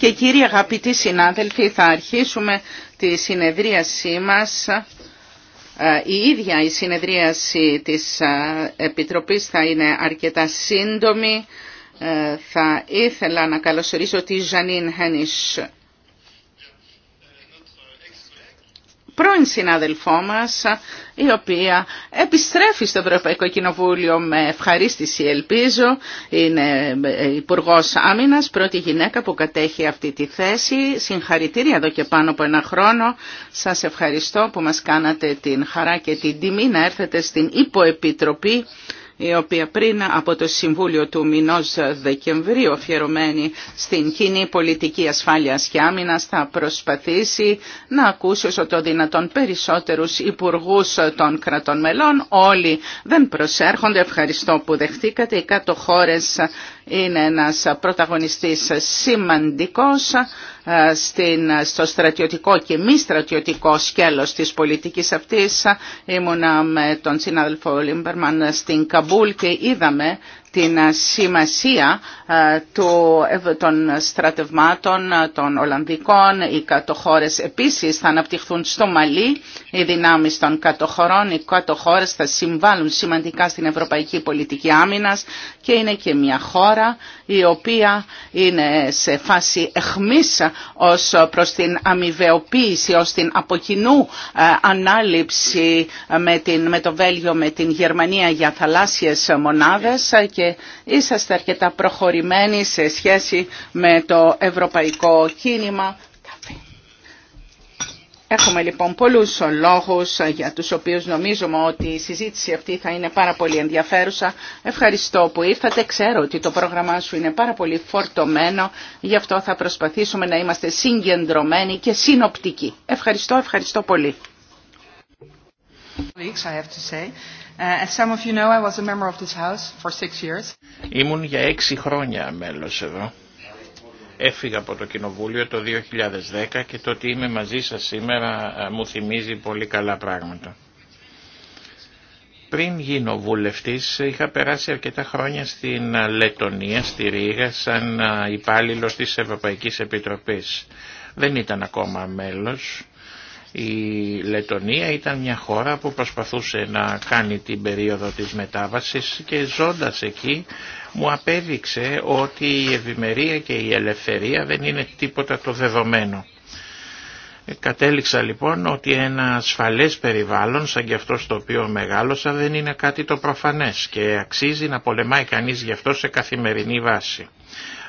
Και κύριοι αγαπητοί συνάδελφοι, θα αρχίσουμε τη συνεδρίασή μας. Ε, η ίδια η συνεδρίαση της ε, Επιτροπής θα είναι αρκετά σύντομη. Ε, θα ήθελα να καλωσορίσω τη Ζανίν Χένις πρώην συνάδελφό μας, η οποία επιστρέφει στο Ευρωπαϊκό Κοινοβούλιο με ευχαρίστηση, ελπίζω. Είναι ε, υπουργό Άμυνα, πρώτη γυναίκα που κατέχει αυτή τη θέση. Συγχαρητήρια εδώ και πάνω από ένα χρόνο. Σας ευχαριστώ που μας κάνατε την χαρά και την τιμή να έρθετε στην Υποεπιτροπή η οποία πριν από το Συμβούλιο του μηνός Δεκεμβρίου αφιερωμένη στην κοινή πολιτική ασφάλειας και άμυνας θα προσπαθήσει να ακούσει όσο το δυνατόν περισσότερους υπουργούς των κρατών μελών. Όλοι δεν προσέρχονται. Ευχαριστώ που δεχτήκατε. Οι κάτω είναι ένας πρωταγωνιστής σημαντικός ε, στο στρατιωτικό και μη στρατιωτικό σκέλος της πολιτικής αυτής. Ήμουνα με τον συνάδελφο Λίμπερμαν στην Καμπούλ και είδαμε την σημασία ε, των στρατευμάτων ε, των Ολλανδικών. Οι κατοχώρες επίσης θα αναπτυχθούν στο Μαλί οι δυνάμεις των κατοχωρών, οι κατοχώρες θα συμβάλλουν σημαντικά στην ευρωπαϊκή πολιτική άμυνας και είναι και μια χώρα η οποία είναι σε φάση εχμής ως προς την αμοιβεοποίηση, ως την αποκοινού ε, ανάληψη ε, με, την, με το Βέλγιο, με την Γερμανία για θαλάσσιες μονάδες ε, και είσαστε αρκετά προχωρημένοι σε σχέση με το ευρωπαϊκό κίνημα Έχουμε λοιπόν πολλούς λόγους ε, για τους οποίους νομίζουμε ότι η συζήτηση αυτή θα είναι πάρα πολύ ενδιαφέρουσα. Ευχαριστώ που ήρθατε. Ξέρω ότι το πρόγραμμά σου είναι πάρα πολύ φορτωμένο. Γι' αυτό θα προσπαθήσουμε να είμαστε συγκεντρωμένοι και συνοπτικοί. Ευχαριστώ, ευχαριστώ πολύ. Uh, Ήμουν για έξι χρόνια μέλος εδώ έφυγα από το Κοινοβούλιο το 2010 και το ότι είμαι μαζί σας σήμερα ε, μου θυμίζει πολύ καλά πράγματα. Πριν γίνω βουλευτής είχα περάσει αρκετά χρόνια στην ε, Λετωνία, στη Ρήγα, σαν ε, υπάλληλο της Ευρωπαϊκής Επιτροπής. Δεν ήταν ακόμα μέλος. Η Λετωνία ήταν μια χώρα που προσπαθούσε να κάνει την περίοδο της μετάβασης και ζώντας εκεί μου απέδειξε ότι η ευημερία και η ελευθερία δεν είναι τίποτα το δεδομένο. Κατέληξα λοιπόν ότι ένα ασφαλές περιβάλλον σαν και αυτό στο οποίο μεγάλωσα δεν είναι κάτι το προφανές και αξίζει να πολεμάει κανείς γι' αυτό σε καθημερινή βάση.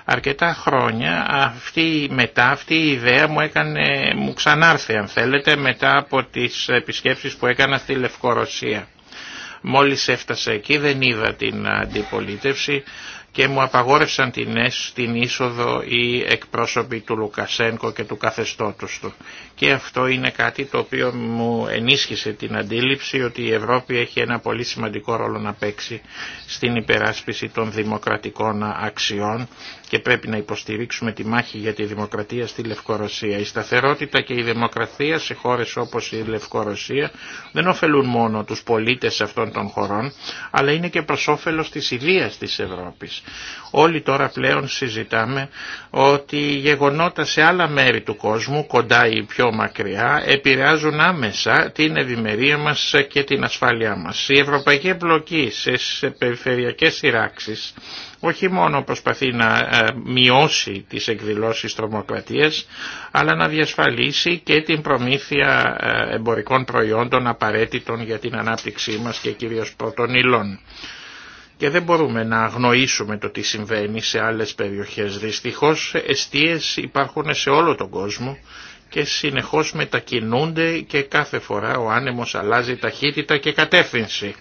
Αρκετά χρόνια αυτή, μετά αυτή η ιδέα μου, έκανε, μου ξανάρθε αν θέλετε μετά από τις επισκέψεις που έκανα στη Λευκορωσία. Μόλις έφτασα εκεί δεν είδα την αντιπολίτευση και μου απαγόρευσαν την, την είσοδο οι εκπρόσωποι του Λουκασένκο και του καθεστώτος του και αυτό είναι κάτι το οποίο μου ενίσχυσε την αντίληψη ότι η Ευρώπη έχει ένα πολύ σημαντικό ρόλο να παίξει στην υπεράσπιση των δημοκρατικών αξιών και πρέπει να υποστηρίξουμε τη μάχη για τη δημοκρατία στη Λευκορωσία. Η σταθερότητα και η δημοκρατία σε χώρες όπως η Λευκορωσία δεν ωφελούν μόνο τους πολίτες αυτών των χωρών, αλλά είναι και προς όφελος της ιδείας της Ευρώπης. Όλοι τώρα πλέον συζητάμε ότι γεγονότα σε άλλα μέρη του κόσμου, κοντά ή πιο πιο μακριά επηρεάζουν άμεσα την ευημερία μας και την ασφάλειά μας. Η ευρωπαϊκή εμπλοκή σε περιφερειακές σειράξεις όχι μόνο προσπαθεί να ε, μειώσει τις εκδηλώσεις τρομοκρατίας, αλλά να διασφαλίσει και την προμήθεια ε, εμπορικών προϊόντων απαραίτητων για την ανάπτυξή μας και κυρίως πρώτων υλών. Και δεν μπορούμε να αγνοήσουμε το τι συμβαίνει σε άλλες περιοχές. Δυστυχώς εστίες υπάρχουν σε όλο τον κόσμο και συνεχώς μετακινούνται και κάθε φορά ο άνεμος αλλάζει ταχύτητα και κατεύθυνση.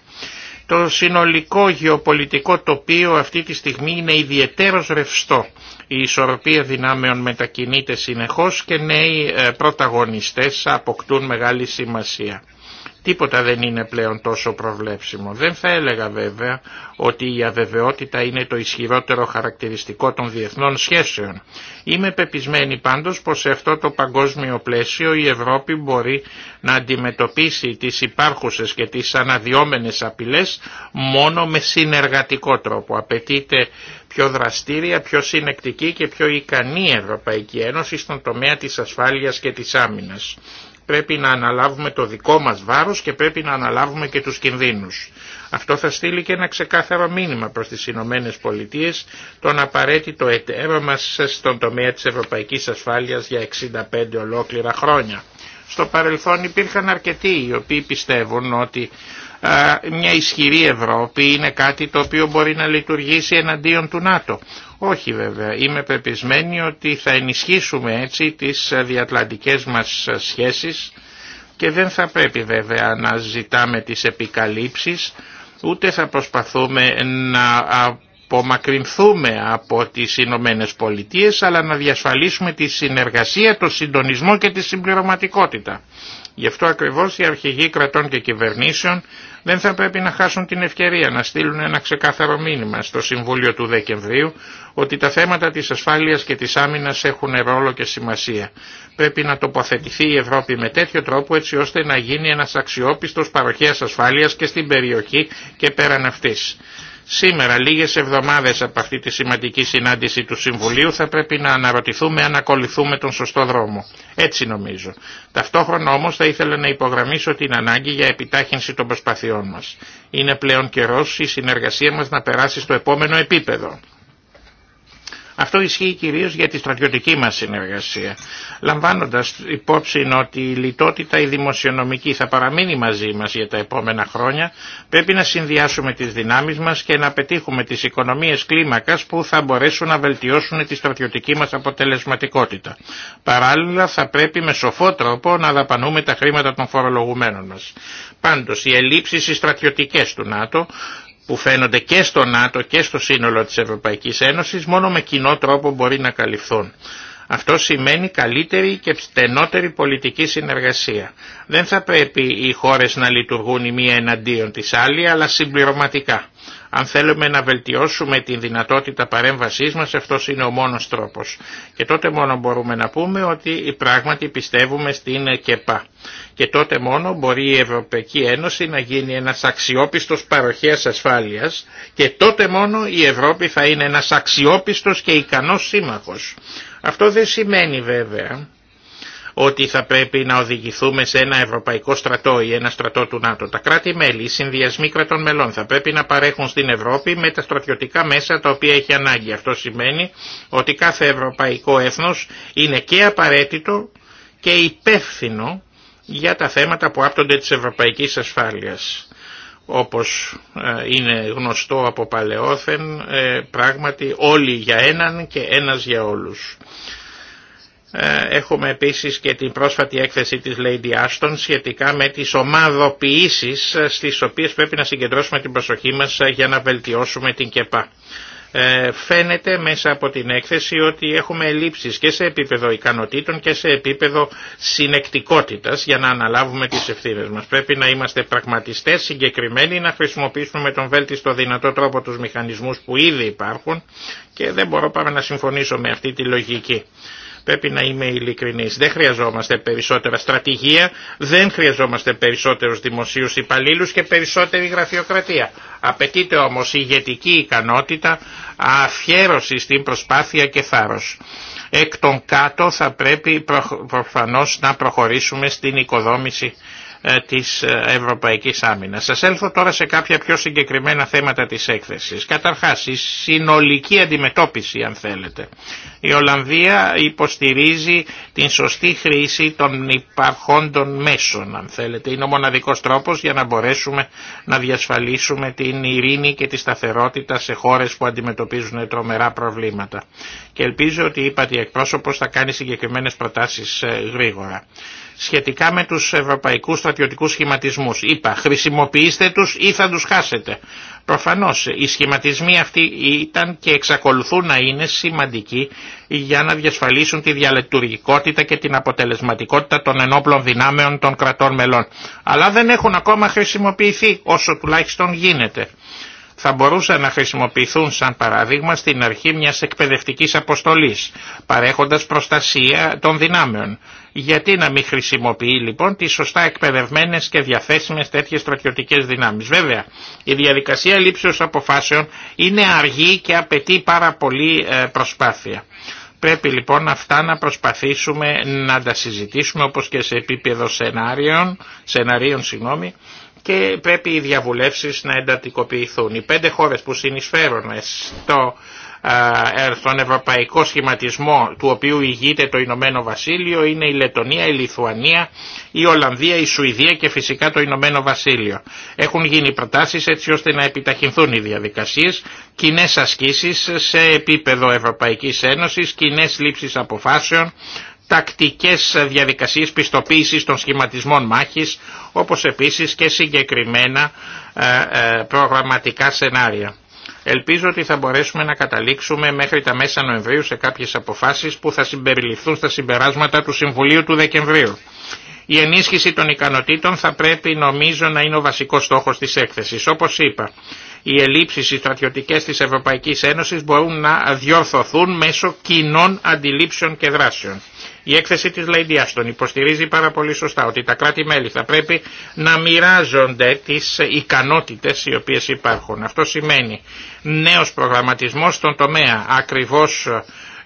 Το συνολικό γεωπολιτικό τοπίο αυτή τη στιγμή είναι ιδιαίτερος ρευστό. Η ισορροπία δυνάμεων μετακινείται συνεχώς και νέοι ε, πρωταγωνιστές αποκτούν μεγάλη σημασία. Τίποτα δεν είναι πλέον τόσο προβλέψιμο. Δεν θα έλεγα βέβαια ότι η αβεβαιότητα είναι το ισχυρότερο χαρακτηριστικό των διεθνών σχέσεων. Είμαι πεπισμένη πάντως πως σε αυτό το παγκόσμιο πλαίσιο η Ευρώπη μπορεί να αντιμετωπίσει τις υπάρχουσες και τις αναδιόμενες απειλές μόνο με συνεργατικό τρόπο. Απαιτείται πιο δραστήρια, πιο συνεκτική και πιο ικανή Ευρωπαϊκή Ένωση στον τομέα της ασφάλειας και της άμυνας πρέπει να αναλάβουμε το δικό μας βάρος και πρέπει να αναλάβουμε και τους κινδύνους. Αυτό θα στείλει και ένα ξεκάθαρο μήνυμα προς τις Ηνωμένε Πολιτείε τον απαραίτητο εταίρο μας στον τομέα της ευρωπαϊκής ασφάλειας για 65 ολόκληρα χρόνια. Στο παρελθόν υπήρχαν αρκετοί οι οποίοι πιστεύουν ότι μια ισχυρή Ευρώπη είναι κάτι το οποίο μπορεί να λειτουργήσει εναντίον του ΝΑΤΟ. Όχι βέβαια, είμαι πεπισμένη ότι θα ενισχύσουμε έτσι τις διατλαντικές μας σχέσεις και δεν θα πρέπει βέβαια να ζητάμε τις επικαλύψεις, ούτε θα προσπαθούμε να απομακρυνθούμε από τις Ηνωμένε Πολιτείε, αλλά να διασφαλίσουμε τη συνεργασία, το συντονισμό και τη συμπληρωματικότητα. Γι' αυτό ακριβώς οι αρχηγοί κρατών και κυβερνήσεων δεν θα πρέπει να χάσουν την ευκαιρία να στείλουν ένα ξεκάθαρο μήνυμα στο Συμβούλιο του Δεκεμβρίου ότι τα θέματα της ασφάλειας και της άμυνας έχουν ρόλο και σημασία. Πρέπει να τοποθετηθεί η Ευρώπη με τέτοιο τρόπο έτσι ώστε να γίνει ένας αξιόπιστος παροχέας ασφάλειας και στην περιοχή και πέραν αυτής. Σήμερα, λίγες εβδομάδες από αυτή τη σημαντική συνάντηση του Συμβουλίου, θα πρέπει να αναρωτηθούμε αν ακολουθούμε τον σωστό δρόμο. Έτσι νομίζω. Ταυτόχρονα όμως θα ήθελα να υπογραμμίσω την ανάγκη για επιτάχυνση των προσπαθειών μας. Είναι πλέον καιρός η συνεργασία μας να περάσει στο επόμενο επίπεδο. Αυτό ισχύει κυρίως για τη στρατιωτική μας συνεργασία, λαμβάνοντας υπόψη ότι η λιτότητα η δημοσιονομική θα παραμείνει μαζί μας για τα επόμενα χρόνια, πρέπει να συνδυάσουμε τις δυνάμεις μας και να πετύχουμε τις οικονομίες κλίμακας που θα μπορέσουν να βελτιώσουν τη στρατιωτική μας αποτελεσματικότητα. Παράλληλα θα πρέπει με σοφό τρόπο να δαπανούμε τα χρήματα των φορολογουμένων μας. Πάντως οι ελλείψεις οι στρατιωτικές του ΝΑΤΟ που φαίνονται και στο ΝΑΤΟ και στο σύνολο της Ευρωπαϊκής Ένωσης μόνο με κοινό τρόπο μπορεί να καλυφθούν. Αυτό σημαίνει καλύτερη και στενότερη πολιτική συνεργασία. Δεν θα πρέπει οι χώρες να λειτουργούν η μία εναντίον της άλλη αλλά συμπληρωματικά. Αν θέλουμε να βελτιώσουμε την δυνατότητα παρέμβασής μας, αυτός είναι ο μόνος τρόπος. Και τότε μόνο μπορούμε να πούμε ότι οι πράγματι πιστεύουμε στην ΚΕΠΑ. Και τότε μόνο μπορεί η Ευρωπαϊκή Ένωση να γίνει ένας αξιόπιστος παροχέας ασφάλειας και τότε μόνο η Ευρώπη θα είναι ένας αξιόπιστος και ικανός σύμμαχος. Αυτό δεν σημαίνει βέβαια ότι θα πρέπει να οδηγηθούμε σε ένα ευρωπαϊκό στρατό ή ένα στρατό του ΝΑΤΟ. Τα κράτη-μέλη, οι συνδυασμοί κρατών μελών θα πρέπει να παρέχουν στην Ευρώπη με τα στρατιωτικά μέσα τα οποία έχει ανάγκη. Αυτό σημαίνει ότι κάθε ευρωπαϊκό έθνος είναι και απαραίτητο και υπεύθυνο για τα θέματα που άπτονται της ευρωπαϊκής ασφάλειας. Όπως ε, είναι γνωστό από παλαιόθεν, ε, πράγματι όλοι για έναν και ένας για όλους. Ε, έχουμε επίσης και την πρόσφατη έκθεση της Lady Ashton σχετικά με τις ομαδοποιήσεις ε, στις οποίες πρέπει να συγκεντρώσουμε την προσοχή μας ε, για να βελτιώσουμε την ΚΕΠΑ. Φαίνεται μέσα από την έκθεση ότι έχουμε ελλείψεις και σε επίπεδο ικανοτήτων και σε επίπεδο συνεκτικότητας για να αναλάβουμε τις ευθύνες μας. Πρέπει να είμαστε πραγματιστές, συγκεκριμένοι, να χρησιμοποιήσουμε με τον βέλτιστο δυνατό τρόπο τους μηχανισμούς που ήδη υπάρχουν και δεν μπορώ πάμε να συμφωνήσω με αυτή τη λογική. Πρέπει να είμαι ειλικρινής. Δεν χρειαζόμαστε περισσότερα στρατηγία, δεν χρειαζόμαστε περισσότερους δημοσίους υπαλλήλους και περισσότερη γραφειοκρατία. Απαιτείται όμως ηγετική ικανότητα, αφιέρωση στην προσπάθεια και θάρρος. Εκ των κάτω θα πρέπει προφανώς να προχωρήσουμε στην οικοδόμηση ε, της ε, Ευρωπαϊκής Άμυνας. Σας έλθω τώρα σε κάποια πιο συγκεκριμένα θέματα της έκθεσης. Καταρχάς, η συνολική αντιμετώπιση, αν θέλετε. Η Ολλανδία υποστηρίζει την σωστή χρήση των υπαρχόντων μέσων, αν θέλετε. Είναι ο μοναδικός τρόπος για να μπορέσουμε να διασφαλίσουμε την ειρήνη και τη σταθερότητα σε χώρες που αντιμετωπίζουν τρομερά προβλήματα. Και ελπίζω ότι είπατε η εκπρόσωπος θα κάνει συγκεκριμένες προτάσεις ε, γρήγορα σχετικά με τους ευρωπαϊκούς στρατιωτικούς σχηματισμούς. Είπα, χρησιμοποιήστε τους ή θα τους χάσετε. Προφανώς οι σχηματισμοί αυτοί ήταν και εξακολουθούν να είναι σημαντικοί για να διασφαλίσουν τη διαλετουργικότητα και την αποτελεσματικότητα των ενόπλων δυνάμεων των κρατών μελών. Αλλά δεν έχουν ακόμα χρησιμοποιηθεί όσο τουλάχιστον γίνεται θα μπορούσαν να χρησιμοποιηθούν σαν παράδειγμα στην αρχή μιας εκπαιδευτικής αποστολής, παρέχοντας προστασία των δυνάμεων. Γιατί να μην χρησιμοποιεί λοιπόν τις σωστά εκπαιδευμένες και διαθέσιμες τέτοιες στρατιωτικές δυνάμεις. Βέβαια, η διαδικασία λήψεως αποφάσεων είναι αργή και απαιτεί πάρα πολύ ε, προσπάθεια. Πρέπει λοιπόν αυτά να προσπαθήσουμε να τα συζητήσουμε όπως και σε επίπεδο σενάριων, σενάριων συγγνώμη, και πρέπει οι διαβουλεύσεις να εντατικοποιηθούν. Οι πέντε χώρες που συνεισφέρουν στο στον ευρωπαϊκό σχηματισμό του οποίου ηγείται το Ηνωμένο Βασίλειο είναι η Λετωνία, η Λιθουανία, η Ολλανδία, η Σουηδία και φυσικά το Ηνωμένο Βασίλειο. Έχουν γίνει προτάσεις έτσι ώστε να επιταχυνθούν οι διαδικασίες, κοινέ ασκήσεις σε επίπεδο Ευρωπαϊκής Ένωσης, κοινέ λήψεις αποφάσεων, τακτικές διαδικασίες πιστοποίησης των σχηματισμών μάχης, όπως επίσης και συγκεκριμένα ε, ε, προγραμματικά σενάρια. Ελπίζω ότι θα μπορέσουμε να καταλήξουμε μέχρι τα μέσα Νοεμβρίου σε κάποιες αποφάσεις που θα συμπεριληφθούν στα συμπεράσματα του Συμβουλίου του Δεκεμβρίου. Η ενίσχυση των ικανοτήτων θα πρέπει νομίζω να είναι ο βασικός στόχος της έκθεσης. Όπως είπα, οι ελλείψεις οι στρατιωτικές της Ευρωπαϊκής Ένωσης μπορούν να διορθωθούν μέσω κοινών αντιλήψεων και δράσεων. Η έκθεση της Lady τον υποστηρίζει πάρα πολύ σωστά ότι τα κράτη-μέλη θα πρέπει να μοιράζονται τις ικανότητες οι οποίες υπάρχουν. Αυτό σημαίνει νέος προγραμματισμός στον τομέα ακριβώς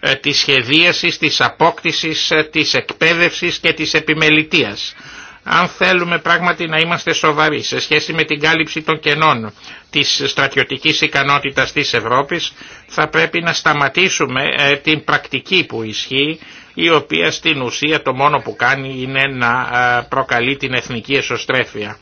ε, της σχεδίασης, της απόκτησης, ε, της εκπαίδευσης και της επιμελητίας αν θέλουμε πράγματι να είμαστε σοβαροί σε σχέση με την κάλυψη των κενών της στρατιωτικής ικανότητας της Ευρώπης, θα πρέπει να σταματήσουμε ε, την πρακτική που ισχύει, η οποία στην ουσία το μόνο που κάνει είναι να ε, προκαλεί την εθνική εσωστρέφεια.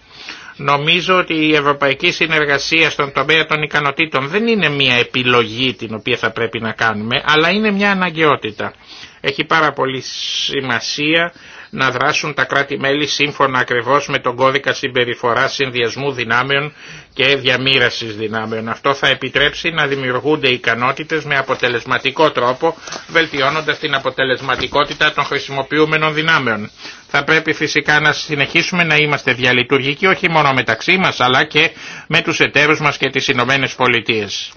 Νομίζω ότι η ευρωπαϊκή συνεργασία στον τομέα των ικανοτήτων δεν είναι μια επιλογή την οποία θα πρέπει να κάνουμε, αλλά είναι μια αναγκαιότητα. Έχει πάρα πολύ σημασία να δράσουν τα κράτη-μέλη σύμφωνα ακριβώς με τον κώδικα συμπεριφοράς συνδυασμού δυνάμεων και διαμήρασης δυνάμεων. Αυτό θα επιτρέψει να δημιουργούνται ικανότητες με αποτελεσματικό τρόπο, βελτιώνοντας την αποτελεσματικότητα των χρησιμοποιούμενων δυνάμεων. Θα πρέπει φυσικά να συνεχίσουμε να είμαστε διαλειτουργικοί όχι μόνο μεταξύ μας αλλά και με τους εταίρους μας και τις Ηνωμένε Πολιτείες.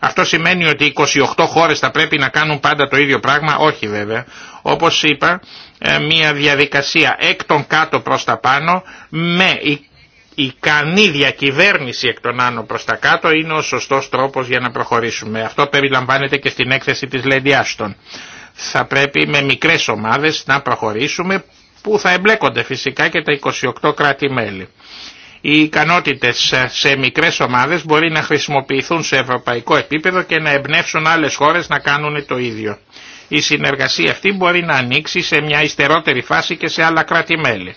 Αυτό σημαίνει ότι 28 χώρες θα πρέπει να κάνουν πάντα το ίδιο πράγμα, όχι βέβαια. Όπως είπα, ε, μια διαδικασία εκ των κάτω προς τα πάνω με ικανή διακυβέρνηση εκ των άνω προς τα κάτω είναι ο σωστός τρόπος για να προχωρήσουμε. Αυτό περιλαμβάνεται και στην έκθεση της Λέντιάστον. Θα πρέπει με μικρές ομάδες να προχωρήσουμε που θα εμπλέκονται φυσικά και τα 28 κράτη-μέλη. Οι ικανότητες ε, σε μικρές ομάδες μπορεί να χρησιμοποιηθούν σε ευρωπαϊκό επίπεδο και να εμπνεύσουν άλλες χώρες να κάνουν το ίδιο. Η συνεργασία αυτή μπορεί να ανοίξει σε μια ιστερότερη φάση και σε άλλα κράτη-μέλη.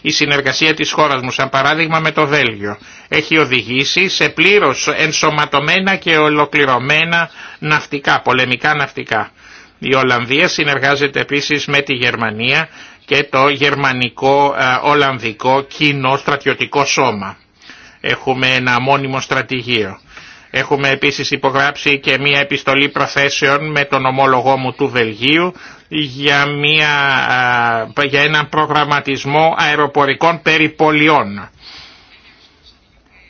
Η συνεργασία της χώρας μου, σαν παράδειγμα με το Βέλγιο, έχει οδηγήσει σε πλήρως ενσωματωμένα και ολοκληρωμένα ναυτικά, πολεμικά ναυτικά. Η Ολλανδία συνεργάζεται επίσης με τη Γερμανία και το γερμανικό-ολλανδικό ε, κοινό στρατιωτικό σώμα. Έχουμε ένα μόνιμο στρατηγείο. Έχουμε επίσης υπογράψει και μία επιστολή προθέσεων με τον ομόλογό μου του Βελγίου για, μια, για έναν προγραμματισμό αεροπορικών περιπολιών.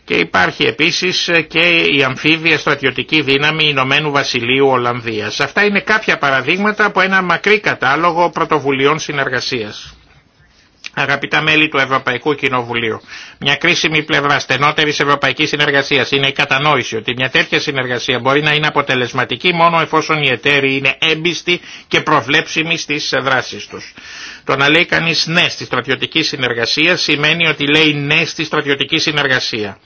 Και υπάρχει επίσης και η αμφίβια στρατιωτική δύναμη Ηνωμένου Βασιλείου Ολλανδίας. Αυτά είναι κάποια παραδείγματα από ένα μακρύ κατάλογο πρωτοβουλειών συνεργασίας. Αγαπητά μέλη του Ευρωπαϊκού Κοινοβουλίου, μια κρίσιμη πλευρά στενότερη ευρωπαϊκή συνεργασία είναι η κατανόηση ότι μια τέτοια συνεργασία μπορεί να είναι αποτελεσματική μόνο εφόσον οι εταίροι είναι έμπιστοι και προβλέψιμοι στι δράσει του. Το να λέει κανεί ναι στη στρατιωτική συνεργασία σημαίνει ότι λέει ναι στη στρατιωτική συνεργασία.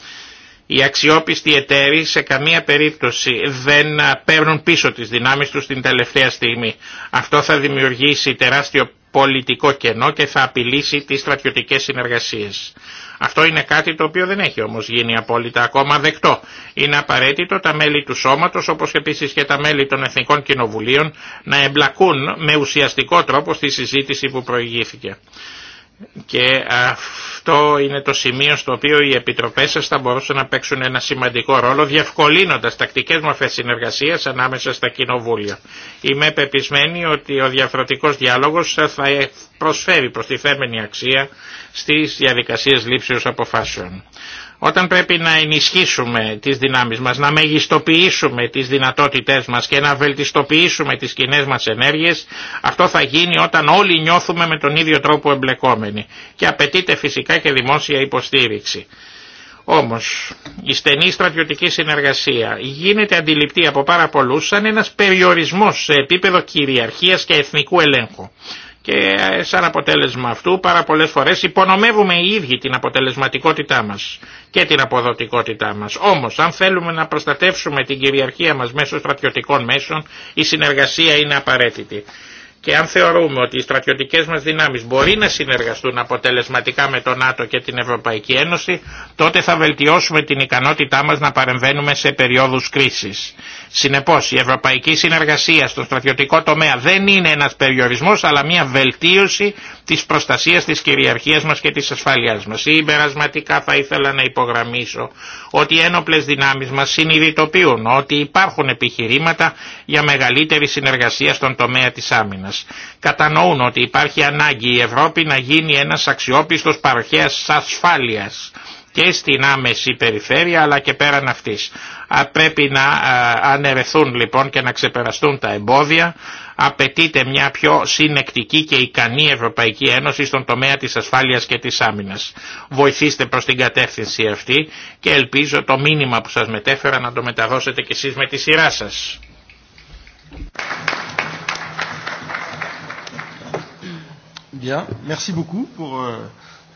Οι αξιόπιστοι εταίροι σε καμία περίπτωση δεν παίρνουν πίσω τις δυνάμεις του την τελευταία στιγμή. Αυτό θα δημιουργήσει τεράστιο πολιτικό κενό και θα απειλήσει τις στρατιωτικές συνεργασίες. Αυτό είναι κάτι το οποίο δεν έχει όμως γίνει απόλυτα ακόμα δεκτό. Είναι απαραίτητο τα μέλη του σώματος όπως επίσης και τα μέλη των Εθνικών Κοινοβουλίων να εμπλακούν με ουσιαστικό τρόπο στη συζήτηση που προηγήθηκε και αυτό είναι το σημείο στο οποίο οι επιτροπές σας θα μπορούσαν να παίξουν ένα σημαντικό ρόλο διευκολύνοντας τακτικές μορφές συνεργασίας ανάμεσα στα κοινοβούλια. Είμαι πεπισμένη ότι ο διαφορετικός διάλογος θα προσφέρει προστιθέμενη αξία στις διαδικασίες λήψεως αποφάσεων. Όταν πρέπει να ενισχύσουμε τις δυνάμεις μας, να μεγιστοποιήσουμε τις δυνατότητές μας και να βελτιστοποιήσουμε τις κοινέ μας ενέργειες, αυτό θα γίνει όταν όλοι νιώθουμε με τον ίδιο τρόπο εμπλεκόμενοι. Και απαιτείται φυσικά και δημόσια υποστήριξη. Όμως, η στενή στρατιωτική συνεργασία γίνεται αντιληπτή από πάρα πολλούς σαν ένας περιορισμός σε επίπεδο κυριαρχίας και εθνικού ελέγχου και ε, σαν αποτέλεσμα αυτού πάρα πολλές φορές υπονομεύουμε οι ίδιοι την αποτελεσματικότητά μας και την αποδοτικότητά μας. Όμως αν θέλουμε να προστατεύσουμε την κυριαρχία μας μέσω στρατιωτικών μέσων η συνεργασία είναι απαραίτητη. Και αν θεωρούμε ότι οι στρατιωτικές μας δυνάμεις μπορεί να συνεργαστούν αποτελεσματικά με τον ΝΑΤΟ και την Ευρωπαϊκή Ένωση, τότε θα βελτιώσουμε την ικανότητά μας να παρεμβαίνουμε σε περιόδους κρίσης. Συνεπώς, η ευρωπαϊκή συνεργασία στο στρατιωτικό τομέα δεν είναι ένας περιορισμός, αλλά μια βελτίωση της προστασίας της κυριαρχίας μας και της ασφάλειάς μας. Υπερασματικά θα ήθελα να υπογραμμίσω ότι οι ένοπλες δυνάμεις μας συνειδητοποιούν ότι υπάρχουν επιχειρήματα για μεγαλύτερη συνεργασία στον τομέα της άμυνας. Κατανοούν ότι υπάρχει ανάγκη η Ευρώπη να γίνει ένας αξιόπιστος παροχέας ασφάλειας και στην άμεση περιφέρεια αλλά και πέραν αυτής. Πρέπει να αναιρεθούν λοιπόν και να ξεπεραστούν τα εμπόδια απαιτείται μια πιο συνεκτική και ικανή Ευρωπαϊκή Ένωση στον τομέα της ασφάλειας και της άμυνας. Βοηθήστε προς την κατεύθυνση αυτή και ελπίζω το μήνυμα που σας μετέφερα να το μεταδώσετε κι εσείς με τη σειρά σας. Bien, merci euh,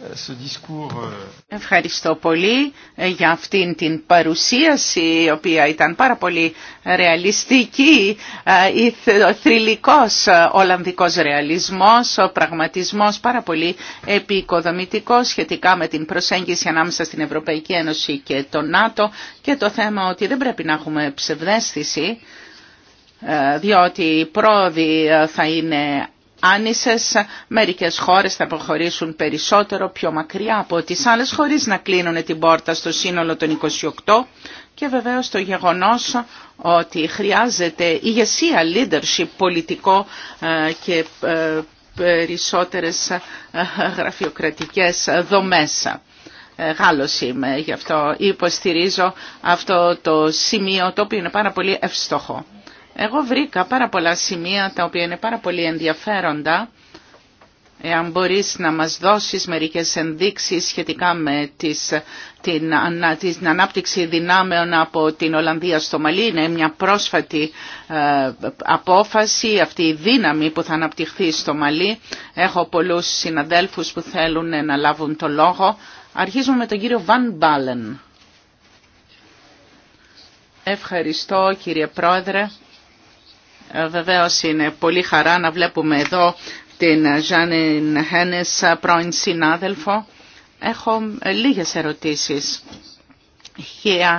Euh, Ευχαριστώ πολύ ε, για αυτήν την παρουσίαση, η οποία ήταν πάρα πολύ ρεαλιστική, ε, ο θρηλυκός ε, Ολλανδικός ρεαλισμός, ο πραγματισμός πάρα πολύ επικοδομητικός σχετικά με την προσέγγιση ανάμεσα στην Ευρωπαϊκή Ένωση και το ΝΑΤΟ και το θέμα ότι δεν πρέπει να έχουμε ψευδέστηση, διότι η πρόοδη θα είναι άνισες. Μερικές χώρες θα προχωρήσουν περισσότερο πιο μακριά από τις άλλες χωρίς να κλείνουν την πόρτα στο σύνολο των 28 και βεβαίως το γεγονός ότι χρειάζεται ηγεσία, leadership πολιτικό ε, και ε, περισσότερες ε, γραφειοκρατικές δομές. Γάλλος είμαι, γι' αυτό υποστηρίζω αυτό το σημείο το οποίο είναι πάρα πολύ ευστοχό. Εγώ βρήκα πάρα πολλά σημεία τα οποία είναι πάρα πολύ ενδιαφέροντα. Εάν μπορείς να μας δώσεις μερικές ενδείξεις σχετικά με τις, την, ανάπτυξη δυνάμεων από την Ολλανδία στο Μαλί, είναι μια πρόσφατη ε, απόφαση αυτή η δύναμη που θα αναπτυχθεί στο Μαλί. Έχω πολλούς συναδέλφους που θέλουν να λάβουν το λόγο. Αρχίζουμε με τον κύριο Βαν Μπάλεν. Ευχαριστώ κύριε Πρόεδρε. Ε, βεβαίως είναι πολύ χαρά να βλέπουμε εδώ την Ζάνιν Χένες, πρώην συνάδελφο. Έχω ε, λίγες ερωτήσεις. Η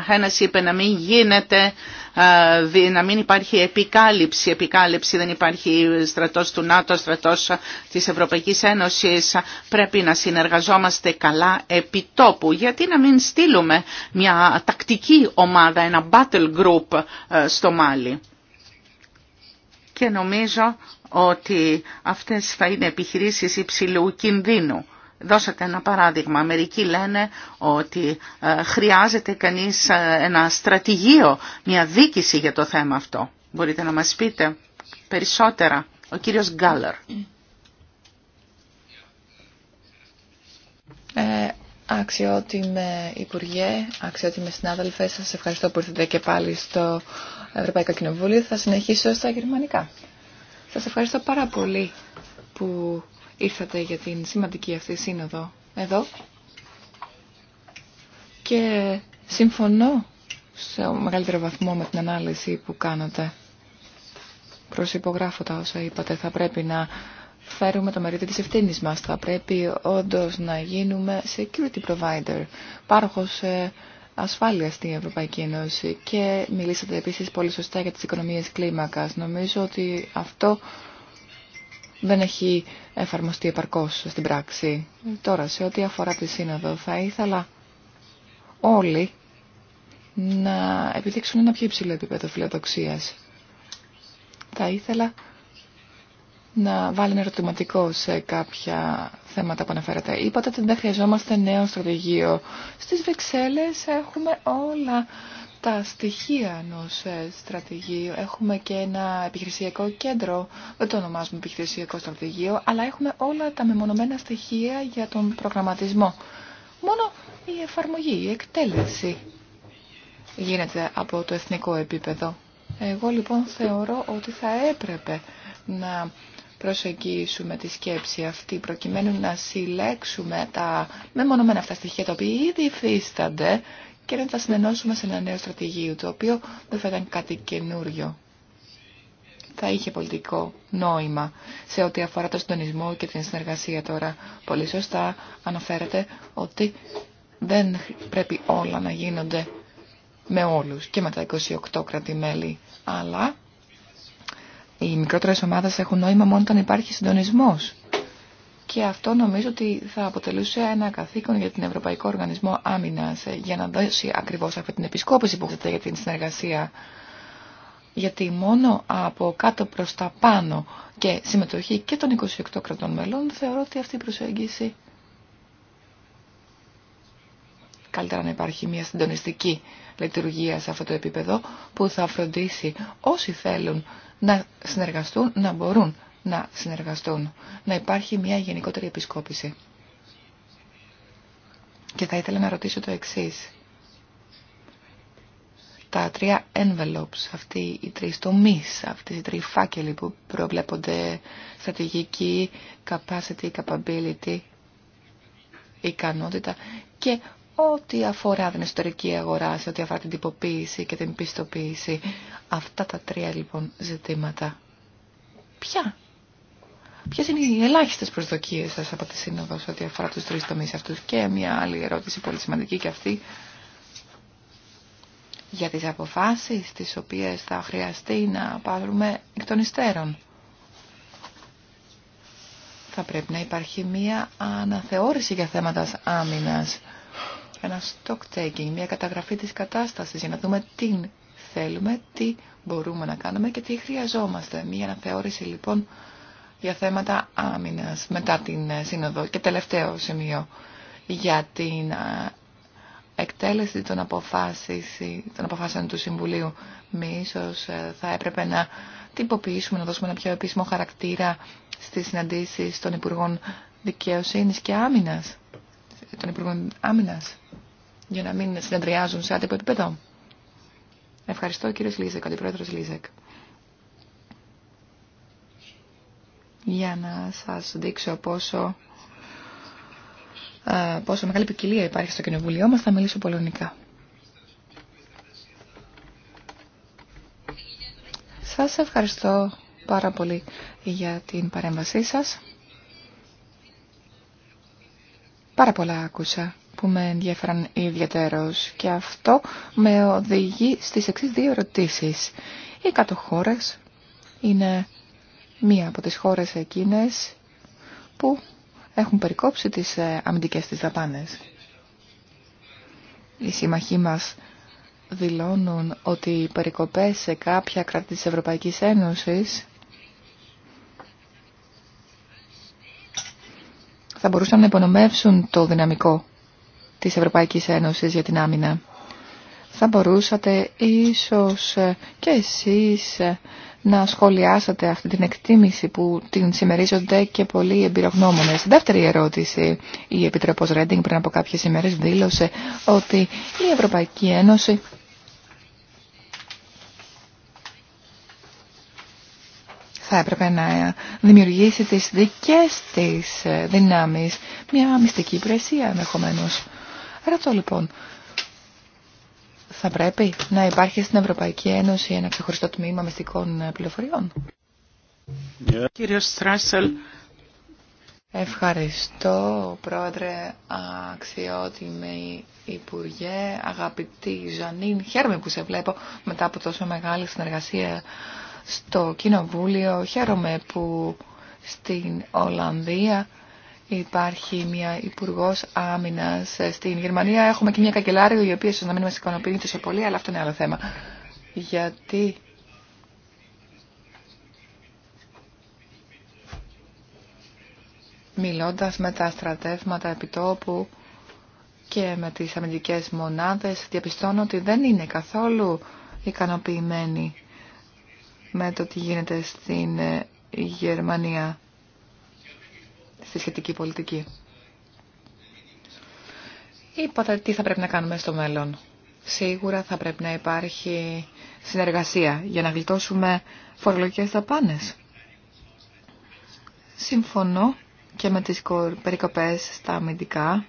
Χένες είπε να μην γίνεται, ε, να μην υπάρχει επικάλυψη. Επικάλυψη δεν υπάρχει στρατός του ΝΑΤΟ, στρατός της Ευρωπαϊκής Ένωσης. Πρέπει να συνεργαζόμαστε καλά επί τόπου. Γιατί να μην στείλουμε μια τακτική ομάδα, ένα battle group στο Μάλι και νομίζω ότι αυτές θα είναι επιχειρήσεις υψηλού κινδύνου. Δώσατε ένα παράδειγμα. Μερικοί λένε ότι ε, χρειάζεται κανείς ε, ένα στρατηγείο, μια δίκηση για το θέμα αυτό. Μπορείτε να μας πείτε περισσότερα. Ο κύριος Γκάλερ. Ε, αξιότιμε Υπουργέ, αξιότιμε συνάδελφε, σας ευχαριστώ που ήρθατε και πάλι στο Ευρωπαϊκό Κοινοβούλιο. Θα συνεχίσω στα γερμανικά. Σας ευχαριστώ πάρα πολύ που ήρθατε για την σημαντική αυτή σύνοδο εδώ. Και συμφωνώ σε μεγαλύτερο βαθμό με την ανάλυση που κάνατε. Προσυπογράφω τα όσα είπατε. Θα πρέπει να φέρουμε το μερίδιο της ευθύνη μας. Θα πρέπει όντως να γίνουμε security provider, πάροχος ε, ασφάλεια στην Ευρωπαϊκή Ένωση και μιλήσατε επίσης πολύ σωστά για τις οικονομίες κλίμακας. Νομίζω ότι αυτό δεν έχει εφαρμοστεί επαρκώς στην πράξη. Τώρα, σε ό,τι αφορά τη Σύνοδο, θα ήθελα όλοι να επιδείξουν ένα πιο υψηλό επίπεδο φιλοδοξίας. Θα ήθελα να βάλει ένα ερωτηματικό σε κάποια θέματα που αναφέρατε. Είπατε ότι δεν χρειαζόμαστε νέο στρατηγείο. Στις Βεξέλλες έχουμε όλα τα στοιχεία ενό ε, στρατηγείου. Έχουμε και ένα επιχειρησιακό κέντρο, δεν το ονομάζουμε επιχειρησιακό στρατηγείο, αλλά έχουμε όλα τα μεμονωμένα στοιχεία για τον προγραμματισμό. Μόνο η εφαρμογή, η εκτέλεση γίνεται από το εθνικό επίπεδο. Εγώ λοιπόν θεωρώ ότι θα έπρεπε να προσεγγίσουμε τη σκέψη αυτή προκειμένου να συλλέξουμε τα μεμονωμένα αυτά στοιχεία τα οποία ήδη υφίστανται και να τα συνενώσουμε σε ένα νέο στρατηγείο το οποίο δεν θα ήταν κάτι καινούριο. Θα είχε πολιτικό νόημα σε ό,τι αφορά το συντονισμό και την συνεργασία τώρα. Πολύ σωστά αναφέρεται ότι δεν πρέπει όλα να γίνονται με όλους και με τα 28 κράτη-μέλη, αλλά οι μικρότερες ομάδες έχουν νόημα μόνο όταν υπάρχει συντονισμός. Και αυτό νομίζω ότι θα αποτελούσε ένα καθήκον για την Ευρωπαϊκό Οργανισμό Άμυνας ε, για να δώσει ακριβώς αυτή την επισκόπηση που έχετε για την συνεργασία. Γιατί μόνο από κάτω προς τα πάνω και συμμετοχή και των 28 κρατών μελών θεωρώ ότι αυτή η προσέγγιση καλύτερα να υπάρχει μια συντονιστική λειτουργία σε αυτό το επίπεδο που θα φροντίσει όσοι θέλουν να συνεργαστούν, να μπορούν να συνεργαστούν, να υπάρχει μια γενικότερη επισκόπηση. Και θα ήθελα να ρωτήσω το εξής. Τα τρία envelopes, αυτοί οι τρεις τομείς, αυτοί οι τρεις φάκελοι που προβλέπονται στρατηγική, capacity, capability, ικανότητα και ό,τι αφορά την ιστορική αγορά, σε ό,τι αφορά την τυποποίηση και την πιστοποίηση. Αυτά τα τρία λοιπόν ζητήματα. Ποια? Ποιε είναι οι ελάχιστε προσδοκίε σα από τη Σύνοδο ό,τι αφορά του τρει τομεί αυτού. Και μια άλλη ερώτηση πολύ σημαντική και αυτή για τι αποφάσει τι οποίε θα χρειαστεί να πάρουμε εκ των υστέρων. Θα πρέπει να υπάρχει μία αναθεώρηση για θέματα άμυνας ένα stock taking, μια καταγραφή της κατάστασης για να δούμε τι θέλουμε, τι μπορούμε να κάνουμε και τι χρειαζόμαστε. Μια αναθεώρηση λοιπόν για θέματα άμυνας μετά την ε, σύνοδο και τελευταίο σημείο για την ε, εκτέλεση των, αποφάσεων του Συμβουλίου. Μη ε, θα έπρεπε να τυποποιήσουμε, να δώσουμε ένα πιο επίσημο χαρακτήρα στις συναντήσεις των Υπουργών Δικαιοσύνης και Άμυνας των Υπουργών Άμυνα για να μην συνεδριάζουν σε άτυπο επίπεδο. Ευχαριστώ κύριο Λίζεκ, ο αντιπρόεδρος Λίζεκ. Για να σας δείξω πόσο, ε, πόσο μεγάλη ποικιλία υπάρχει στο κοινοβουλίο μα θα μιλήσω πολωνικά. Σας ευχαριστώ πάρα πολύ για την παρέμβασή σας. Πάρα πολλά άκουσα που με ενδιαφέραν ιδιαίτερως και αυτό με οδηγεί στις εξής δύο ερωτήσεις. Οι χώρε είναι μία από τις χώρες εκείνες που έχουν περικόψει τις ε, αμυντικές της δαπάνες. Οι σύμμαχοί μας δηλώνουν ότι οι περικοπές σε κάποια κράτη της Ευρωπαϊκής Ένωσης θα μπορούσαν να υπονομεύσουν το δυναμικό της Ευρωπαϊκής Ένωσης για την άμυνα. Θα μπορούσατε ίσως ε, και εσείς ε, να σχολιάσατε αυτή την εκτίμηση που την συμμερίζονται και πολλοί εμπειρογνώμονες. Δεύτερη ερώτηση, η Επιτροπός Ρέντινγκ πριν από κάποιες ημέρες δήλωσε ότι η Ευρωπαϊκή Ένωση θα έπρεπε να δημιουργήσει τις δικές της ε, δυνάμεις, μια μυστική υπηρεσία ενδεχομένω. Ρωτώ λοιπόν, θα πρέπει να υπάρχει στην Ευρωπαϊκή Ένωση ένα ξεχωριστό τμήμα μυστικών ε, πληροφοριών. Yeah. Κύριος Στράσελ, Ευχαριστώ, Πρόεδρε, αξιότιμη Υπουργέ, αγαπητή Ζανίν. Χαίρομαι που σε βλέπω μετά από τόσο μεγάλη συνεργασία στο Κοινοβούλιο. Χαίρομαι που στην Ολλανδία υπάρχει μια υπουργό άμυνα. Στην Γερμανία έχουμε και μια καγκελάριο η οποία ίσω να μην μα ικανοποιεί τόσο πολύ, αλλά αυτό είναι άλλο θέμα. Γιατί μιλώντας με τα στρατεύματα επιτόπου και με τις αμυντικές μονάδες διαπιστώνω ότι δεν είναι καθόλου ικανοποιημένοι με το τι γίνεται στην ε, Γερμανία στη σχετική πολιτική. Είπατε τι θα πρέπει να κάνουμε στο μέλλον. Σίγουρα θα πρέπει να υπάρχει συνεργασία για να γλιτώσουμε φορολογικές δαπάνες. Συμφωνώ και με τις περικοπές στα αμυντικά.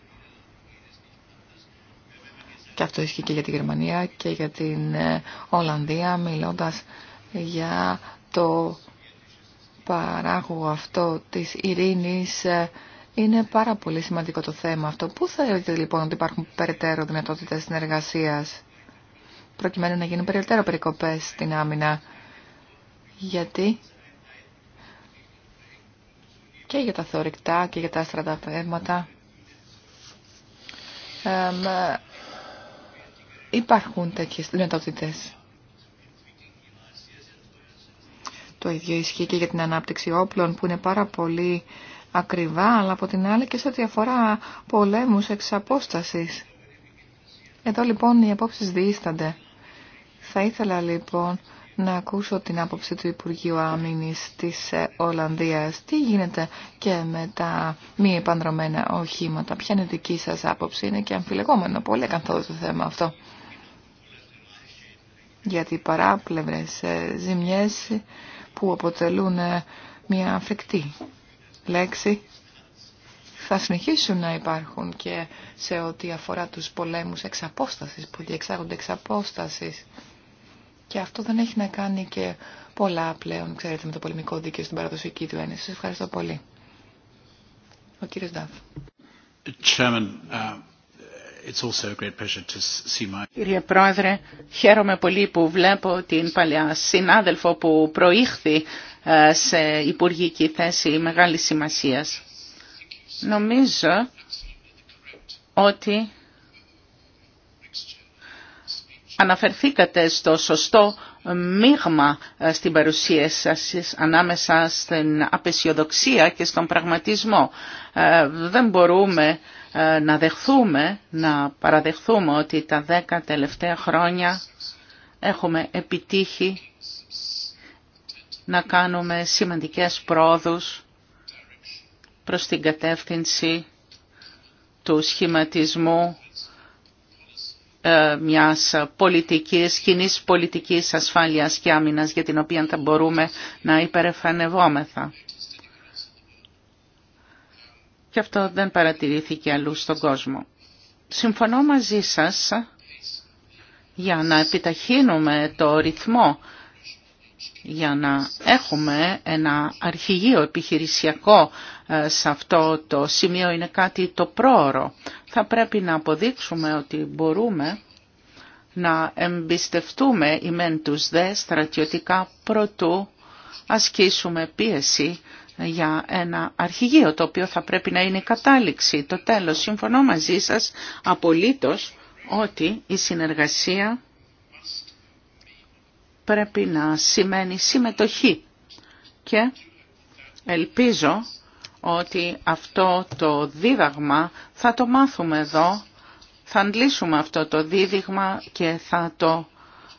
Και αυτό ισχύει και για τη Γερμανία και για την ε, Ολλανδία, μιλώντας για το παράγωγο αυτό της ειρήνης είναι πάρα πολύ σημαντικό το θέμα αυτό. Πού θεωρείτε λοιπόν ότι υπάρχουν περαιτέρω δυνατότητες συνεργασίας προκειμένου να γίνουν περαιτέρω περικοπές στην άμυνα. Γιατί και για τα θεωρηκτά και για τα στραταφέρματα ε, υπάρχουν τέτοιες δυνατότητες. Το ίδιο ισχύει και για την ανάπτυξη όπλων που είναι πάρα πολύ ακριβά, αλλά από την άλλη και σε ό,τι αφορά πολέμους εξ απόστασης. Εδώ λοιπόν οι απόψεις διήστανται. Θα ήθελα λοιπόν να ακούσω την άποψη του Υπουργείου Άμυνης της ε, Ολλανδίας. Τι γίνεται και με τα μη επανδρομένα οχήματα. Ποια είναι δική σας άποψη. Είναι και αμφιλεγόμενο πολύ καθόλου το θέμα αυτό. Γιατί παράπλευρες ε, ζημιές που αποτελούν ε, μια φρικτή λέξη θα συνεχίσουν να υπάρχουν και σε ό,τι αφορά τους πολέμους εξ που διεξάγονται εξ Και αυτό δεν έχει να κάνει και πολλά πλέον, ξέρετε, με το πολεμικό δίκαιο στην παραδοσιακή του έννοια. Σας ευχαριστώ πολύ. Ο κύριος Ντάφ. Uh, Κύριε Πρόεδρε, χαίρομαι πολύ που βλέπω την παλιά συνάδελφο που προήχθη ε, σε υπουργική θέση μεγάλης σημασίας. Νομίζω ότι αναφερθήκατε στο σωστό μείγμα ε, στην παρουσία σας ανάμεσα στην απεσιοδοξία και στον πραγματισμό. Ε, δεν μπορούμε ε, να δεχθούμε, να παραδεχθούμε ότι τα δέκα τελευταία χρόνια έχουμε επιτύχει να κάνουμε σημαντικές πρόοδους προς την κατεύθυνση του σχηματισμού ε, μιας πολιτικής, κοινή πολιτικής ασφάλειας και άμυνας για την οποία θα μπορούμε να υπερεφανευόμεθα και αυτό δεν παρατηρήθηκε αλλού στον κόσμο. Συμφωνώ μαζί σας για να επιταχύνουμε το ρυθμό, για να έχουμε ένα αρχηγείο επιχειρησιακό ε, σε αυτό το σημείο είναι κάτι το πρόωρο. Θα πρέπει να αποδείξουμε ότι μπορούμε να εμπιστευτούμε οι μεν τους δε στρατιωτικά προτού ασκήσουμε πίεση για ένα αρχηγείο, το οποίο θα πρέπει να είναι η κατάληξη. Το τέλος, συμφωνώ μαζί σας απολύτως ότι η συνεργασία πρέπει να σημαίνει συμμετοχή και ελπίζω ότι αυτό το δίδαγμα θα το μάθουμε εδώ, θα αντλήσουμε αυτό το δίδυγμα και θα το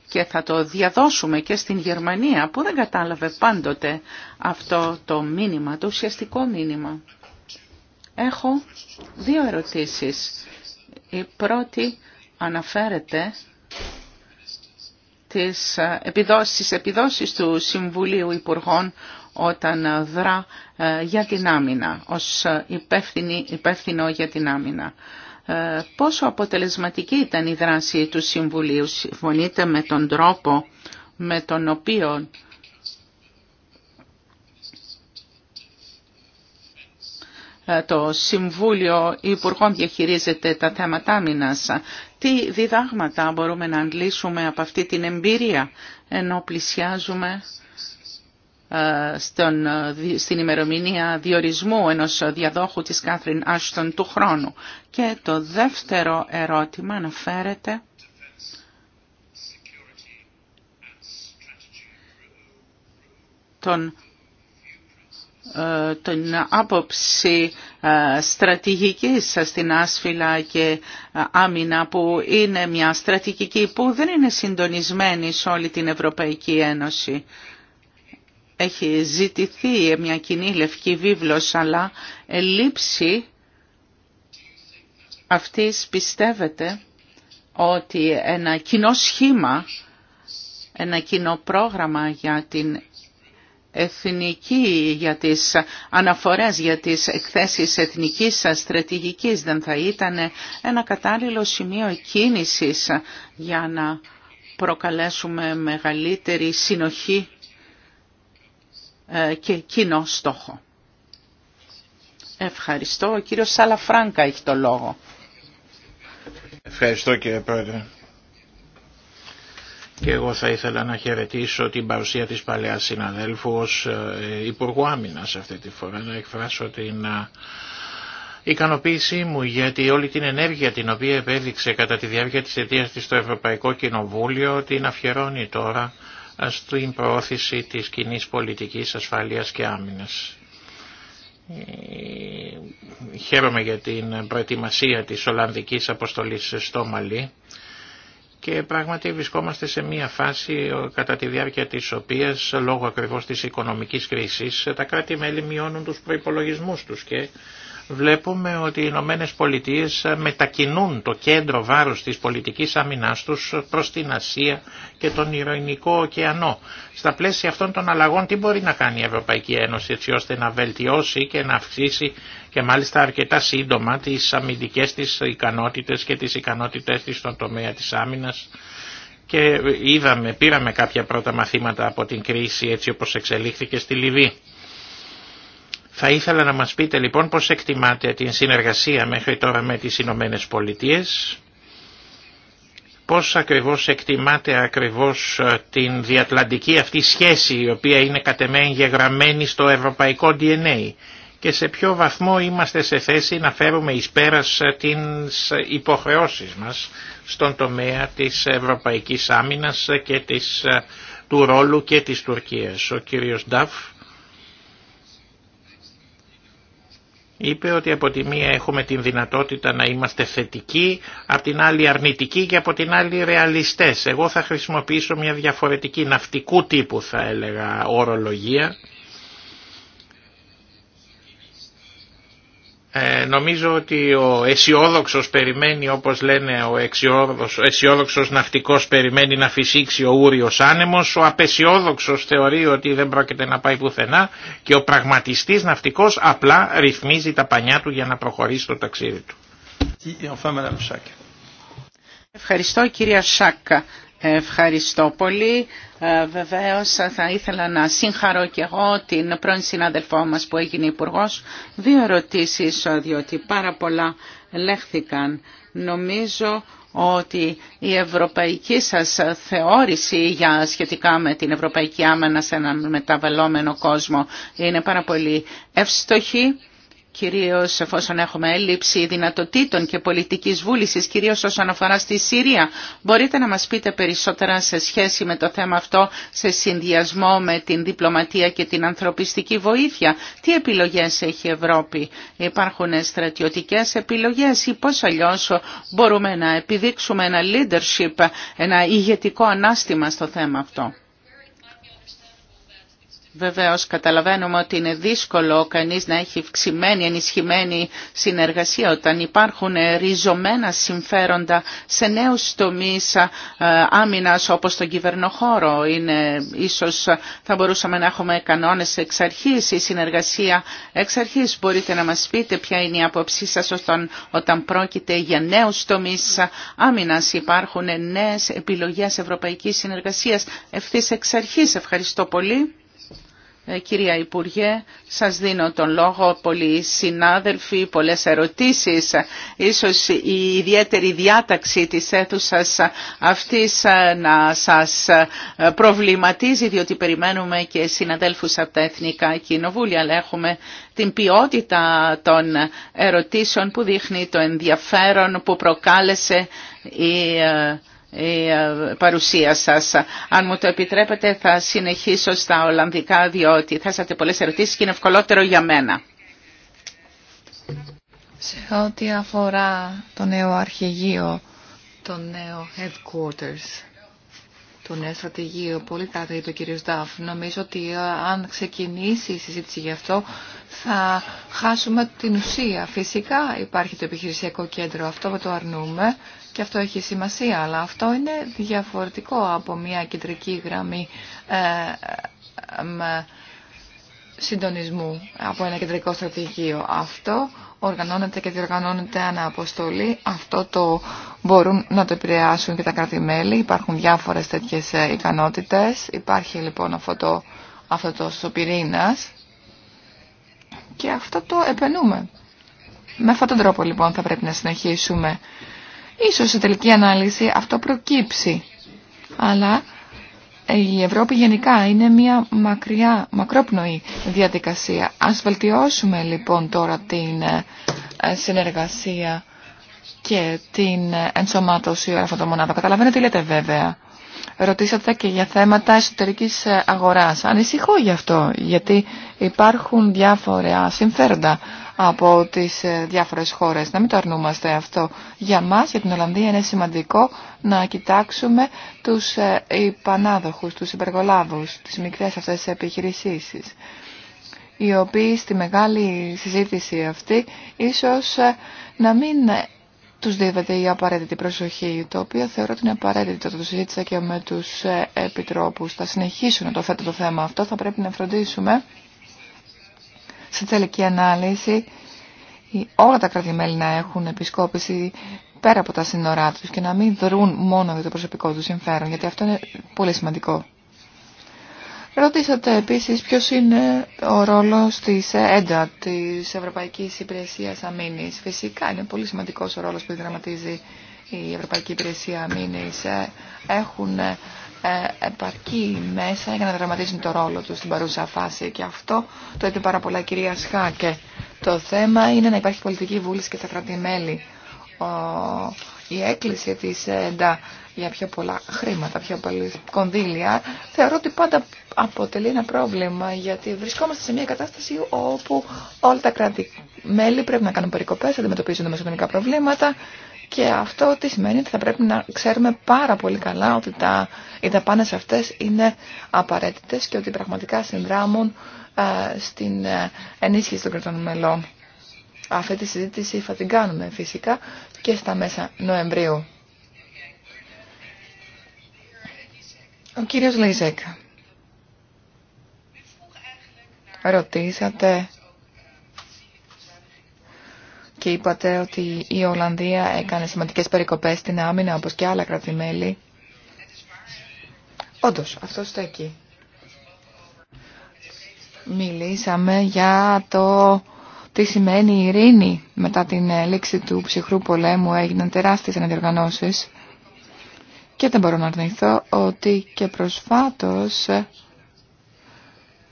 και θα το διαδώσουμε και στην Γερμανία που δεν κατάλαβε πάντοτε αυτό το μήνυμα, το ουσιαστικό μήνυμα. Έχω δύο ερωτήσεις. Η πρώτη αναφέρεται τις ε, επιδόσεις, επιδόσεις του Συμβουλίου Υπουργών όταν δρά ε, για την άμυνα, ως ε, υπεύθυνο για την άμυνα. Ε, πόσο αποτελεσματική ήταν η δράση του Συμβουλίου. Συμφωνείτε με τον τρόπο με τον οποίο ε, το Συμβούλιο Υπουργών διαχειρίζεται τα θέματα άμυνας. Τι διδάγματα μπορούμε να αντλήσουμε από αυτή την εμπειρία ενώ πλησιάζουμε ε, ε, στην ημερομηνία διορισμού ενός διαδόχου της Κάθριν Άστον του χρόνου. Και το δεύτερο ερώτημα αναφέρεται τον ε, την άποψη στρατηγικής στην άσφυλα και άμυνα που είναι μια στρατηγική που δεν είναι συντονισμένη σε όλη την Ευρωπαϊκή Ένωση έχει ζητηθεί μια κοινή λευκή βίβλος, αλλά λήψη αυτής πιστεύετε ότι ένα κοινό σχήμα, ένα κοινό πρόγραμμα για την εθνική, για τις αναφορές, για τις εκθέσεις εθνικής στρατηγικής δεν θα ήταν ένα κατάλληλο σημείο κίνησης για να προκαλέσουμε μεγαλύτερη συνοχή ε, και κοινό στόχο. Ευχαριστώ. Ο κύριος Σαλαφράνκα έχει το λόγο. Ευχαριστώ κύριε Πρόεδρε. Και εγώ θα ήθελα να χαιρετήσω την παρουσία της παλαιάς συναδέλφου ως ε, Υπουργού Άμυνας αυτή τη φορά, να εκφράσω την ε, ικανοποίησή μου γιατί όλη την ενέργεια την οποία επέδειξε κατά τη διάρκεια της αιτίας της στο Ευρωπαϊκό Κοινοβούλιο την αφιερώνει τώρα στην προώθηση της κοινή πολιτικής ασφάλειας και άμυνας. Ε, χαίρομαι για την προετοιμασία της Ολλανδικής Αποστολής στο Μαλί και πράγματι βρισκόμαστε σε μια φάση κατά τη διάρκεια της οποίας λόγω ακριβώς της οικονομικής κρίσης τα κράτη-μέλη μειώνουν τους προϋπολογισμούς τους και βλέπουμε ότι οι Ηνωμένε Πολιτείε μετακινούν το κέντρο βάρους της πολιτικής αμυνάς τους προς την Ασία και τον Ιεροϊνικό ωκεανό. Στα πλαίσια αυτών των αλλαγών τι μπορεί να κάνει η Ευρωπαϊκή Ένωση έτσι ώστε να βελτιώσει και να αυξήσει και μάλιστα αρκετά σύντομα τις αμυντικές της ικανότητες και τις ικανότητες της στον τομέα της άμυνας και είδαμε, πήραμε κάποια πρώτα μαθήματα από την κρίση έτσι όπως εξελίχθηκε στη Λιβύη. Θα ήθελα να μας πείτε λοιπόν πώς εκτιμάτε την συνεργασία μέχρι τώρα με τις Ηνωμένε Πολιτείες, πώς ακριβώς εκτιμάτε ακριβώς ε, την διατλαντική αυτή σχέση η οποία είναι κατεμένη γεγραμμένη στο ευρωπαϊκό DNA και σε ποιο βαθμό είμαστε σε θέση να φέρουμε εις πέρας ε, τις υποχρεώσεις μας στον τομέα της ευρωπαϊκής άμυνας ε, και της, του ρόλου και της Τουρκίας. Ο κύριος Νταφ είπε ότι από τη μία έχουμε την δυνατότητα να είμαστε θετικοί, από την άλλη αρνητικοί και από την άλλη ρεαλιστές. Εγώ θα χρησιμοποιήσω μια διαφορετική ναυτικού τύπου θα έλεγα ορολογία Ε, νομίζω ότι ο αισιόδοξο περιμένει όπως λένε ο αισιόδοξο ναυτικός περιμένει να φυσήξει ο ούριος άνεμος, ο απεσιόδοξος θεωρεί ότι δεν πρόκειται να πάει πουθενά και ο πραγματιστής ναυτικός απλά ρυθμίζει τα πανιά του για να προχωρήσει το ταξίδι του. Ευχαριστώ κυρία Σάκα. Ευχαριστώ πολύ. Ε, Βεβαίω θα ήθελα να συγχαρώ και εγώ την πρώην συνάδελφό μα που έγινε υπουργό. Δύο ερωτήσει διότι πάρα πολλά λέχθηκαν. Νομίζω ότι η ευρωπαϊκή σας θεώρηση για σχετικά με την ευρωπαϊκή άμενα σε έναν μεταβαλλόμενο κόσμο είναι πάρα πολύ εύστοχη κυρίως εφόσον έχουμε έλλειψη δυνατοτήτων και πολιτικής βούλησης, κυρίως όσον αφορά στη Συρία. Μπορείτε να μας πείτε περισσότερα σε σχέση με το θέμα αυτό, σε συνδυασμό με την διπλωματία και την ανθρωπιστική βοήθεια. Τι επιλογές έχει η Ευρώπη, υπάρχουν στρατιωτικές επιλογές ή πώς αλλιώς μπορούμε να επιδείξουμε ένα leadership, ένα ηγετικό ανάστημα στο θέμα αυτό. Βεβαίω, καταλαβαίνουμε ότι είναι δύσκολο κανεί να έχει αυξημένη, ενισχυμένη συνεργασία όταν υπάρχουν ριζωμένα συμφέροντα σε νέου τομείς ε, Άμυνα, όπως τον κυβερνοχώρο. Είναι, ίσως θα μπορούσαμε να έχουμε κανόνες εξ αρχή η συνεργασία εξ αρχής. Μπορείτε να μας πείτε ποια είναι η άποψή σα, όταν, όταν πρόκειται για νέου τομεί άμυνα. Υπάρχουν νέε επιλογέ Ευρωπαϊκή συνεργασίας ευθύ εξ αρχή, Ευχαριστώ πολύ. Ε, κυρία Υπουργέ, σας δίνω τον λόγο. Πολλοί συνάδελφοι, πολλές ερωτήσεις. Ίσως η ιδιαίτερη διάταξη της αίθουσα αυτής ε, να σας ε, προβληματίζει, διότι περιμένουμε και συναδέλφους από τα Εθνικά Κοινοβούλια, αλλά έχουμε την ποιότητα των ερωτήσεων που δείχνει το ενδιαφέρον που προκάλεσε η η ε, παρουσία σας. Αν μου το επιτρέπετε θα συνεχίσω στα Ολλανδικά διότι θέσατε πολλές ερωτήσεις και είναι ευκολότερο για μένα. Σε ό,τι αφορά το νέο αρχηγείο, το νέο headquarters, το νέο στρατηγείο, πολύ καλά είπε ο κύριος Νομίζω ότι ε, αν ξεκινήσει η συζήτηση γι' αυτό θα χάσουμε την ουσία. Φυσικά υπάρχει το επιχειρησιακό κέντρο, αυτό το αρνούμε και αυτό έχει σημασία, αλλά αυτό είναι διαφορετικό από μια κεντρική γραμμή ε, συντονισμού από ένα κεντρικό στρατηγείο. Αυτό οργανώνεται και διοργανώνεται αναποστολή. Αυτό το μπορούν να το επηρεάσουν και τα κράτη-μέλη. Υπάρχουν διάφορες τέτοιες ε, ικανότητες. Υπάρχει λοιπόν αυτό το, αυτό και αυτό το επενούμε. Με αυτόν τον τρόπο λοιπόν θα πρέπει να συνεχίσουμε Ίσως σε τελική ανάλυση αυτό προκύψει. Αλλά η Ευρώπη γενικά είναι μια μακριά, μακρόπνοη διαδικασία. Ας βελτιώσουμε λοιπόν τώρα την ε, συνεργασία και την ενσωμάτωση όλων αυτών των μονάδων. Καταλαβαίνω τι λέτε βέβαια. Ρωτήσατε και για θέματα εσωτερικής ε, αγοράς. Ανησυχώ γι' αυτό, γιατί υπάρχουν διάφορα συμφέροντα από τις ε, διάφορες χώρες. Να μην το αρνούμαστε αυτό. Για μας, για την Ολλανδία, είναι σημαντικό να κοιτάξουμε τους ε, υπανάδοχους, τους υπεργολάβους, τις μικρές αυτές επιχειρήσεις, οι οποίοι στη μεγάλη συζήτηση αυτή ίσως ε, να μην τους δίδεται η απαραίτητη προσοχή, το οποίο θεωρώ ότι είναι απαραίτητο. Το συζήτησα και με τους επιτρόπους. Θα συνεχίσουν να το θέτω το θέμα αυτό. Θα πρέπει να φροντίσουμε σε τελική ανάλυση όλα τα κρατημέλη να έχουν επισκόπηση πέρα από τα σύνορά τους και να μην δρούν μόνο για το προσωπικό τους συμφέρον, γιατί αυτό είναι πολύ σημαντικό. Ρωτήσατε επίσης ποιος είναι ο ρόλος της ΕΝΤΑ, της Ευρωπαϊκής Υπηρεσίας Αμήνης. Φυσικά είναι πολύ σημαντικός ο ρόλος που δραματίζει η Ευρωπαϊκή Υπηρεσία Αμήνης. Ε, έχουν ε, επαρκεί μέσα για να δραματίζουν το ρόλο του στην παρούσα φάση. Και αυτό το είπε πάρα πολλά η κυρία Σχάκε. Το θέμα είναι να υπάρχει πολιτική βούληση και στα κρατημέλη. Η έκκληση της ΕΝΤΑ για πιο πολλά χρήματα, πιο πολλή κονδύλια, θεωρώ ότι πάντα αποτελεί ένα πρόβλημα, γιατί βρισκόμαστε σε μια κατάσταση όπου όλα τα κράτη-μέλη πρέπει να κάνουν περικοπές, αντιμετωπίζουν μεσογενικά προβλήματα και αυτό τι σημαίνει ότι θα πρέπει να ξέρουμε πάρα πολύ καλά ότι τα, οι δαπάνε αυτές είναι απαραίτητες και ότι πραγματικά συνδράμουν ε, στην ε, ενίσχυση των κρατών μελών. Αυτή τη συζήτηση θα την κάνουμε φυσικά και στα μέσα Νοεμβρίου. Ο κύριος Λίζεκ. Ρωτήσατε και είπατε ότι η Ολλανδία έκανε σημαντικές περικοπές στην άμυνα όπως και άλλα κρατημέλη. Όντως, αυτό στέκει. Μιλήσαμε για το τι σημαίνει η ειρήνη. Μετά την λήξη του ψυχρού πολέμου έγιναν τεράστιες αναδιοργανώσεις. Και δεν μπορώ να αρνηθώ ότι και προσφάτως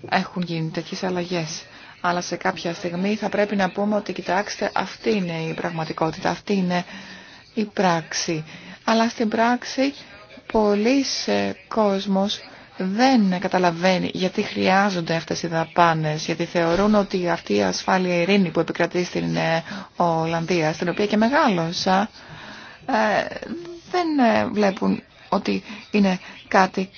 έχουν γίνει τέτοιες αλλαγές. Αλλά σε κάποια στιγμή θα πρέπει να πούμε ότι κοιτάξτε αυτή είναι η πραγματικότητα, αυτή είναι η πράξη. Αλλά στην πράξη πολλοί ε, κόσμος δεν καταλαβαίνει γιατί χρειάζονται αυτές οι δαπάνες, γιατί θεωρούν ότι αυτή η ασφάλεια ειρήνη που επικρατεί στην ε, Ολλανδία, στην οποία και μεγάλωσα, ε, δεν βλέπουν ότι είναι κάτι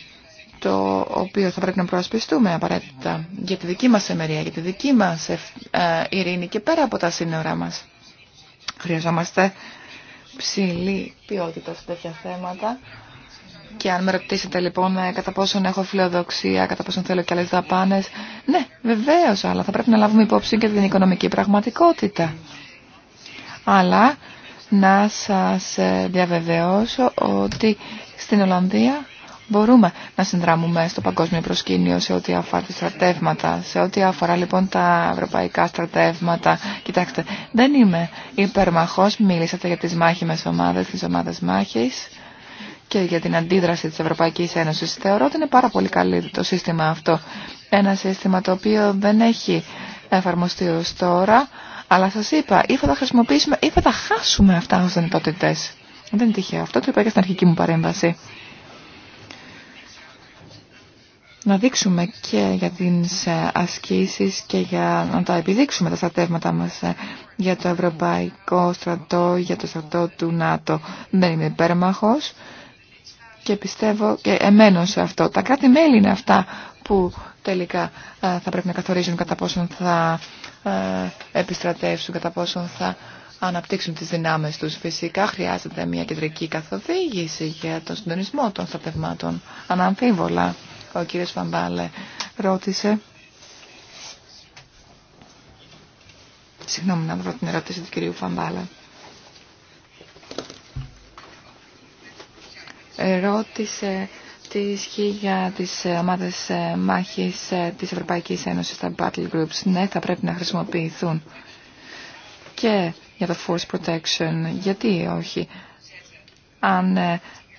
το οποίο θα πρέπει να προασπιστούμε απαραίτητα για τη δική μας εμερία, για τη δική μας ε, ειρήνη και πέρα από τα σύνορά μας. Χρειαζόμαστε ψηλή ποιότητα σε τέτοια θέματα. Και αν με ρωτήσετε λοιπόν ε, κατά πόσον έχω φιλοδοξία, κατά πόσον θέλω και άλλε δαπάνε, ναι, βεβαίω, αλλά θα πρέπει να λάβουμε υπόψη και την οικονομική πραγματικότητα. Αλλά να σας ε, διαβεβαιώσω ότι στην Ολλανδία μπορούμε να συνδράμουμε στο παγκόσμιο προσκήνιο σε ό,τι αφορά τα στρατεύματα, σε ό,τι αφορά λοιπόν τα ευρωπαϊκά στρατεύματα. Κοιτάξτε, δεν είμαι υπερμαχός, μίλησατε για τις μάχημες ομάδες, τις ομάδες μάχης και για την αντίδραση της Ευρωπαϊκής Ένωσης. Θεωρώ ότι είναι πάρα πολύ καλή το σύστημα αυτό. Ένα σύστημα το οποίο δεν έχει εφαρμοστεί ω τώρα, αλλά σας είπα, ή θα τα χρησιμοποιήσουμε ή θα τα χάσουμε αυτά ως δυνατότητες. Δεν είναι τυχαίο. Αυτό το είπα και στην αρχική μου παρέμβαση να δείξουμε και για τις ε, ασκήσεις και για να τα επιδείξουμε τα στρατεύματα μας ε, για το Ευρωπαϊκό στρατό, για το στρατό του ΝΑΤΟ. Δεν είμαι υπέρμαχος και πιστεύω και εμένω σε αυτό. Τα κράτη-μέλη είναι αυτά που τελικά ε, θα πρέπει να καθορίζουν κατά πόσον θα επιστρατεύσουν, κατά πόσον θα αναπτύξουν τις δυνάμεις τους. Φυσικά χρειάζεται μια κεντρική καθοδήγηση για τον συντονισμό των στρατευμάτων, αναμφίβολα ο κύριος Φαμπάλε ρώτησε. Συγγνώμη να βρω την ερώτηση του κυρίου Φαμπάλε. Ρώτησε τι ισχύει για τις ε, ομάδες ε, μάχης ε, της Ευρωπαϊκής Ένωσης, τα battle groups. Ναι, θα πρέπει να χρησιμοποιηθούν και για το force protection. Γιατί όχι. Αν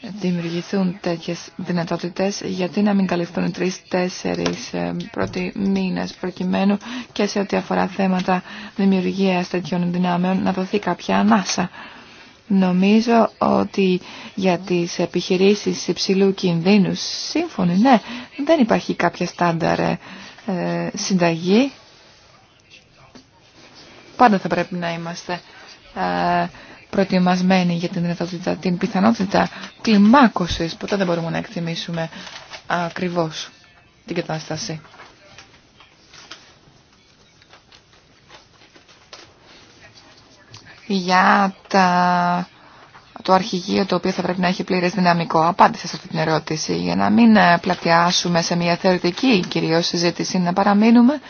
δημιουργηθούν τέτοιες δυνατότητες, γιατί να μην καλυφθούν τρει, τρεις-τέσσερις ε, πρώτοι μήνες προκειμένου και σε ό,τι αφορά θέματα δημιουργίας τέτοιων δυνάμεων να δοθεί κάποια ανάσα. Νομίζω ότι για τις επιχειρήσεις υψηλού κινδύνου, σύμφωνοι, ναι, δεν υπάρχει κάποια στάνταρ ε, ε, συνταγή. Πάντα θα πρέπει να είμαστε προετοιμασμένοι για την, την πιθανότητα κλιμάκωσης. Ποτέ δεν μπορούμε να εκτιμήσουμε ακριβώς την κατάσταση. Για τα... το αρχηγείο το οποίο θα πρέπει να έχει πλήρες δυναμικό. απάντηση σε αυτή την ερώτηση για να μην ε, πλατιάσουμε σε μια θεωρητική κυρίως συζήτηση, να παραμείνουμε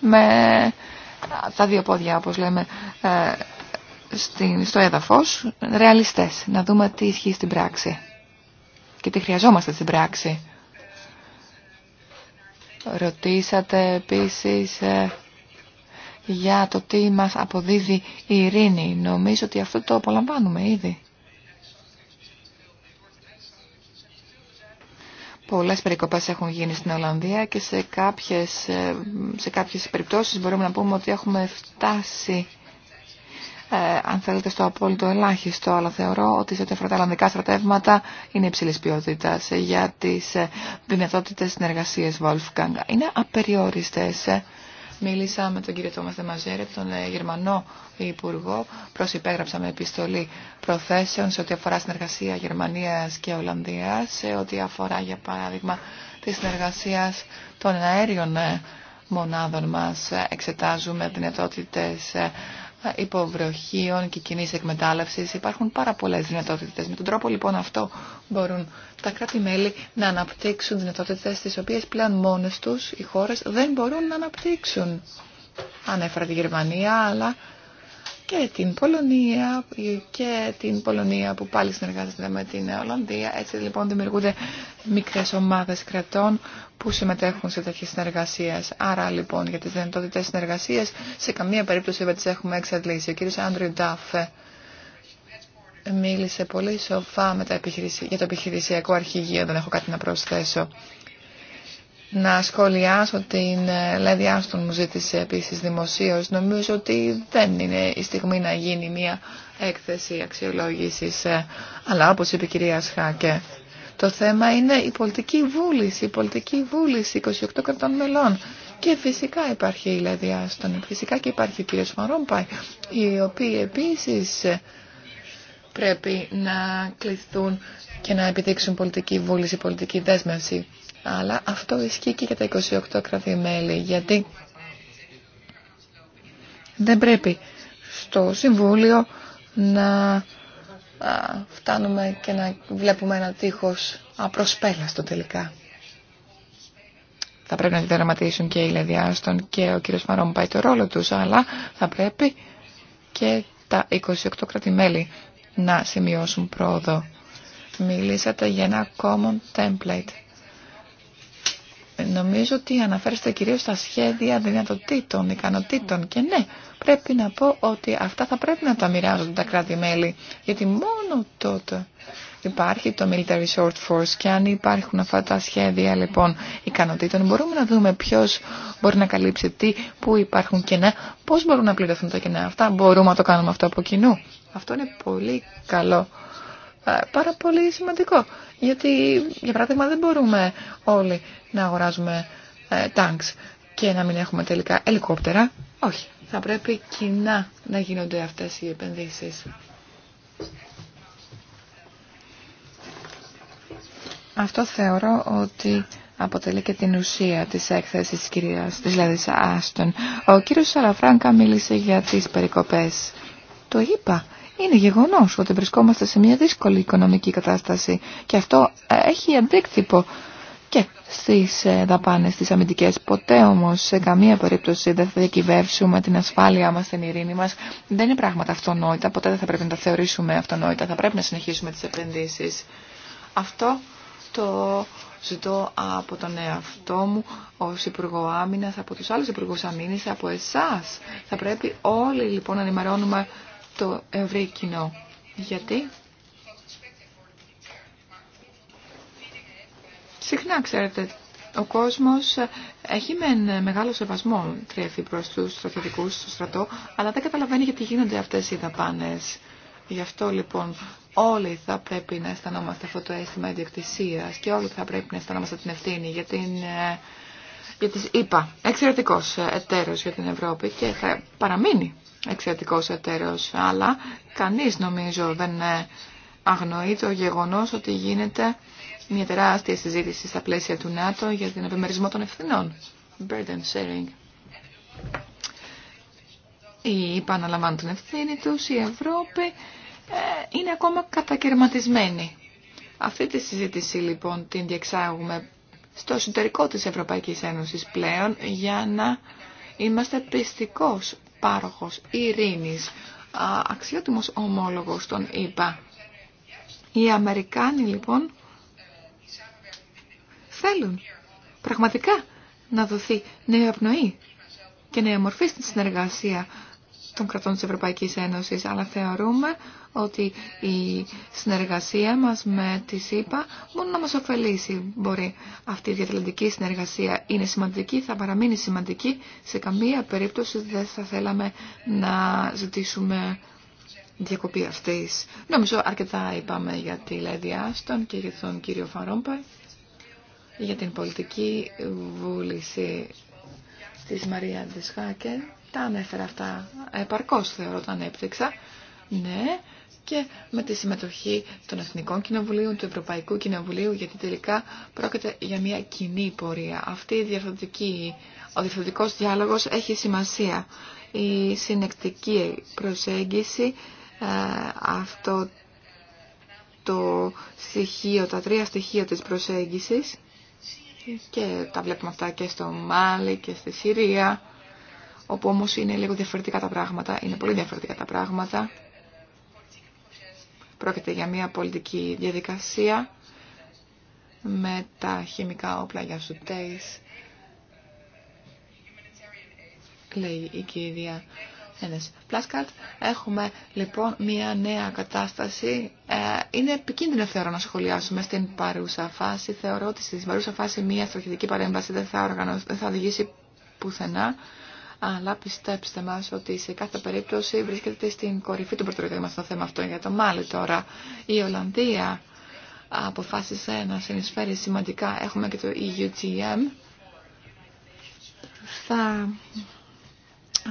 με τα δύο πόδια όπως λέμε ε, στο έδαφος ρεαλιστές, να δούμε τι ισχύει στην πράξη και τι χρειαζόμαστε στην πράξη. Ρωτήσατε επίσης ε, για το τι μας αποδίδει η ειρήνη. Νομίζω ότι αυτό το απολαμβάνουμε ήδη. Πολλές περικοπές έχουν γίνει στην Ολλανδία και σε κάποιες, ε, σε κάποιες περιπτώσεις μπορούμε να πούμε ότι έχουμε φτάσει ε, αν θέλετε, στο απόλυτο ελάχιστο, αλλά θεωρώ ότι σε ό,τι αφορά τα ελλανδικά στρατεύματα είναι υψηλή ποιότητα για τι ε, δυνατότητε συνεργασία Wolfgang. Είναι απεριόριστε. Ε, μίλησα με τον κύριο Τόμα Μαζέρε, τον Γερμανό Υπουργό. με επιστολή προθέσεων σε ό,τι αφορά συνεργασία Γερμανία και Ολλανδία, σε ό,τι αφορά, για παράδειγμα, τη συνεργασία των αέριων μονάδων μας εξετάζουμε δυνατότητες υποβροχίων και κοινή εκμετάλλευση. Υπάρχουν πάρα πολλέ δυνατότητε. Με τον τρόπο λοιπόν αυτό μπορούν τα κράτη-μέλη να αναπτύξουν δυνατότητε τι οποίε πλέον μόνε του οι χώρε δεν μπορούν να αναπτύξουν. Ανέφερα τη Γερμανία, αλλά και την Πολωνία και την Πολωνία που πάλι συνεργάζεται με την Ολλανδία. Έτσι λοιπόν δημιουργούνται μικρές ομάδες κρατών που συμμετέχουν σε τέτοιες συνεργασίες. Άρα λοιπόν για τις δυνατότητες συνεργασίες σε καμία περίπτωση δεν τις έχουμε εξαντλήσει. Ο κύριος Άντριου Ντάφε μίλησε πολύ σοφά με τα για το επιχειρησιακό αρχηγείο, δεν έχω κάτι να προσθέσω. Να σχολιάσω την ε, Λέδη Άστον μου ζήτησε επίσης δημοσίως. Νομίζω ότι δεν είναι η στιγμή να γίνει μια έκθεση αξιολόγησης. Ε, αλλά όπως είπε η κυρία Σχάκε, το θέμα είναι η πολιτική βούληση, η πολιτική βούληση 28 κρατών μελών. Και φυσικά υπάρχει η Λαδιά δηλαδή, φυσικά και υπάρχει ο κύριος Μαρόμπαϊ, οι οποίοι επίσης πρέπει να κληθούν και να επιδείξουν πολιτική βούληση, πολιτική δέσμευση. Αλλά αυτό ισχύει και για τα 28 κράτη-μέλη, γιατί δεν πρέπει στο Συμβούλιο να φτάνουμε και να βλέπουμε ένα τείχος απροσπέλαστο τελικά. Θα πρέπει να διδραματίσουν και οι Λεδιά και ο κύριος Μαρόμ πάει το ρόλο τους, αλλά θα πρέπει και τα 28 κρατημέλη να σημειώσουν πρόοδο. Μιλήσατε για ένα common template. Νομίζω ότι αναφέρεστε κυρίως στα σχέδια δυνατοτήτων, ικανοτήτων και ναι, πρέπει να πω ότι αυτά θα πρέπει να τα μοιράζονται τα κράτη-μέλη, γιατί μόνο τότε υπάρχει το Military Short Force και αν υπάρχουν αυτά τα σχέδια λοιπόν ικανοτήτων μπορούμε να δούμε ποιος μπορεί να καλύψει τι, πού υπάρχουν κενά, πώς μπορούν να πληρωθούν τα κενά αυτά, μπορούμε να το κάνουμε αυτό από κοινού. Αυτό είναι πολύ καλό πάρα πολύ σημαντικό. Γιατί, για παράδειγμα, δεν μπορούμε όλοι να αγοράζουμε ε, και να μην έχουμε τελικά ελικόπτερα. Όχι. Θα πρέπει κοινά να γίνονται αυτές οι επενδύσεις. Αυτό θεωρώ ότι αποτελεί και την ουσία της έκθεσης της κυρίας, της δηλαδή Άστον. Ο κύριος Σαραφράγκα μίλησε για τις περικοπές. Το είπα είναι γεγονός ότι βρισκόμαστε σε μια δύσκολη οικονομική κατάσταση και αυτό έχει αντίκτυπο και στις ε, δαπάνες, στις αμυντικές. Ποτέ όμως σε καμία περίπτωση δεν θα διακυβεύσουμε την ασφάλειά μας, την ειρήνη μας. Δεν είναι πράγματα αυτονόητα, ποτέ δεν θα πρέπει να τα θεωρήσουμε αυτονόητα. Θα πρέπει να συνεχίσουμε τις επενδύσεις. Αυτό το ζητώ από τον εαυτό μου ως Υπουργό Άμυνας, από τους άλλους Υπουργούς Αμήνης, από εσάς. Θα πρέπει όλοι λοιπόν να ενημερώνουμε το ευρύ κοινό. Γιατί συχνά ξέρετε ο κόσμος έχει μεν μεγάλο σεβασμό τρέφει προς τους στρατιωτικούς στο στρατό, αλλά δεν καταλαβαίνει γιατί γίνονται αυτές οι δαπάνες. Γι' αυτό λοιπόν όλοι θα πρέπει να αισθανόμαστε αυτό το αίσθημα ιδιοκτησίας και όλοι θα πρέπει να αισθανόμαστε την ευθύνη για την... Ε, για τις είπα, εξαιρετικός εταίρος για την Ευρώπη και θα παραμείνει εξαιρετικός εταίρος, αλλά κανείς νομίζω δεν ε, αγνοεί το γεγονός ότι γίνεται μια τεράστια συζήτηση στα πλαίσια του ΝΑΤΟ για την επιμερισμό των ευθυνών. Burden sharing. Οι ΙΠΑ την ευθύνη τους, η Ευρώπη ε, είναι ακόμα κατακαιρματισμένη. Αυτή τη συζήτηση λοιπόν την διεξάγουμε στο εσωτερικό της Ευρωπαϊκής Ένωσης πλέον για να είμαστε πιστικός πάροχος ειρήνης, αξιότιμος ομόλογος των Ιπα. Οι Αμερικάνοι λοιπόν θέλουν πραγματικά να δοθεί νέα πνοή και νέα μορφή στην συνεργασία των κρατών της Ευρωπαϊκής Ένωσης, αλλά θεωρούμε ότι η συνεργασία μας με τη ΣΥΠΑ μπορεί να μας ωφελήσει. Μπορεί αυτή η διαθελοντική συνεργασία είναι σημαντική, θα παραμείνει σημαντική. Σε καμία περίπτωση δεν θα θέλαμε να ζητήσουμε διακοπή αυτής. Νομίζω αρκετά είπαμε για τη Λέδη Άστον και για τον κύριο Φαρόμπα για την πολιτική βούληση της Μαρία Ντεσχάκερ. Τα ανέφερα αυτά επαρκώς θεωρώ όταν έπτυξα. Ναι, και με τη συμμετοχή των Εθνικών Κοινοβουλίων, του Ευρωπαϊκού Κοινοβουλίου, γιατί τελικά πρόκειται για μια κοινή πορεία. Αυτή η ο διαφορετικό διάλογος έχει σημασία. Η συνεκτική προσέγγιση, ε, αυτό το στοιχείο, τα τρία στοιχεία της προσέγγισης, και τα βλέπουμε αυτά και στο Μάλι και στη Συρία όπου όμω είναι λίγο διαφορετικά τα πράγματα, είναι πολύ διαφορετικά τα πράγματα. Πρόκειται για μια πολιτική διαδικασία με τα χημικά όπλα για σουτέις, λέει η κυρία Ένες Πλάσκαρτ. Έχουμε λοιπόν μια νέα κατάσταση. Ε, είναι επικίνδυνο θεωρώ να σχολιάσουμε στην παρούσα φάση. Θεωρώ ότι στην παρούσα φάση μια στρατηγική παρέμβαση δεν θα οδηγήσει πουθενά αλλά πιστέψτε μα ότι σε κάθε περίπτωση βρίσκεται στην κορυφή του πρωτοβουλίου μας το θέμα αυτό για το Μάλι τώρα. Η Ολλανδία αποφάσισε να συνεισφέρει σημαντικά. Έχουμε και το EUTM. Θα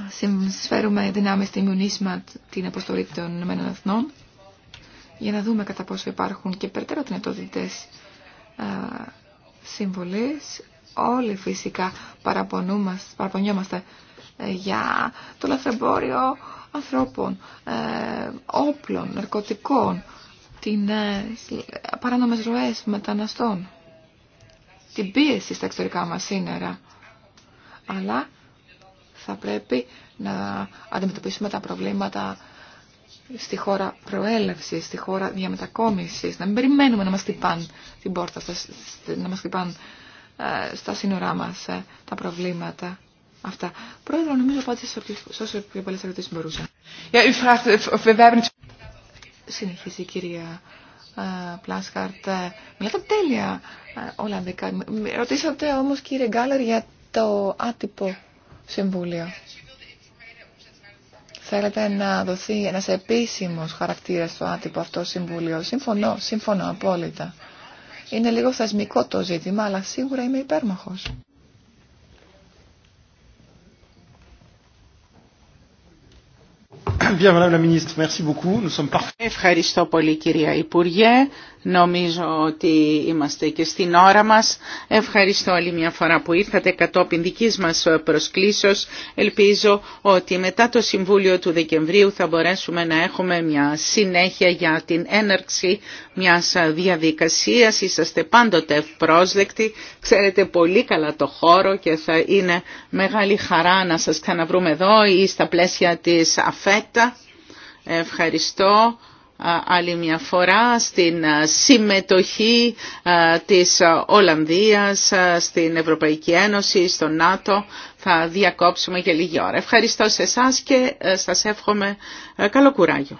συνεισφέρουμε δυνάμεις στη Μιουνίσμα την αποστολή των Ηνωμένων Εθνών για να δούμε κατά πόσο υπάρχουν και περαιτέρω δυνατότητε συμβολής. Όλοι φυσικά παραπονιόμαστε ε, για το λαθρεμπόριο ανθρώπων, ε, όπλων, ναρκωτικών, την ε, παράνομες ροές μεταναστών, την πίεση στα εξωτερικά μας σύνορα. Αλλά θα πρέπει να αντιμετωπίσουμε τα προβλήματα στη χώρα προέλευση, στη χώρα διαμετακόμισης, να μην περιμένουμε να μας χτυπάν την πόρτα, να μας χτυπάν στα σύνορά μας τα προβλήματα. Αυτά. Πρόεδρο, νομίζω απάντησα σε όσε πιο πολλέ ερωτήσει μπορούσα. Συνεχίζει η κυρία ε, Πλάσχαρτ. Ε, Μιλάτε τέλεια ε, Ολλανδικά. Ρωτήσατε όμω, κύριε Γκάλερ για το άτυπο συμβούλιο. Θέλετε να δοθεί ένα επίσημο χαρακτήρα στο άτυπο αυτό συμβούλιο. Συμφωνώ, συμφωνώ απόλυτα. Είναι λίγο θεσμικό το ζήτημα, αλλά σίγουρα είμαι υπέρμαχος. Ευχαριστώ πολύ κυρία Υπουργέ. Νομίζω ότι είμαστε και στην ώρα μας. Ευχαριστώ άλλη μια φορά που ήρθατε κατόπιν δικής μας προσκλήσεως. Ελπίζω ότι μετά το Συμβούλιο του Δεκεμβρίου θα μπορέσουμε να έχουμε μια συνέχεια για την έναρξη μιας διαδικασίας. Είσαστε πάντοτε πρόσδεκτοι Ξέρετε πολύ καλά το χώρο και θα είναι μεγάλη χαρά να σας ξαναβρούμε εδώ ή στα πλαίσια της ΑΦΕΤΑ Ευχαριστώ άλλη μια φορά στην συμμετοχή της Ολλανδίας στην Ευρωπαϊκή Ένωση, στο ΝΑΤΟ. Θα διακόψουμε για λίγη ώρα. Ευχαριστώ σε εσά και ε, σας εύχομαι ε, καλό κουράγιο.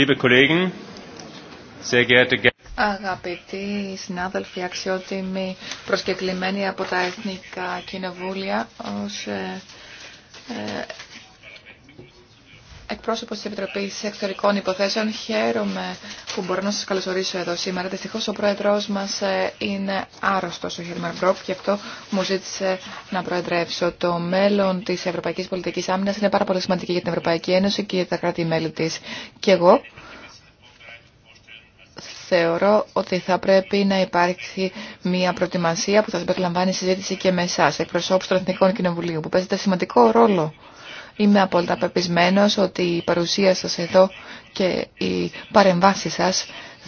Liebe Kollegen, sehr geehrte Αγαπητοί συνάδελφοι, αξιότιμοι προσκεκλημένοι από τα Εθνικά Κοινοβούλια, ως ε, ε, εκπρόσωπος της Επιτροπής Εξωτερικών Υποθέσεων, χαίρομαι που μπορώ να σα καλωσορίσω εδώ σήμερα. Δυστυχώ ο πρόεδρο μα ε, είναι άρρωστο ο Χέρμαν Μπρόκ, και αυτό μου ζήτησε να προεδρεύσω. Το μέλλον τη Ευρωπαϊκή Πολιτική άμυνα είναι πάρα πολύ σημαντική για την Ευρωπαϊκή Ένωση και για τα κράτη-μέλη τη Και εγώ θεωρώ ότι θα πρέπει να υπάρξει μια προετοιμασία που θα συμπεριλαμβάνει συζήτηση και με εσά, εκπροσώπου των Εθνικών Κοινοβουλίων, που παίζετε σημαντικό ρόλο. Είμαι απόλυτα πεπισμένο ότι η παρουσία σα εδώ και οι παρεμβάσει σα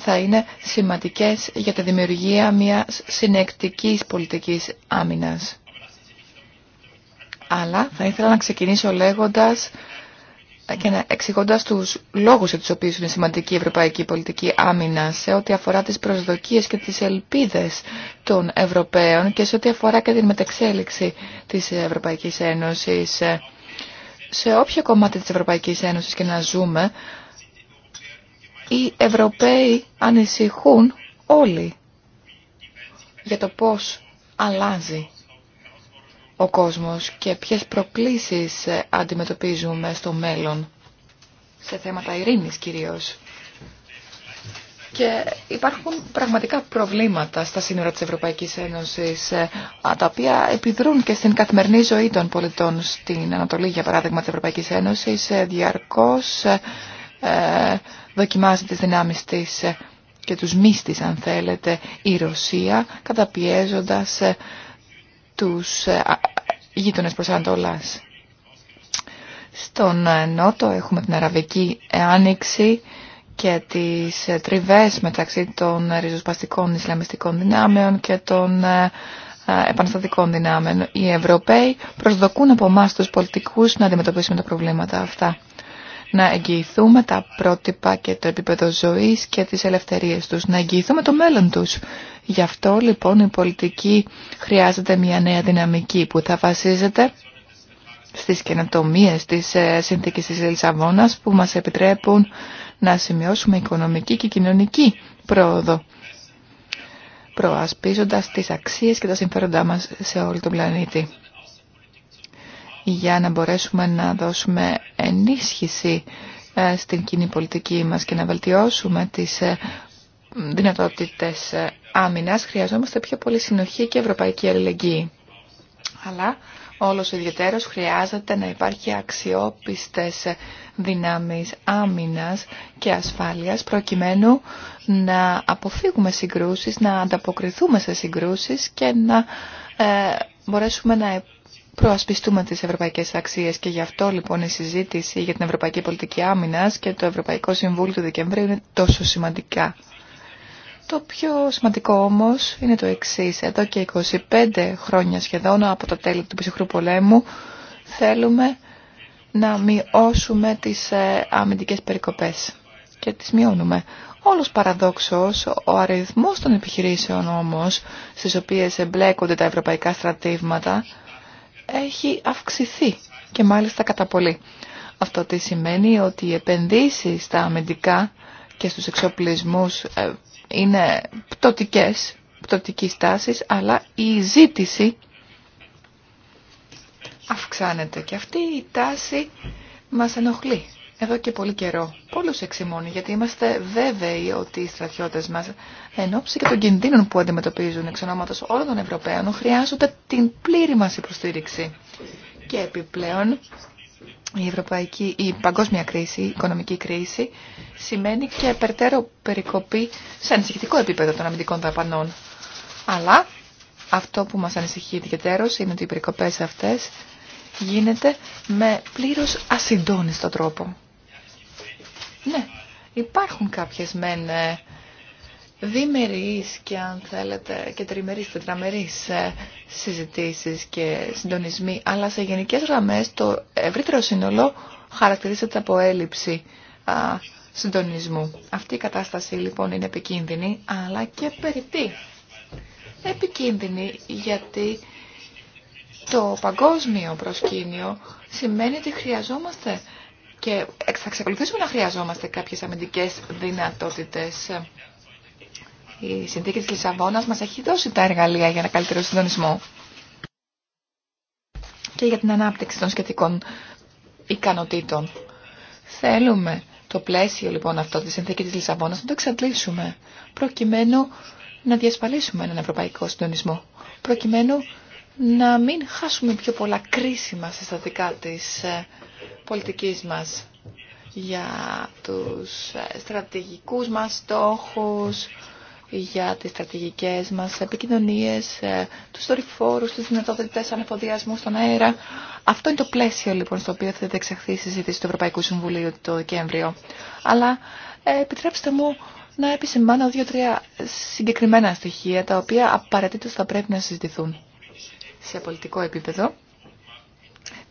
θα είναι σημαντικέ για τη δημιουργία μια συνεκτική πολιτική άμυνα. Αλλά θα ήθελα να ξεκινήσω λέγοντας και εξηγώντα του λόγου για του οποίου είναι σημαντική η ευρωπαϊκή πολιτική άμυνα σε ό,τι αφορά τι προσδοκίε και τι ελπίδε των Ευρωπαίων και σε ό,τι αφορά και την μετεξέλιξη τη Ευρωπαϊκή Ένωση. Σε όποιο κομμάτι της Ευρωπαϊκής Ένωσης και να ζούμε, οι Ευρωπαίοι ανησυχούν όλοι για το πώς αλλάζει ο κόσμος και ποιες προκλήσεις αντιμετωπίζουμε στο μέλλον σε θέματα ειρήνης κυρίως. Και υπάρχουν πραγματικά προβλήματα στα σύνορα της Ευρωπαϊκής Ένωσης, ε, τα οποία επιδρούν και στην καθημερινή ζωή των πολιτών στην Ανατολή, για παράδειγμα, της Ευρωπαϊκής Ένωσης, ε, διαρκώς ε, ε, δοκιμάζει τις δυνάμεις της και τους μίστης, αν θέλετε, η Ρωσία, καταπιέζοντας τους γείτονε Ανατολά. Στον ε, Νότο έχουμε την Αραβική Άνοιξη και τις ε, τριβές μεταξύ των ε, ριζοσπαστικών Ισλαμιστικών δυνάμεων και των επαναστατικών δυνάμεων. Οι Ευρωπαίοι προσδοκούν από εμά τους πολιτικούς να αντιμετωπίσουμε τα προβλήματα αυτά να εγγυηθούμε τα πρότυπα και το επίπεδο ζωής και τις ελευθερίες τους, να εγγυηθούμε το μέλλον τους. Γι' αυτό λοιπόν η πολιτική χρειάζεται μια νέα δυναμική που θα βασίζεται στις καινοτομίε της ε, συνθήκης της Λισαβόνας που μας επιτρέπουν να σημειώσουμε οικονομική και κοινωνική πρόοδο προασπίζοντας τις αξίες και τα συμφέροντά μας σε όλο τον πλανήτη για να μπορέσουμε να δώσουμε ενίσχυση ε, στην κοινή πολιτική μας και να βελτιώσουμε τις ε, δυνατότητες ε, άμυνας, χρειαζόμαστε πιο πολύ συνοχή και ευρωπαϊκή αλληλεγγύη. Αλλά όλος ο ιδιαίτερος χρειάζεται να υπάρχει αξιόπιστες δυνάμεις άμυνας και ασφάλειας προκειμένου να αποφύγουμε συγκρούσεις, να ανταποκριθούμε σε συγκρούσεις και να μπορέσουμε να προασπιστούμε τις ευρωπαϊκές αξίες και γι' αυτό λοιπόν η συζήτηση για την Ευρωπαϊκή Πολιτική Άμυνας και το Ευρωπαϊκό Συμβούλιο του Δεκεμβρίου είναι τόσο σημαντικά. Το πιο σημαντικό όμως είναι το εξής. Εδώ και 25 χρόνια σχεδόν από το τέλος του ψυχρού πολέμου θέλουμε να μειώσουμε τις ε, αμυντικές περικοπές και τις μειώνουμε. Όλος παραδόξως, ο αριθμός των επιχειρήσεων όμως στις οποίες εμπλέκονται τα ευρωπαϊκά στρατεύματα έχει αυξηθεί και μάλιστα κατά πολύ. Αυτό τι σημαίνει ότι οι επενδύσεις στα αμυντικά και στους εξοπλισμούς ε, είναι πτωτικές, πτωτικής τάσης, αλλά η ζήτηση αυξάνεται και αυτή η τάση μας ενοχλεί εδώ και πολύ καιρό. Πολλούς εξημώνει, γιατί είμαστε βέβαιοι ότι οι στρατιώτες μας, εν ώψη και των κινδύνων που αντιμετωπίζουν εξ ονόματος όλων των Ευρωπαίων, χρειάζονται την πλήρη μας υποστήριξη. Και επιπλέον, η, ευρωπαϊκή, η παγκόσμια κρίση, η οικονομική κρίση, σημαίνει και περτέρω περικοπή σε ανησυχητικό επίπεδο των αμυντικών δαπανών. Αλλά αυτό που μας ανησυχεί ιδιαίτερως είναι ότι οι περικοπές αυτές γίνεται με πλήρως ασυντόνιστο τρόπο. Ναι, υπάρχουν κάποιες μεν ε, διμερείς και αν θέλετε και τριμερείς, τετραμερείς ε, συζητήσεις και συντονισμοί, αλλά σε γενικές γραμμές το ευρύτερο σύνολο χαρακτηρίζεται από έλλειψη συντονισμού. Αυτή η κατάσταση λοιπόν είναι επικίνδυνη, αλλά και περιττή. Επικίνδυνη γιατί το παγκόσμιο προσκήνιο σημαίνει ότι χρειαζόμαστε και θα ξεκολουθήσουμε να χρειαζόμαστε κάποιες αμυντικές δυνατότητες. Η συνθήκη της Λισαβόνας μας έχει δώσει τα εργαλεία για ένα καλύτερο συντονισμό και για την ανάπτυξη των σχετικών ικανοτήτων. Θέλουμε το πλαίσιο λοιπόν αυτό της συνθήκη της Λισαβόνας να το εξαντλήσουμε προκειμένου να διασφαλίσουμε έναν ευρωπαϊκό συντονισμό προκειμένου να μην χάσουμε πιο πολλά κρίσιμα συστατικά της ε, πολιτικής μας, για τους ε, στρατηγικούς μας στόχους, για τις στρατηγικές μας επικοινωνίες, ε, τους δορυφόρους, τις δυνατότητες ανεφοδιασμού στον αέρα. Αυτό είναι το πλαίσιο λοιπόν στο οποίο θα διεξαχθεί η συζήτηση του Ευρωπαϊκού Συμβουλίου το Δεκέμβριο. Αλλά ε, επιτρέψτε μου να επισημάνω δύο-τρία συγκεκριμένα στοιχεία τα οποία απαραίτητο θα πρέπει να συζητηθούν σε πολιτικό επίπεδο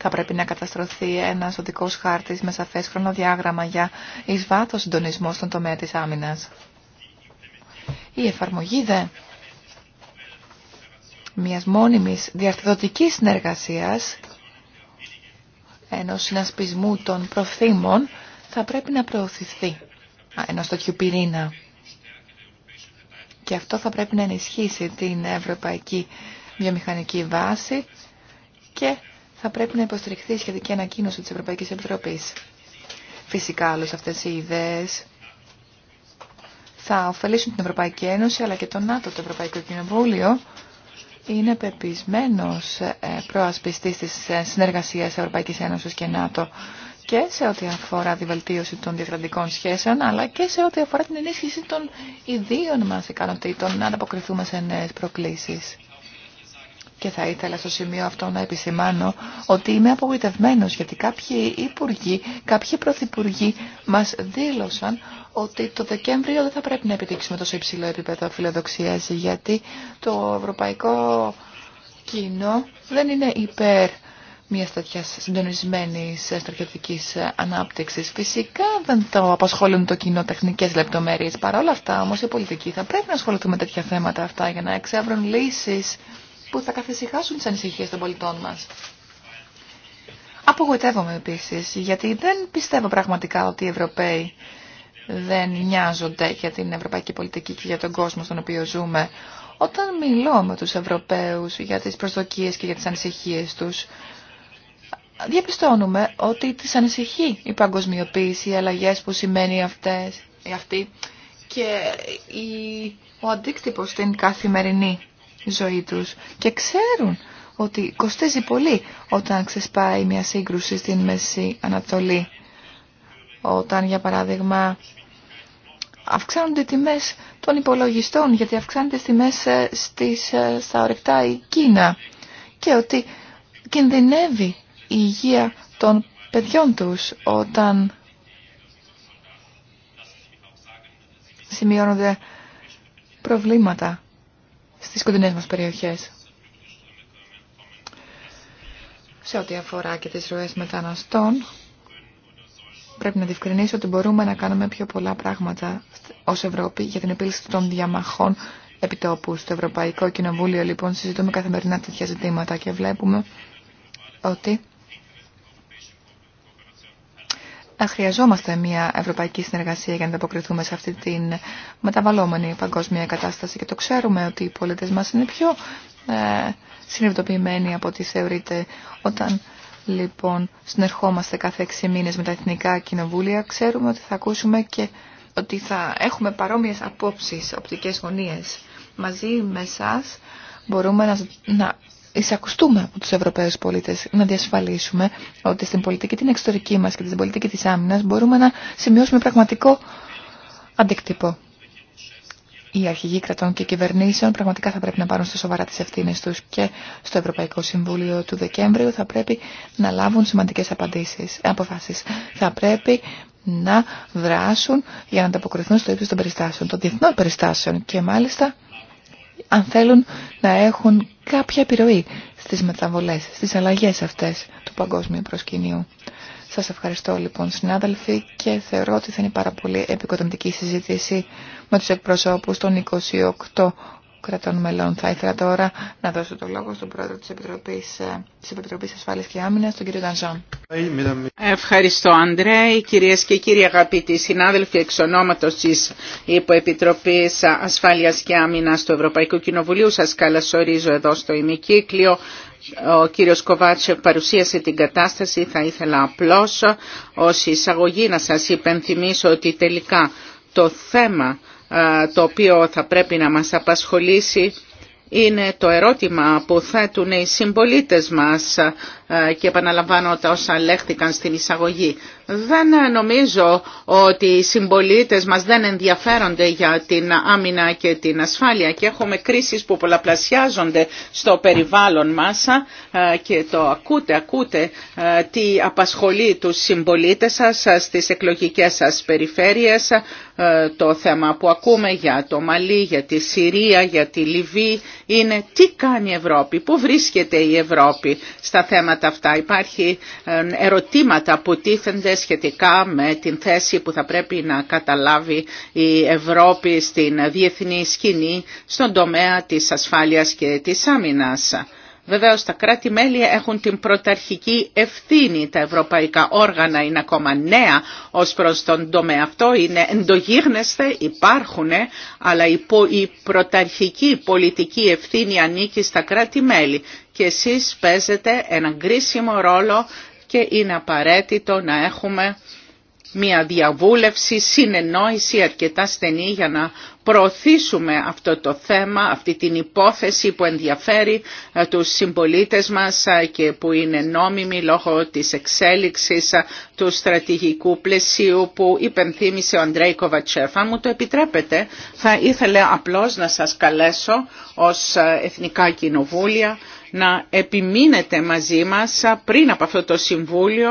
θα πρέπει να καταστρωθεί ένα οδικό χάρτη με σαφέ χρονοδιάγραμμα για ει βάθο συντονισμό στον τομέα τη άμυνα. Η εφαρμογή δε μιας μόνιμης διαρθρωτικής συνεργασίας ενός συνασπισμού των προθύμων θα πρέπει να προωθηθεί ενό τέτοιου πυρήνα. Και αυτό θα πρέπει να ενισχύσει την ευρωπαϊκή βιομηχανική βάση και θα πρέπει να υποστηριχθεί η σχετική ανακοίνωση της Ευρωπαϊκής Επιτροπής. Φυσικά όλες αυτές οι ιδέες θα ωφελήσουν την Ευρωπαϊκή Ένωση αλλά και το ΝΑΤΟ, το Ευρωπαϊκό Κοινοβούλιο, είναι πεπισμένος ε, προασπιστής της ε, συνεργασίας Ευρωπαϊκής Ένωσης και ΝΑΤΟ και σε ό,τι αφορά τη βελτίωση των διακρατικών σχέσεων, αλλά και σε ό,τι αφορά την ενίσχυση των ιδίων μας ικανοτήτων να ανταποκριθούμε σε νέες προκλήσεις. Και θα ήθελα στο σημείο αυτό να επισημάνω ότι είμαι απογοητευμένος γιατί κάποιοι υπουργοί, κάποιοι πρωθυπουργοί μας δήλωσαν ότι το Δεκέμβριο δεν θα πρέπει να επιτύξουμε τόσο υψηλό επίπεδο φιλοδοξία, γιατί το ευρωπαϊκό κοινό δεν είναι υπέρ μια τέτοια συντονισμένη στρατιωτική ανάπτυξη. Φυσικά δεν το απασχολούν το κοινό τεχνικέ λεπτομέρειε. Παρ' όλα αυτά όμω οι πολιτικοί θα πρέπει να ασχοληθούν με τέτοια θέματα αυτά για να εξεύρουν λύσει που θα καθησυχάσουν τις ανησυχίες των πολιτών μας. Απογοητεύομαι επίσης, γιατί δεν πιστεύω πραγματικά ότι οι Ευρωπαίοι δεν νοιάζονται για την ευρωπαϊκή πολιτική και για τον κόσμο στον οποίο ζούμε. Όταν μιλώ με τους Ευρωπαίους για τις προσδοκίες και για τις ανησυχίες τους, διαπιστώνουμε ότι τις ανησυχεί η παγκοσμιοποίηση, οι αλλαγές που σημαίνει αυτές, ε, αυτή και ο αντίκτυπος στην καθημερινή ζωή και ξέρουν ότι κοστίζει πολύ όταν ξεσπάει μια σύγκρουση στην Μέση Ανατολή. Όταν, για παράδειγμα, αυξάνονται οι τιμές των υπολογιστών, γιατί αυξάνονται τιμές ε, στις, ε, στα ορεκτά η Κίνα και ότι κινδυνεύει η υγεία των παιδιών τους όταν σημειώνονται προβλήματα στις κοντινές μας περιοχές. Σε ό,τι αφορά και τις ροές μεταναστών, πρέπει να διευκρινίσω ότι μπορούμε να κάνουμε πιο πολλά πράγματα ως Ευρώπη για την επίλυση των διαμαχών επιτόπου. Στο Ευρωπαϊκό Κοινοβούλιο λοιπόν συζητούμε καθημερινά τέτοια ζητήματα και βλέπουμε ότι χρειαζόμαστε μια ευρωπαϊκή συνεργασία για να ανταποκριθούμε σε αυτή την μεταβαλλόμενη παγκόσμια κατάσταση και το ξέρουμε ότι οι πολίτες μας είναι πιο ε, συνειδητοποιημένοι από ό,τι θεωρείται όταν λοιπόν συνερχόμαστε κάθε έξι μήνες με τα εθνικά κοινοβούλια ξέρουμε ότι θα ακούσουμε και ότι θα έχουμε παρόμοιες απόψεις, οπτικές γωνίες μαζί με εσά μπορούμε να, να εισακουστούμε από τους Ευρωπαίους πολίτες να διασφαλίσουμε ότι στην πολιτική την εξωτερική μας και την πολιτική της άμυνας μπορούμε να σημειώσουμε πραγματικό αντικτύπο. Οι αρχηγοί κρατών και κυβερνήσεων πραγματικά θα πρέπει να πάρουν στα σοβαρά τις ευθύνες τους και στο Ευρωπαϊκό Συμβούλιο του Δεκέμβριου θα πρέπει να λάβουν σημαντικές απαντήσεις, αποφάσεις. Θα πρέπει να δράσουν για να ανταποκριθούν στο ύψος των περιστάσεων, των διεθνών περιστάσεων και μάλιστα αν θέλουν να έχουν κάποια επιρροή στις μεταβολές, στις αλλαγές αυτές του παγκόσμιου προσκυνείου. Σας ευχαριστώ λοιπόν συνάδελφοι και θεωρώ ότι θα είναι πάρα πολύ επικοδομητική συζήτηση με τους εκπροσώπους των 28 κρατών μελών. Θα ήθελα τώρα να δώσω το λόγο στον πρόεδρο της Επιτροπής, ε, της Επιτροπής Ασφάλειας και Άμυνας, τον κύριο Ντανζόν. Ευχαριστώ, Αντρέη. Κυρίες και κύριοι αγαπητοί συνάδελφοι, εξ ονόματος της Υποεπιτροπής Ασφάλειας και Άμυνας του Ευρωπαϊκού Κοινοβουλίου, σας καλωσορίζω εδώ στο ημικύκλιο ο κύριος Κοβάτσεφ παρουσίασε την κατάσταση, θα ήθελα απλώς ως εισαγωγή να σα υπενθυμίσω ότι τελικά το θέμα το οποίο θα πρέπει να μας απασχολήσει είναι το ερώτημα που θέτουν οι συμπολίτες μας και επαναλαμβάνω τα όσα λέχθηκαν στην εισαγωγή. Δεν νομίζω ότι οι συμπολίτες μας δεν ενδιαφέρονται για την άμυνα και την ασφάλεια και έχουμε κρίσεις που πολλαπλασιάζονται στο περιβάλλον μας και το ακούτε, ακούτε τι απασχολεί τους συμπολίτες σας στις εκλογικές σας περιφέρειες ε, το θέμα που ακούμε για το Μαλή, για τη Συρία, για τη Λιβύη είναι τι κάνει η Ευρώπη, πού βρίσκεται η Ευρώπη στα θέματα αυτά. Υπάρχει ε, ερωτήματα που τίθενται σχετικά με την θέση που θα πρέπει να καταλάβει η Ευρώπη στην διεθνή σκηνή, στον τομέα της ασφάλειας και της άμυνας. Βεβαίω, τα κράτη-μέλη έχουν την πρωταρχική ευθύνη. Τα ευρωπαϊκά όργανα είναι ακόμα νέα ως προς τον τομέα αυτό. Είναι εντογίγνεσθε, υπάρχουν, αλλά η πρωταρχική πολιτική ευθύνη ανήκει στα κράτη-μέλη. Και εσείς παίζετε έναν κρίσιμο ρόλο και είναι απαραίτητο να έχουμε μια διαβούλευση, συνεννόηση αρκετά στενή για να προωθήσουμε αυτό το θέμα, αυτή την υπόθεση που ενδιαφέρει ε, τους συμπολίτες μας ε, και που είναι νόμιμη λόγω της εξέλιξης ε, του στρατηγικού πλαισίου που υπενθύμησε ο Αντρέη Κοβατσέφ. Αν μου το επιτρέπετε, θα ήθελα απλώς να σας καλέσω ως Εθνικά Κοινοβούλια να επιμείνετε μαζί μας πριν από αυτό το Συμβούλιο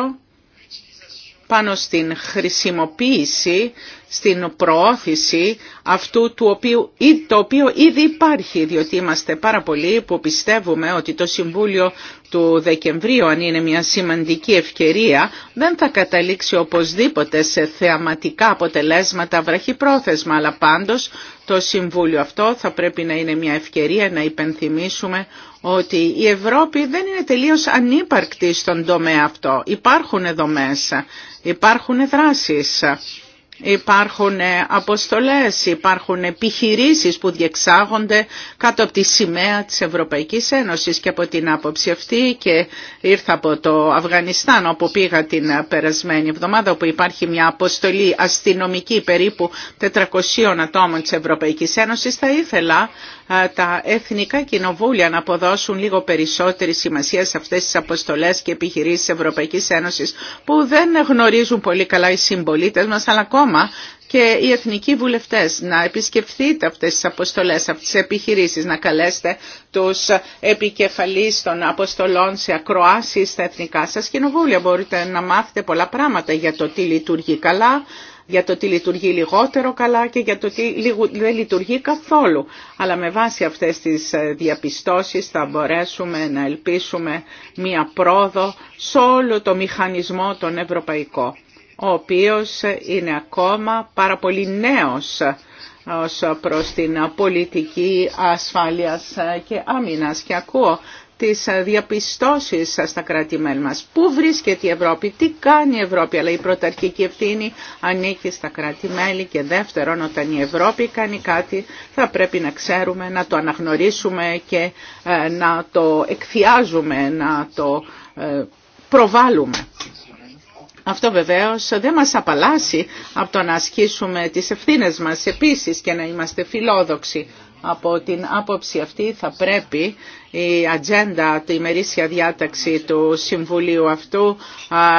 πάνω στην χρησιμοποίηση, στην προώθηση αυτού του οποίου, το οποίο ήδη υπάρχει, διότι είμαστε πάρα πολλοί που πιστεύουμε ότι το Συμβούλιο του Δεκεμβρίου, αν είναι μια σημαντική ευκαιρία, δεν θα καταλήξει οπωσδήποτε σε θεαματικά αποτελέσματα βραχυπρόθεσμα, αλλά πάντως το Συμβούλιο αυτό θα πρέπει να είναι μια ευκαιρία να υπενθυμίσουμε ότι η Ευρώπη δεν είναι τελείως ανύπαρκτη στον τομέα αυτό. Υπάρχουν μέσα, υπάρχουν δράσεις, υπάρχουν αποστολές, υπάρχουν επιχειρήσεις που διεξάγονται κάτω από τη σημαία της Ευρωπαϊκής Ένωσης και από την άποψη αυτή και ήρθα από το Αφγανιστάν όπου πήγα την περασμένη εβδομάδα όπου υπάρχει μια αποστολή αστυνομική περίπου 400 ατόμων της Ευρωπαϊκής Ένωσης θα ήθελα τα εθνικά κοινοβούλια να αποδώσουν λίγο περισσότερη σημασία σε αυτές τις αποστολές και επιχειρήσεις Ευρωπαϊκής Ένωσης που δεν γνωρίζουν πολύ καλά οι συμπολίτες μας αλλά ακόμα και οι εθνικοί βουλευτές να επισκεφθείτε αυτές τις αποστολές, αυτές τις επιχειρήσεις, να καλέσετε τους επικεφαλείς των αποστολών σε ακροάσεις στα εθνικά σας κοινοβούλια. Μπορείτε να μάθετε πολλά πράγματα για το τι λειτουργεί καλά, για το τι λειτουργεί λιγότερο καλά και για το τι δεν λειτουργεί καθόλου. Αλλά με βάση αυτές τις ε, διαπιστώσεις θα μπορέσουμε να ελπίσουμε μία πρόοδο σε όλο το μηχανισμό τον ευρωπαϊκό, ο οποίος είναι ακόμα πάρα πολύ νέος ε, προς την πολιτική ασφάλειας ε, και άμυνας. Και ακούω τις διαπιστώσεις στα κράτη-μέλη μας. Πού βρίσκεται η Ευρώπη, τι κάνει η Ευρώπη, αλλά η πρωταρχική ευθύνη ανήκει στα κρατη και δεύτερον όταν η Ευρώπη κάνει κάτι θα πρέπει να ξέρουμε, να το αναγνωρίσουμε και ε, να το εκφιάζουμε, να το ε, προβάλλουμε. Αυτό βεβαίως δεν μας απαλλάσσει από το να ασκήσουμε τις ευθύνες μας επίσης και να είμαστε φιλόδοξοι. Από την άποψη αυτή θα πρέπει η ατζέντα, η ημερήσια διάταξη του Συμβουλίου αυτού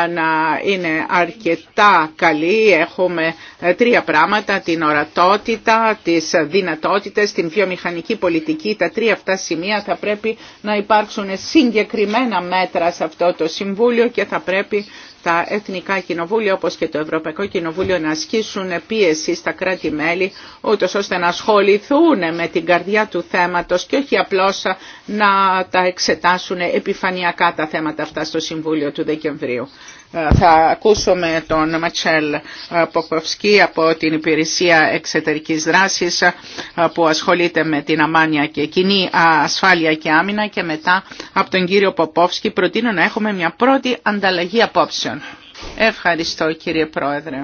να είναι αρκετά καλή. Έχουμε ε, τρία πράγματα, την ορατότητα, τις δυνατότητες, την βιομηχανική πολιτική. Τα τρία αυτά σημεία θα πρέπει να υπάρξουν συγκεκριμένα μέτρα σε αυτό το Συμβούλιο και θα πρέπει τα Εθνικά Κοινοβούλια όπως και το Ευρωπαϊκό Κοινοβούλιο να ασκήσουν πίεση στα κράτη-μέλη ούτως ώστε να ασχοληθούν με την καρδιά του θέματος και όχι απλώς να τα εξετάσουν επιφανειακά τα θέματα αυτά στο Συμβούλιο του Δεκεμβρίου θα ακούσουμε τον Ματσέλ Ποκοφσκή από την Υπηρεσία Εξωτερικής Δράσης ε, που ασχολείται με την αμάνια και κοινή ασφάλεια και άμυνα και μετά από τον κύριο Ποπόφσκη προτείνω να έχουμε μια πρώτη ανταλλαγή απόψεων. Ευχαριστώ κύριε Πρόεδρε.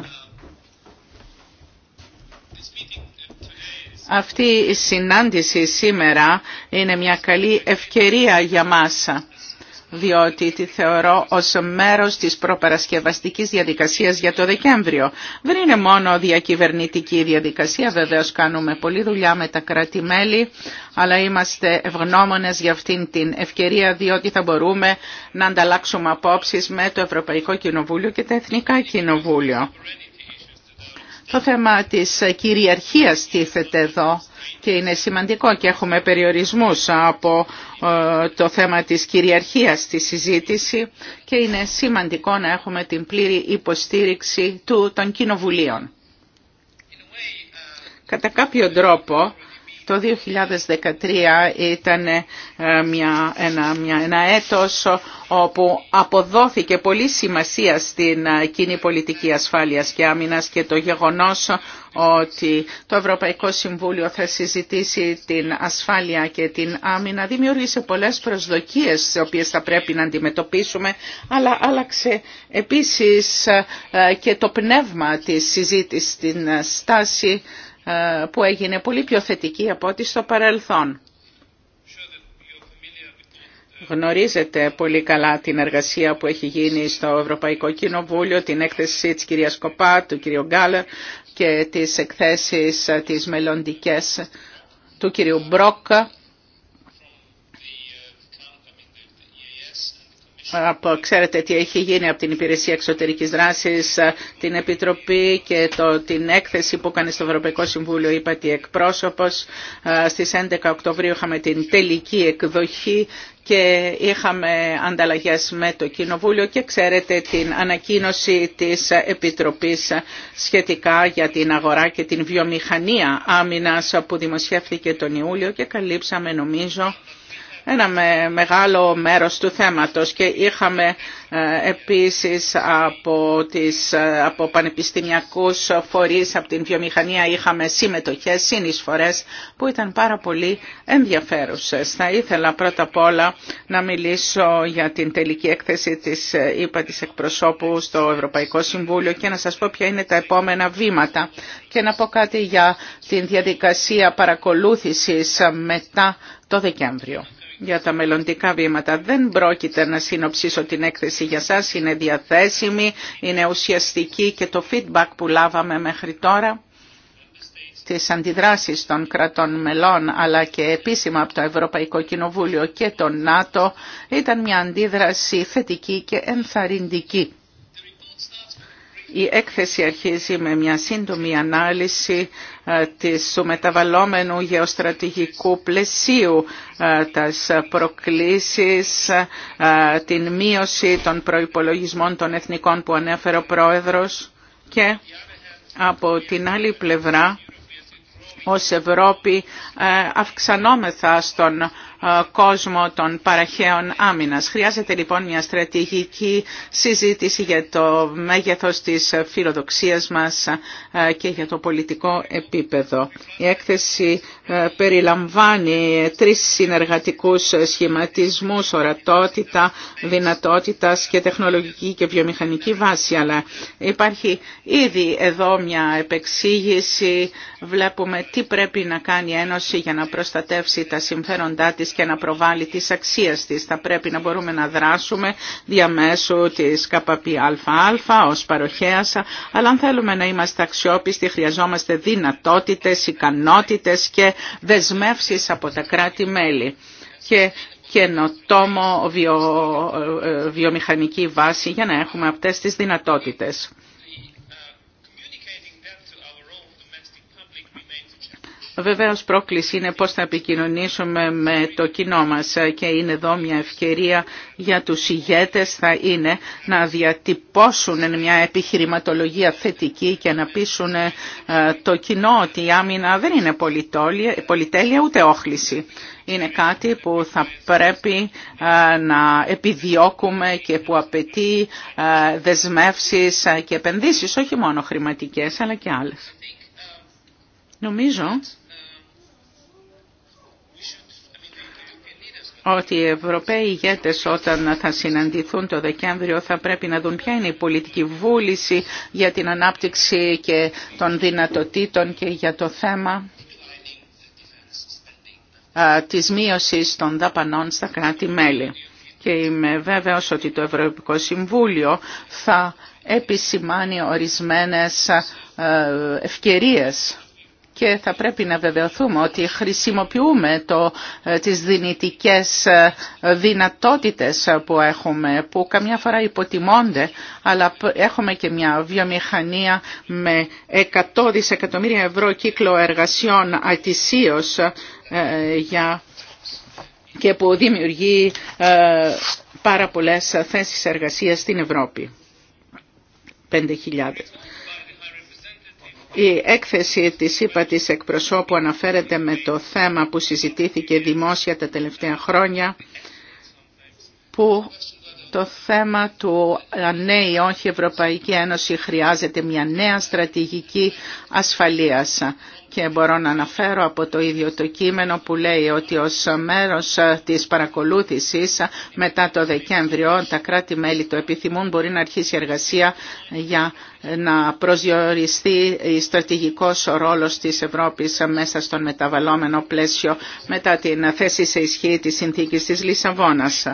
Αυτή η συνάντηση σήμερα είναι μια καλή ευκαιρία για μας διότι τη θεωρώ ως μέρος της προπαρασκευαστικής διαδικασίας για το Δεκέμβριο. Δεν είναι μόνο διακυβερνητική διαδικασία, βεβαίως κάνουμε πολλή δουλειά με τα κράτη-μέλη, αλλά είμαστε ευγνώμονες για αυτήν την ευκαιρία, διότι θα μπορούμε να ανταλλάξουμε απόψεις με το Ευρωπαϊκό Κοινοβούλιο και τα Εθνικά Κοινοβούλιο. Το θέμα της κυριαρχίας τίθεται εδώ και είναι σημαντικό και έχουμε περιορισμούς από ε, το θέμα της κυριαρχίας στη συζήτηση και είναι σημαντικό να έχουμε την πλήρη υποστήριξη του, των κοινοβουλίων. Κατά κάποιο τρόπο το 2013 ήταν ε, μια, ένα, μια, ένα έτος όπου αποδόθηκε πολύ σημασία στην ε, κοινή πολιτική ασφάλειας και άμυνας και το γεγονός ότι το Ευρωπαϊκό Συμβούλιο θα συζητήσει την ασφάλεια και την άμυνα δημιούργησε πολλές προσδοκίες τις οποίες θα πρέπει να αντιμετωπίσουμε αλλά άλλαξε επίσης ε, και το πνεύμα της συζήτησης στην στάση ε, που έγινε πολύ πιο θετική από ό,τι στο παρελθόν. Γνωρίζετε πολύ καλά την εργασία που έχει γίνει στο Ευρωπαϊκό Κοινοβούλιο, την έκθεση της κυρίας Κοπά, του κυρίου Γκάλερ και τις εκθέσεις ε, τις μελλοντικέ του κυρίου Μπρόκ από, ξέρετε τι έχει γίνει από την Υπηρεσία Εξωτερικής Δράσης, ε, την Επιτροπή και το, την έκθεση που έκανε στο Ευρωπαϊκό Συμβούλιο, είπα τη εκπρόσωπος. Ε, στις 11 Οκτωβρίου είχαμε την τελική εκδοχή και είχαμε ανταλλαγές με το Κοινοβούλιο και ξέρετε την ανακοίνωση της Επιτροπής σχετικά για την αγορά και την βιομηχανία άμυνας που δημοσιεύθηκε τον Ιούλιο και καλύψαμε νομίζω ένα μεγάλο μέρος του θέματος και είχαμε ε, επίσης από, τις, ε, από πανεπιστημιακούς φορείς, από την βιομηχανία είχαμε συμμετοχές, συνεισφορές που ήταν πάρα πολύ ενδιαφέρουσες. Θα ήθελα πρώτα απ' όλα να μιλήσω για την τελική έκθεση της ΕΠΑ εκπροσώπου στο Ευρωπαϊκό Συμβούλιο και να σας πω ποια είναι τα επόμενα βήματα και να πω κάτι για την διαδικασία παρακολούθησης μετά το Δεκέμβριο για τα μελλοντικά βήματα. Δεν πρόκειται να συνοψίσω την έκθεση για σας, είναι διαθέσιμη, είναι ουσιαστική και το feedback που λάβαμε μέχρι τώρα τις αντιδράσεις των κρατών μελών αλλά και επίσημα από το Ευρωπαϊκό Κοινοβούλιο και το ΝΑΤΟ ήταν μια αντίδραση θετική και ενθαρρυντική. Η έκθεση αρχίζει με μια σύντομη ανάλυση ε, του μεταβαλλόμενου γεωστρατηγικού πλαισίου, ε, τας προκλήσεις, ε, την μείωση των προϋπολογισμών των εθνικών που ανέφερε ο Πρόεδρος και από την άλλη πλευρά ως Ευρώπη αυξανόμεθα στον ε, κόσμο των παραχαίων άμυνας. Χρειάζεται λοιπόν μια στρατηγική συζήτηση για το μέγεθος της φιλοδοξίας μας ε, και για το πολιτικό επίπεδο. Η έκθεση ε, περιλαμβάνει τρεις συνεργατικούς σχηματισμούς, ορατότητα, δυνατότητας και τεχνολογική και βιομηχανική βάση, αλλά υπάρχει ήδη εδώ μια επεξήγηση, βλέπουμε τι πρέπει να κάνει η Ένωση για να προστατεύσει τα συμφέροντά της και να προβάλλει τις αξίες της. Θα πρέπει να μπορούμε να δράσουμε διαμέσου της ΚΠΑΑ ως παροχέας, αλλά αν θέλουμε να είμαστε αξιόπιστοι χρειαζόμαστε δυνατότητες, ικανότητες και δεσμεύσεις από τα κράτη-μέλη. Και καινοτόμο βιο, ε, βιομηχανική βάση για να έχουμε αυτές τις δυνατότητες. Βεβαίως πρόκληση είναι πώς θα επικοινωνήσουμε με το κοινό μας και είναι εδώ μια ευκαιρία για τους ηγέτες θα είναι να διατυπώσουν μια επιχειρηματολογία θετική και να πείσουν ε, το κοινό ότι η άμυνα δεν είναι πολυτέλεια ούτε όχληση. Είναι κάτι που θα πρέπει ε, να επιδιώκουμε και που απαιτεί ε, δεσμεύσεις και επενδύσεις, όχι μόνο χρηματικές αλλά και άλλες. Νομίζω ότι οι Ευρωπαίοι ηγέτες όταν θα συναντηθούν το Δεκέμβριο θα πρέπει να δουν ποια είναι η πολιτική βούληση για την ανάπτυξη και των δυνατοτήτων και για το θέμα της μείωσης των δαπανών στα κράτη-μέλη. Και είμαι βέβαιος ότι το Ευρωπαϊκό Συμβούλιο θα επισημάνει ορισμένες ευκαιρίες και θα πρέπει να βεβαιωθούμε ότι χρησιμοποιούμε το, ε, τις δυνητικές ε, δυνατότητες που έχουμε, που καμιά φορά υποτιμώνται, αλλά έχουμε και μια βιομηχανία με 100 δισεκατομμύρια ευρώ κύκλο εργασιών ατησίως ε, για και που δημιουργεί πάρα πολλές θέσεις εργασίας στην Ευρώπη. 5.000. Η έκθεση της ΥΠΑ της εκπροσώπου αναφέρεται με το θέμα που συζητήθηκε δημόσια τα τελευταία χρόνια που το θέμα του ναι ή όχι η Ευρωπαϊκή Ένωση χρειάζεται μια νέα στρατηγική ασφαλείας. Και μπορώ να αναφέρω από το ίδιο το κείμενο που λέει ότι ως μέρος της παρακολούθησης μετά το Δεκέμβριο τα κράτη-μέλη το επιθυμούν μπορεί να αρχίσει ευρωπαικη ενωση χρειαζεται μια νεα στρατηγικη ασφαλειας και μπορω να αναφερω απο το ιδιο το κειμενο που λεει οτι ως μερος της παρακολουθησης μετα το δεκεμβριο τα κρατη μελη το επιθυμουν μπορει να αρχισει εργασια για να προσδιοριστεί η στρατηγικός ρόλος της Ευρώπης μέσα στον μεταβαλλόμενο πλαίσιο μετά την θέση σε ισχύ της συνθήκης της Λισαβόνας.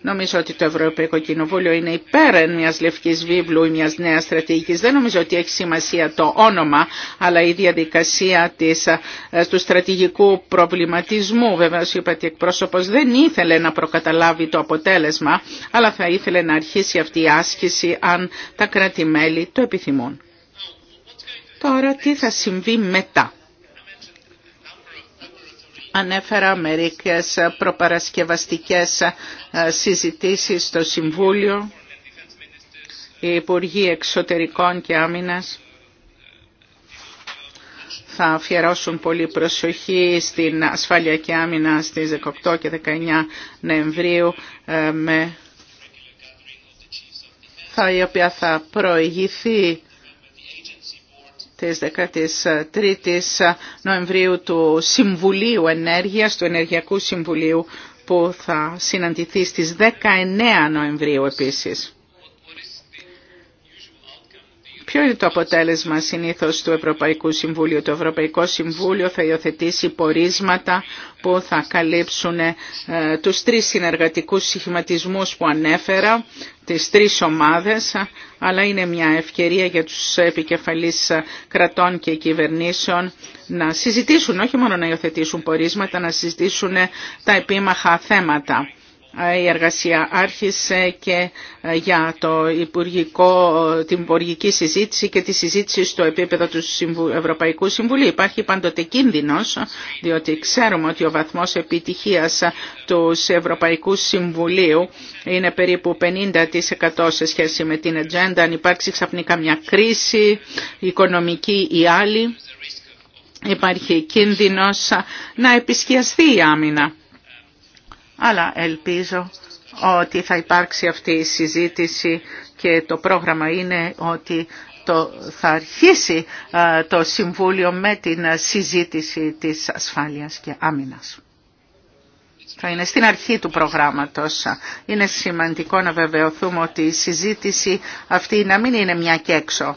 Νομίζω ότι το Ευρωπαϊκό Κοινοβούλιο είναι υπέρ μιας λευκής βίβλου ή μιας νέας στρατηγικής. Δεν νομίζω ότι έχει σημασία το όνομα, αλλά η διαδικασία της, ε, του στρατηγικού προβληματισμού. Βέβαια, είπατε εκπρόσωπος δεν ήθελε να προκαταλάβει το αποτέλεσμα, αλλά θα ήθελε να αρχίσει αυτή η άσκηση αν τα κράτη-μέλη το Τώρα τι θα συμβεί μετά. Ανέφερα μερικές προπαρασκευαστικές ε, συζητήσεις στο Συμβούλιο, οι Υπουργοί Εξωτερικών και Άμυνας θα αφιερώσουν πολύ προσοχή στην ασφάλεια και άμυνα στις 18 και 19 Νοεμβρίου ε, με η οποία θα προηγηθεί της 13ης Νοεμβρίου του Συμβουλίου Ενέργειας, του Ενεργειακού Συμβουλίου που θα συναντηθεί στις 19 Νοεμβρίου επίσης. Ποιο είναι το αποτέλεσμα συνήθω του Ευρωπαϊκού Συμβουλίου. Το Ευρωπαϊκό Συμβούλιο θα υιοθετήσει πορίσματα που θα καλύψουν ε, τους τρεις συνεργατικούς συχηματισμούς που ανέφερα, τις τρεις ομάδες, αλλά είναι μια ευκαιρία για τους επικεφαλείς κρατών και κυβερνήσεων να συζητήσουν, όχι μόνο να υιοθετήσουν πορίσματα, να συζητήσουν τα επίμαχα θέματα η εργασία άρχισε και ε, για το υπουργικό, την υπουργική συζήτηση και τη συζήτηση στο επίπεδο του Ευρωπαϊκού Συμβουλίου. Υπάρχει πάντοτε κίνδυνος, διότι ξέρουμε ότι ο βαθμός επιτυχίας του Ευρωπαϊκού Συμβουλίου είναι περίπου 50% σε σχέση με την ατζέντα. Αν υπάρξει ξαφνικά μια κρίση, οικονομική ή άλλη, υπάρχει κίνδυνος να επισκιαστεί η άμυνα αλλά ελπίζω ότι θα υπάρξει αυτή η συζήτηση και το πρόγραμμα είναι ότι το, θα αρχίσει το Συμβούλιο με την συζήτηση της ασφάλειας και άμυνας. Θα είναι στην αρχή του προγράμματος. Είναι σημαντικό να βεβαιωθούμε ότι η συζήτηση αυτή να μην είναι μια και έξω.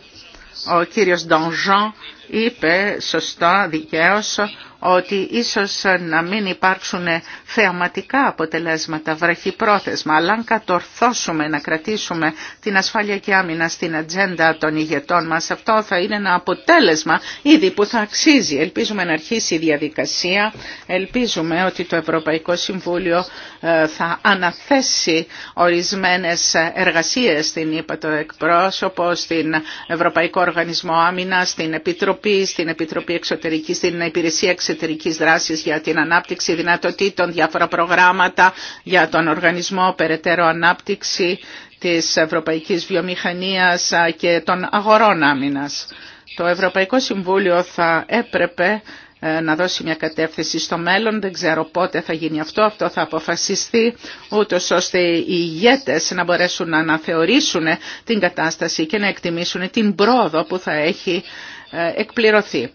Ο κύριος Ντονζόν είπε σωστά, δικαίως, ότι ίσως να μην υπάρξουν θεαματικά αποτελέσματα βραχυπρόθεσμα, αλλά αν κατορθώσουμε να κρατήσουμε την ασφάλεια και άμυνα στην ατζέντα των ηγετών μας, αυτό θα είναι ένα αποτέλεσμα ήδη που θα αξίζει. Ελπίζουμε να αρχίσει η διαδικασία, ελπίζουμε ότι το Ευρωπαϊκό Συμβούλιο ε, θα αναθέσει ορισμένες εργασίες στην ΕΠΑ το εκπρόσωπο, στην Ευρωπαϊκό Οργανισμό Άμυνα, στην Επιτροπή, στην Επιτροπή Εξωτερική, στην Υπηρεσία Εξωτερική εξωτερικής δράση για την ανάπτυξη δυνατοτήτων, διάφορα προγράμματα για τον οργανισμό, περαιτέρω ανάπτυξη της ευρωπαϊκής βιομηχανίας και των αγορών άμυνας. Το Ευρωπαϊκό Συμβούλιο θα έπρεπε ε, να δώσει μια κατεύθυνση στο μέλλον. Δεν ξέρω πότε θα γίνει αυτό. Αυτό θα αποφασιστεί ούτω ώστε οι ηγέτες να μπορέσουν να αναθεωρήσουν ε, την κατάσταση και να εκτιμήσουν την πρόοδο που θα έχει ε, εκπληρωθεί.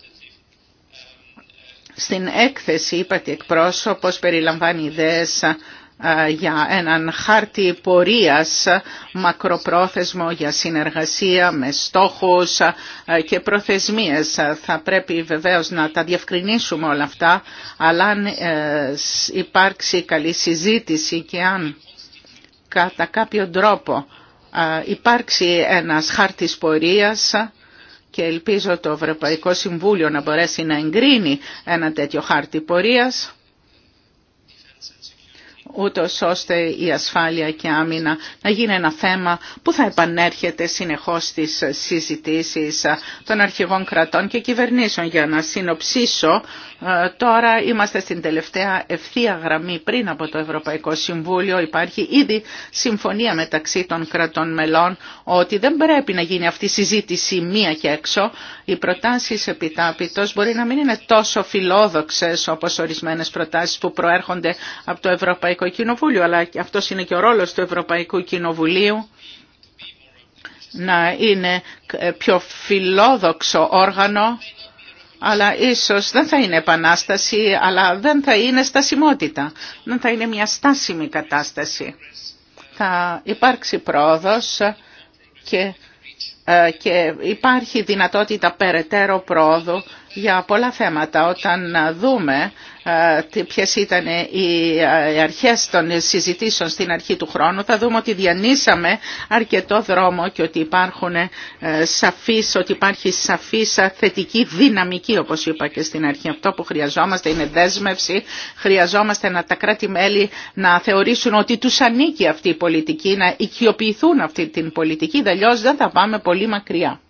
Στην έκθεση είπατε εκπρόσωπος περιλαμβάνει ιδέες για έναν χάρτη πορείας μακροπρόθεσμο για συνεργασία με στόχους και προθεσμίες. Θα πρέπει βεβαίως να τα διευκρινίσουμε όλα αυτά, αλλά αν ε, υπάρξει καλή συζήτηση και αν κατά κάποιο τρόπο υπάρξει ένας χάρτης πορείας και ελπίζω το Ευρωπαϊκό Συμβούλιο να μπορέσει να εγκρίνει ένα τέτοιο χάρτη πορείας ούτως ώστε η ασφάλεια και άμυνα να γίνει ένα θέμα που θα επανέρχεται συνεχώς στις συζητήσεις των αρχηγών κρατών και κυβερνήσεων. Για να συνοψίσω, ε, τώρα είμαστε στην τελευταία ευθεία γραμμή πριν από το Ευρωπαϊκό Συμβούλιο. Υπάρχει ήδη συμφωνία μεταξύ των κρατών μελών ότι δεν πρέπει να γίνει αυτή η συζήτηση μία και έξω. Οι προτάσεις επιτάπητος μπορεί να μην είναι τόσο φιλόδοξες όπως ορισμένες προτάσεις που προέρχονται από το Ευρωπαϊκό Κοινοβούλιο, αλλά αυτό είναι και ο ρόλος του Ευρωπαϊκού Κοινοβουλίου να είναι ε, πιο φιλόδοξο όργανο, αλλά ίσως δεν θα είναι επανάσταση, αλλά δεν θα είναι στασιμότητα. Δεν θα είναι μια στάσιμη κατάσταση. Θα υπάρξει πρόοδος και, ε, και υπάρχει δυνατότητα περαιτέρω πρόοδου για πολλά θέματα. Όταν δούμε ε, ποιες ήταν ε, οι αρχές των συζητήσεων στην αρχή του χρόνου, θα δούμε ότι διανύσαμε αρκετό δρόμο και ότι, υπάρχουν ε, σαφείς, ότι υπάρχει σαφής θετική δυναμική, όπως είπα και στην αρχή. Αυτό που χρειαζόμαστε είναι δέσμευση, χρειαζόμαστε να τα κράτη-μέλη να θεωρήσουν ότι τους ανήκει αυτή η πολιτική, να οικειοποιηθούν αυτή την πολιτική, Δελειώς δεν θα πάμε πολύ μακριά.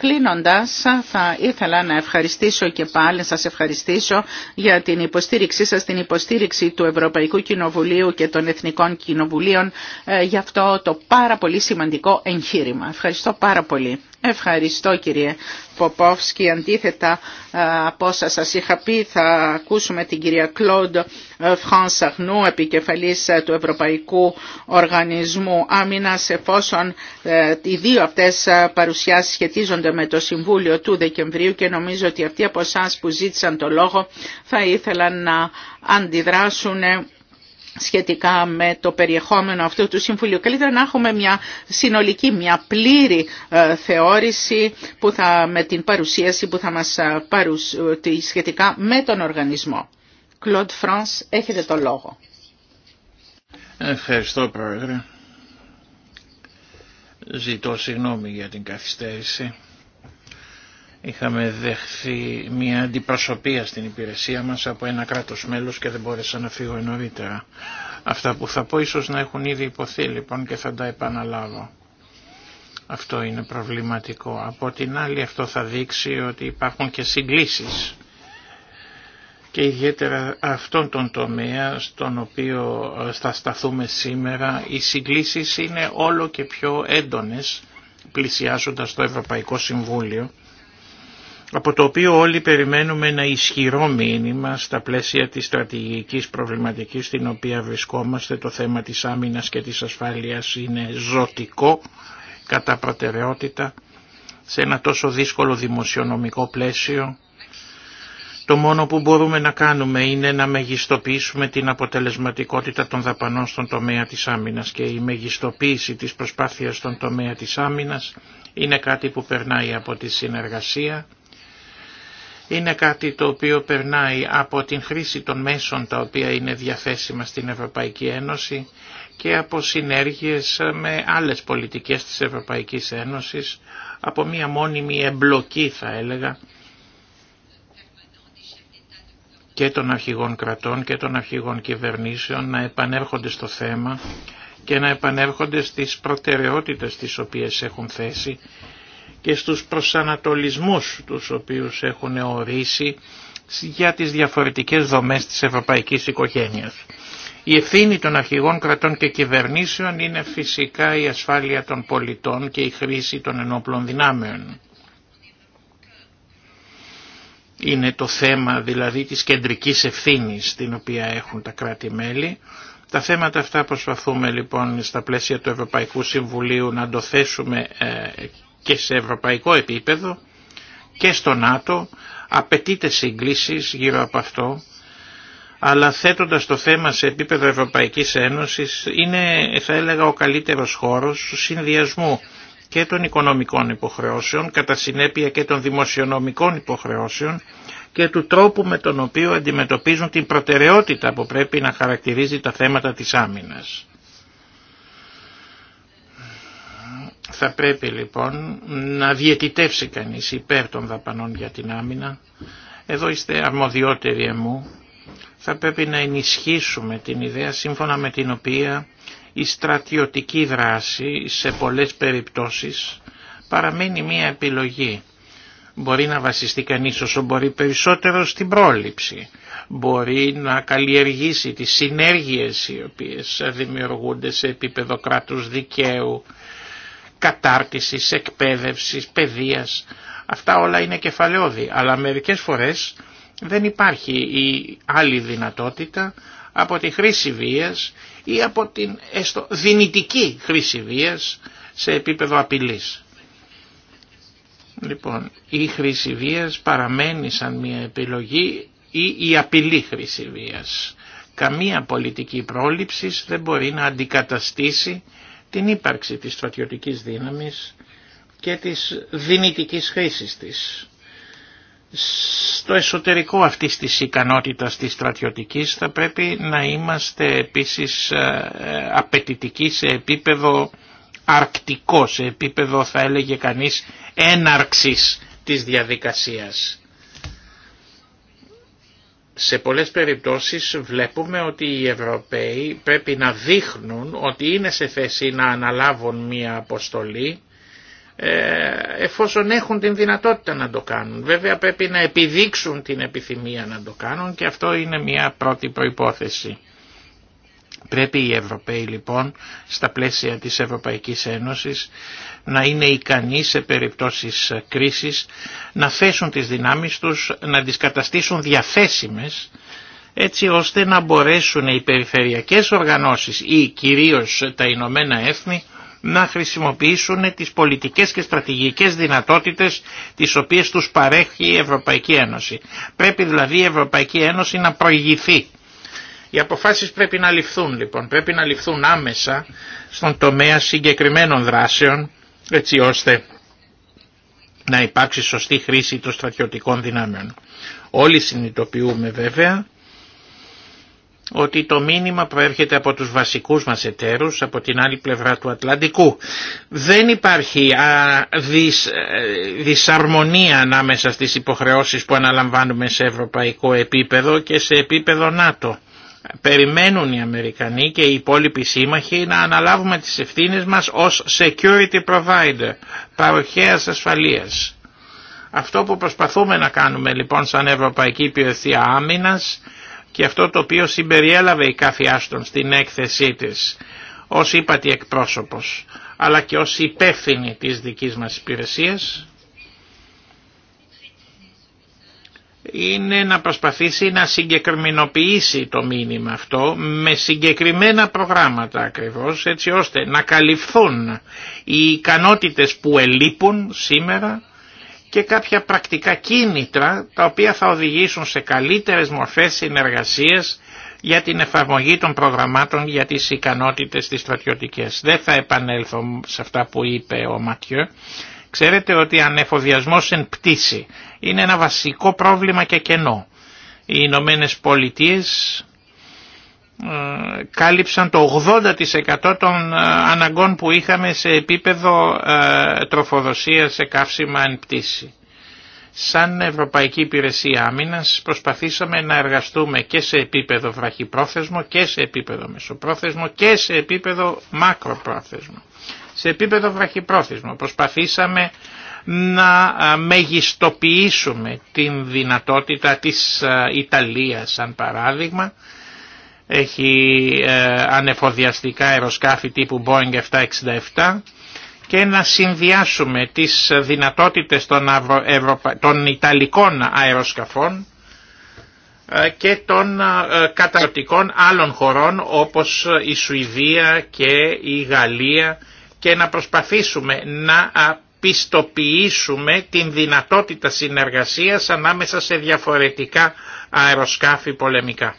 Κλείνοντας, θα ήθελα να ευχαριστήσω και πάλι, σας ευχαριστήσω για την υποστήριξή σας, την υποστήριξη του Ευρωπαϊκού Κοινοβουλίου και των Εθνικών Κοινοβουλίων ε, για αυτό το πάρα πολύ σημαντικό εγχείρημα. Ευχαριστώ πάρα πολύ. Ευχαριστώ κύριε Ποπόφσκι. Αντίθετα ε, από όσα σας είχα πει θα ακούσουμε την κυρία Κλόντ Σαχνού ε, επικεφαλής ε, του Ευρωπαϊκού Οργανισμού Άμυνας, εφόσον οι δύο αυτές παρουσιάσεις σχετίζονται με το Συμβούλιο του Δεκεμβρίου και νομίζω ότι αυτοί από εσά που ζήτησαν το λόγο θα ήθελαν να αντιδράσουν σχετικά με το περιεχόμενο αυτού του Συμβουλίου. Καλύτερα να έχουμε μια συνολική, μια πλήρη ε, θεώρηση που θα, με την παρουσίαση που θα μας ε, παρουσιάσει σχετικά με τον οργανισμό. Κλοντ Φρανς, έχετε το λόγο. Ευχαριστώ Πρόεδρε. Ζητώ συγγνώμη για την καθυστέρηση. Είχαμε δεχθεί μια αντιπροσωπεία στην υπηρεσία μας από ένα κράτος μέλος και δεν μπόρεσα να φύγω νωρίτερα. Αυτά που θα πω ίσως να έχουν ήδη υποθεί λοιπόν και θα τα επαναλάβω. Αυτό είναι προβληματικό. Από την άλλη αυτό θα δείξει ότι υπάρχουν και συγκλήσεις και ιδιαίτερα αυτόν τον τομέα στον οποίο ε, θα σταθούμε σήμερα οι συγκλήσεις είναι όλο και πιο έντονες πλησιάζοντας το Ευρωπαϊκό Συμβούλιο από το οποίο όλοι περιμένουμε ένα ισχυρό μήνυμα στα πλαίσια της στρατηγικής προβληματικής στην οποία βρισκόμαστε το θέμα της άμυνας και της ασφάλειας είναι ζωτικό κατά προτεραιότητα σε ένα τόσο δύσκολο δημοσιονομικό πλαίσιο το μόνο που μπορούμε να κάνουμε είναι να μεγιστοποιήσουμε την αποτελεσματικότητα των δαπανών στον τομέα της άμυνας και η μεγιστοποίηση της προσπάθειας στον τομέα της άμυνας είναι κάτι που περνάει από τη συνεργασία, είναι κάτι το οποίο περνάει από την χρήση των μέσων τα οποία είναι διαθέσιμα στην Ευρωπαϊκή Ένωση και από συνέργειες με άλλες πολιτικές της Ευρωπαϊκής Ένωσης, από μία μόνιμη εμπλοκή θα έλεγα και των αρχηγών κρατών και των αρχηγών κυβερνήσεων να επανέρχονται στο θέμα και να επανέρχονται στις προτεραιότητες τις οποίες έχουν θέσει και στους προσανατολισμούς τους οποίους έχουν ορίσει για τις διαφορετικές δομές της ευρωπαϊκής οικογένειας. Η ευθύνη των αρχηγών κρατών και κυβερνήσεων είναι φυσικά η ασφάλεια των πολιτών και η χρήση των ενόπλων δυνάμεων. Είναι το θέμα δηλαδή της κεντρικής ευθύνης την οποία έχουν τα κράτη-μέλη. Τα θέματα αυτά προσπαθούμε λοιπόν στα πλαίσια του Ευρωπαϊκού Συμβουλίου να το θέσουμε ε, και σε ευρωπαϊκό επίπεδο και στο ΝΑΤΟ απαιτείται συγκλήσεις γύρω από αυτό αλλά θέτοντας το θέμα σε επίπεδο Ευρωπαϊκής Ένωσης είναι θα έλεγα ο καλύτερος χώρος συνδυασμού και των οικονομικών υποχρεώσεων, κατά συνέπεια και των δημοσιονομικών υποχρεώσεων και του τρόπου με τον οποίο αντιμετωπίζουν την προτεραιότητα που πρέπει να χαρακτηρίζει τα θέματα της άμυνας. Θα πρέπει λοιπόν να διαιτητεύσει κανείς υπέρ των δαπανών για την άμυνα. Εδώ είστε αρμοδιότεροι εμού. Θα πρέπει να ενισχύσουμε την ιδέα σύμφωνα με την οποία η στρατιωτική δράση σε πολλές περιπτώσεις παραμένει μία επιλογή. Μπορεί να βασιστεί κανείς όσο μπορεί περισσότερο στην πρόληψη. Μπορεί να καλλιεργήσει τις συνέργειες οι οποίες δημιουργούνται σε επίπεδο κράτους δικαίου κατάρτισης, εκπαίδευσης, παιδείας. Αυτά όλα είναι κεφαλαιώδη, αλλά μερικές φορές δεν υπάρχει η άλλη δυνατότητα από τη χρήση βίας ή από την έστω, δυνητική χρήση βίας σε επίπεδο απειλής. Λοιπόν, η χρήση βίας παραμένει σαν μια επιλογή ή η απειλή χρήση βίας. Καμία πολιτική πρόληψης δεν μπορεί να αντικαταστήσει την ύπαρξη της στρατιωτικής δύναμης και της δυνητικής χρήσης της. Στο εσωτερικό αυτής της ικανότητας της στρατιωτικής θα πρέπει να είμαστε επίσης ε, ε, απαιτητικοί σε επίπεδο αρκτικό, σε επίπεδο θα έλεγε κανείς έναρξης της διαδικασίας. Σε πολλές περιπτώσεις βλέπουμε ότι οι Ευρωπαίοι πρέπει να δείχνουν ότι είναι σε θέση να αναλάβουν μία αποστολή ε, εφόσον έχουν την δυνατότητα να το κάνουν. Βέβαια πρέπει να επιδείξουν την επιθυμία να το κάνουν και αυτό είναι μια πρώτη προϋπόθεση. Πρέπει οι Ευρωπαίοι λοιπόν στα πλαίσια της Ευρωπαϊκής Ένωσης να είναι ικανοί σε περιπτώσεις κρίσης να θέσουν τις δυνάμεις τους, να τις καταστήσουν διαθέσιμες έτσι ώστε να μπορέσουν οι περιφερειακές οργανώσεις ή κυρίως τα Ηνωμένα Έθνη να χρησιμοποιήσουν τις πολιτικές και στρατηγικές δυνατότητες τις οποίες τους παρέχει η Ευρωπαϊκή Ένωση. Πρέπει δηλαδή η Ευρωπαϊκή Ένωση να προηγηθεί. Οι αποφάσεις πρέπει να ληφθούν λοιπόν, πρέπει να ληφθούν άμεσα στον τομέα συγκεκριμένων δράσεων έτσι ώστε να υπάρξει σωστή χρήση των στρατιωτικών δυνάμεων. Όλοι συνειδητοποιούμε βέβαια ότι το μήνυμα προέρχεται από τους βασικούς μας εταίρους από την άλλη πλευρά του Ατλαντικού. Δεν υπάρχει α, δυσ, ε, δυσαρμονία ανάμεσα στις υποχρεώσεις που αναλαμβάνουμε σε ευρωπαϊκό επίπεδο και σε επίπεδο ΝΑΤΟ. Περιμένουν οι Αμερικανοί και οι υπόλοιποι σύμμαχοι να αναλάβουμε τις ευθύνες μας ως security provider, παροχέας ασφαλείας. Αυτό που προσπαθούμε να κάνουμε λοιπόν σαν Ευρωπαϊκή Υπηρεσία Άμυνας και αυτό το οποίο συμπεριέλαβε η Κάφη Άστον στην έκθεσή της ως ύπατη εκπρόσωπος αλλά και ως υπεύθυνη της δικής μας υπηρεσίας είναι να προσπαθήσει να συγκεκριμενοποιήσει το μήνυμα αυτό με συγκεκριμένα προγράμματα ακριβώς έτσι ώστε να καλυφθούν οι ικανότητες που ελείπουν σήμερα και κάποια πρακτικά κίνητρα τα οποία θα οδηγήσουν σε καλύτερες μορφές συνεργασίας για την εφαρμογή των προγραμμάτων για τις ικανότητες της στρατιωτικές. Δεν θα επανέλθω σε αυτά που είπε ο Ματιό. Ξέρετε ότι ανεφοδιασμός εν πτήση είναι ένα βασικό πρόβλημα και κενό. Οι Ηνωμένε Πολιτείε ε, κάλυψαν το 80% των ε, αναγκών που είχαμε σε επίπεδο ε, τροφοδοσία σε καύσιμα εν πτήση. Σαν Ευρωπαϊκή Υπηρεσία Άμυνας προσπαθήσαμε να εργαστούμε και σε επίπεδο βραχυπρόθεσμο και σε επίπεδο μεσοπρόθεσμο και σε επίπεδο μακροπρόθεσμο. Σε επίπεδο βραχυπρόθεσμο προσπαθήσαμε να μεγιστοποιήσουμε την δυνατότητα της Ιταλίας σαν παράδειγμα. Έχει ε, ανεφοδιαστικά αεροσκάφη τύπου Boeing 767 και να συνδυάσουμε τις δυνατότητες των, Ιταλικών αεροσκαφών ε, και των ε, καταρτικών άλλων χωρών όπως η Σουηδία και η Γαλλία και να προσπαθήσουμε να πιστοποιήσουμε την δυνατότητα συνεργασίας ανάμεσα σε διαφορετικά αεροσκάφη πολεμικά.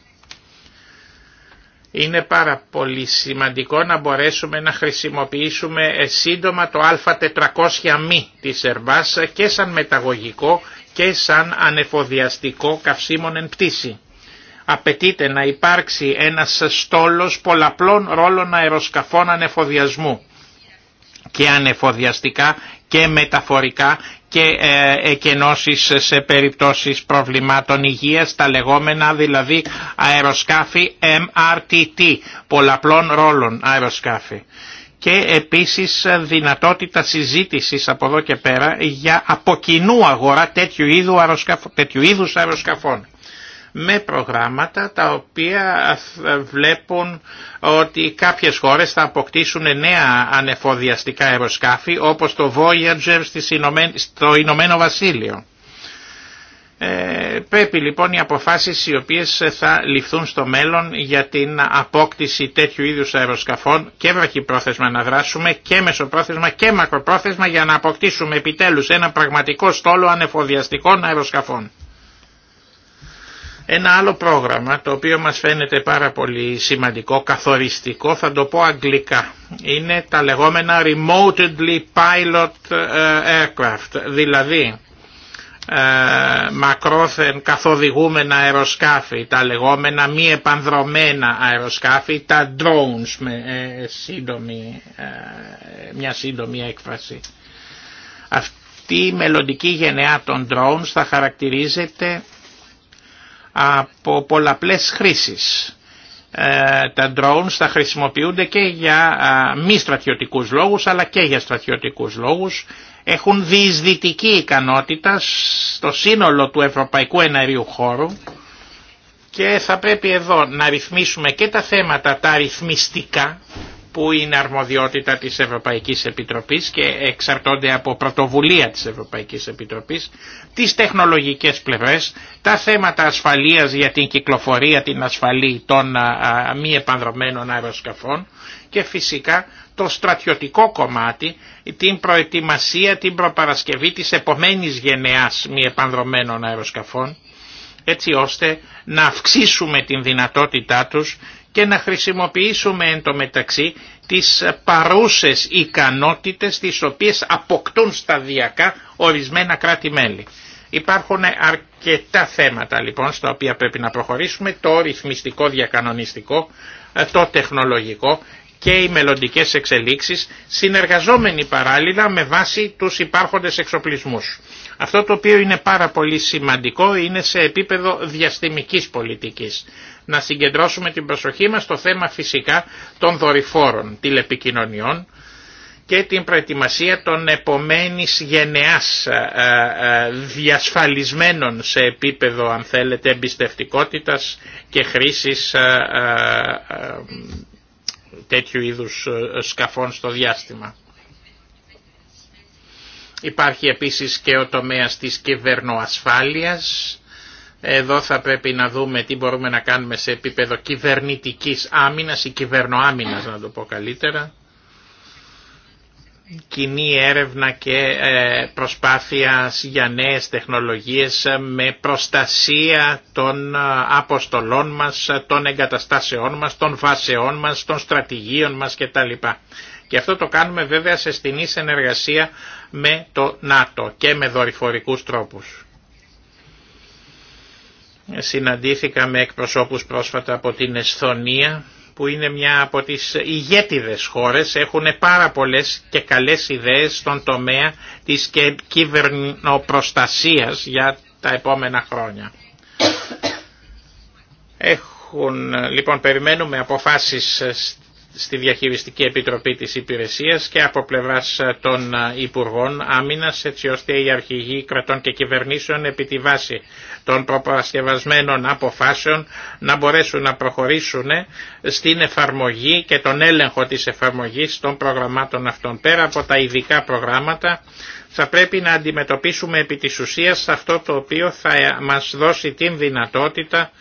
Είναι πάρα πολύ σημαντικό να μπορέσουμε να χρησιμοποιήσουμε ε, σύντομα το α400 μ της ΕΡΒΑΣ... και σαν μεταγωγικό και σαν ανεφοδιαστικό καυσίμων εν πτήση. Απαιτείται να υπάρξει ένας στόλος πολλαπλών ρόλων αεροσκαφών ανεφοδιασμού και ανεφοδιαστικά και μεταφορικά και ε, εκενώσεις σε περιπτώσεις προβλημάτων υγείας, τα λεγόμενα δηλαδή αεροσκάφη MRTT, πολλαπλών ρόλων αεροσκάφη και επίσης δυνατότητα συζήτησης από εδώ και πέρα για από κοινού αγορά τέτοιου, είδου είδους αεροσκαφών με προγράμματα τα οποία βλέπουν ότι κάποιες χώρες θα αποκτήσουν νέα ανεφοδιαστικά αεροσκάφη όπως το Voyager στο Ηνωμένο Βασίλειο. Ε, πρέπει λοιπόν οι αποφάσεις οι οποίες θα ληφθούν στο μέλλον για την απόκτηση τέτοιου είδους αεροσκαφών και βραχυπρόθεσμα να δράσουμε και μεσοπρόθεσμα και μακροπρόθεσμα για να αποκτήσουμε επιτέλους ένα πραγματικό στόλο ανεφοδιαστικών αεροσκαφών. Ένα άλλο πρόγραμμα το οποίο μας φαίνεται πάρα πολύ σημαντικό, καθοριστικό, θα το πω αγγλικά. Είναι τα λεγόμενα remotely pilot ε, aircraft, δηλαδή ε, μακρόθεν καθοδηγούμενα αεροσκάφη, τα λεγόμενα μη επανδρομένα αεροσκάφη, τα drones με ε, μια σύντομη έκφραση. Αυτή η μελλοντική γενεά των drones θα χαρακτηρίζεται από πολλαπλές χρήσεις. Ε, τα drones θα χρησιμοποιούνται και για μη στρατιωτικούς λόγους αλλά και για στρατιωτικούς λόγους. Έχουν διεισδυτική ικανότητα στο σύνολο του ευρωπαϊκού εναερίου χώρου και θα πρέπει εδώ να ρυθμίσουμε και τα θέματα τα ρυθμιστικά που είναι αρμοδιότητα της Ευρωπαϊκής Επιτροπής και εξαρτώνται από πρωτοβουλία της Ευρωπαϊκής Επιτροπής, τις τεχνολογικές πλευρές, τα θέματα ασφαλείας για την κυκλοφορία, την ασφαλή των μη επανδρομένων αεροσκαφών και φυσικά το στρατιωτικό κομμάτι, την προετοιμασία, την προπαρασκευή της επομένης γενεάς μη επανδρομένων αεροσκαφών, έτσι ώστε να αυξήσουμε την δυνατότητά τους και να χρησιμοποιήσουμε εν τω μεταξύ τις παρούσες ικανότητες τις οποίες αποκτούν σταδιακά ορισμένα κράτη-μέλη. Υπάρχουν αρκετά θέματα λοιπόν στα οποία πρέπει να προχωρήσουμε, το ρυθμιστικό διακανονιστικό, το τεχνολογικό και οι μελλοντικέ εξελίξεις συνεργαζόμενοι παράλληλα με βάση τους υπάρχοντες εξοπλισμούς. Αυτό το οποίο είναι πάρα πολύ σημαντικό είναι σε επίπεδο διαστημικής πολιτικής να συγκεντρώσουμε την προσοχή μας στο θέμα φυσικά των δορυφόρων τηλεπικοινωνιών και την προετοιμασία των επομένης γενεάς ε, ε, διασφαλισμένων σε επίπεδο αν θέλετε εμπιστευτικότητας και χρήσης ε, τέτοιου είδους σκαφών στο διάστημα. Υπάρχει επίσης και ο τομέας της κυβερνοασφάλειας εδώ θα πρέπει να δούμε τι μπορούμε να κάνουμε σε επίπεδο κυβερνητικής άμυνας ή κυβερνοάμυνας να το πω καλύτερα. Κοινή έρευνα και ε, προσπάθεια για νέες τεχνολογίες με προστασία των ε, αποστολών μας, των εγκαταστάσεών μας, των βάσεών μας, των στρατηγίων μας κτλ. Και αυτό το κάνουμε βέβαια σε στενή συνεργασία με το ΝΑΤΟ και με δορυφορικούς τρόπους. Συναντήθηκα με εκπροσώπους πρόσφατα από την Εσθονία που είναι μια από τις ηγέτιδες χώρες, έχουν πάρα πολλές και καλές ιδέες στον τομέα της κυβερνοπροστασίας για τα επόμενα χρόνια. Έχουν, λοιπόν, περιμένουμε αποφάσεις στη Διαχειριστική Επιτροπή της Υπηρεσίας και από πλευράς ε, των ε, Υπουργών Άμυνας έτσι ώστε οι αρχηγοί κρατών και κυβερνήσεων επί τη βάση των προπαρασκευασμένων αποφάσεων να μπορέσουν να προχωρήσουν ε, στην εφαρμογή και τον έλεγχο της εφαρμογής των προγραμμάτων αυτών. Πέρα από τα ειδικά προγράμματα θα πρέπει να αντιμετωπίσουμε επί της ουσίας αυτό το οποίο θα μας δώσει την δυνατότητα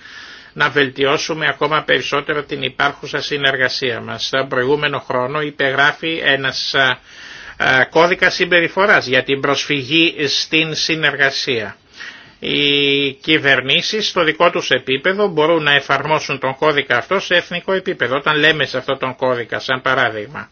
να βελτιώσουμε ακόμα περισσότερο την υπάρχουσα συνεργασία μας. Στον προηγούμενο χρόνο υπεγράφει ένας κώδικα συμπεριφοράς για την προσφυγή στην συνεργασία. Οι κυβερνήσεις στο δικό τους επίπεδο μπορούν να εφαρμόσουν τον κώδικα αυτό σε εθνικό επίπεδο. Όταν λέμε σε αυτόν τον κώδικα, σαν παράδειγμα,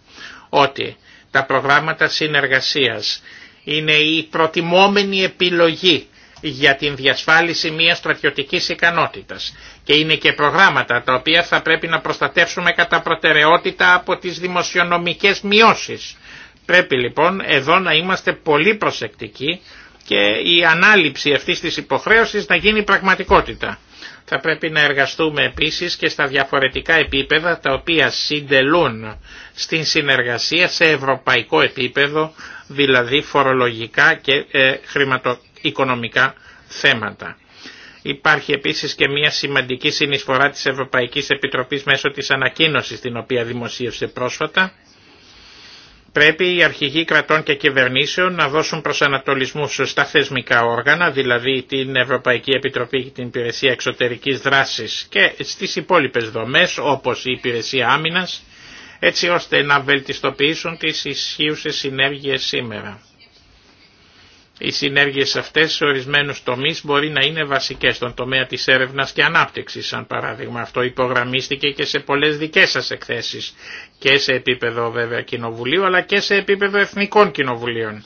ότι τα προγράμματα συνεργασίας είναι η προτιμόμενη επιλογή για την διασφάλιση μιας στρατιωτικής ικανότητας και είναι και προγράμματα τα οποία θα πρέπει να προστατεύσουμε κατά προτεραιότητα από τις δημοσιονομικές μειώσεις. Πρέπει λοιπόν εδώ να είμαστε πολύ προσεκτικοί και η ανάληψη αυτής της υποχρέωσης να γίνει πραγματικότητα. Θα πρέπει να εργαστούμε επίσης και στα διαφορετικά επίπεδα τα οποία συντελούν στην συνεργασία σε ευρωπαϊκό επίπεδο, δηλαδή φορολογικά και ε, χρηματοοικονομικά θέματα. Υπάρχει επίσης και μια σημαντική συνεισφορά της Ευρωπαϊκής Επιτροπής μέσω της ανακοίνωσης την οποία δημοσίευσε πρόσφατα. Πρέπει οι αρχηγοί κρατών και κυβερνήσεων να δώσουν προσανατολισμούς στα θεσμικά όργανα, δηλαδή την Ευρωπαϊκή Επιτροπή και την Υπηρεσία Εξωτερικής Δράσης και στις υπόλοιπες δομές όπως η Υπηρεσία Άμυνας, έτσι ώστε να βελτιστοποιήσουν τις ισχύουσες συνέργειες σήμερα. Οι συνέργειες αυτές σε ορισμένους τομείς μπορεί να είναι βασικές στον τομέα της έρευνας και ανάπτυξης, σαν παράδειγμα. Αυτό υπογραμμίστηκε και σε πολλές δικές σας εκθέσεις, και σε επίπεδο βέβαια κοινοβουλίου, αλλά και σε επίπεδο εθνικών κοινοβουλίων.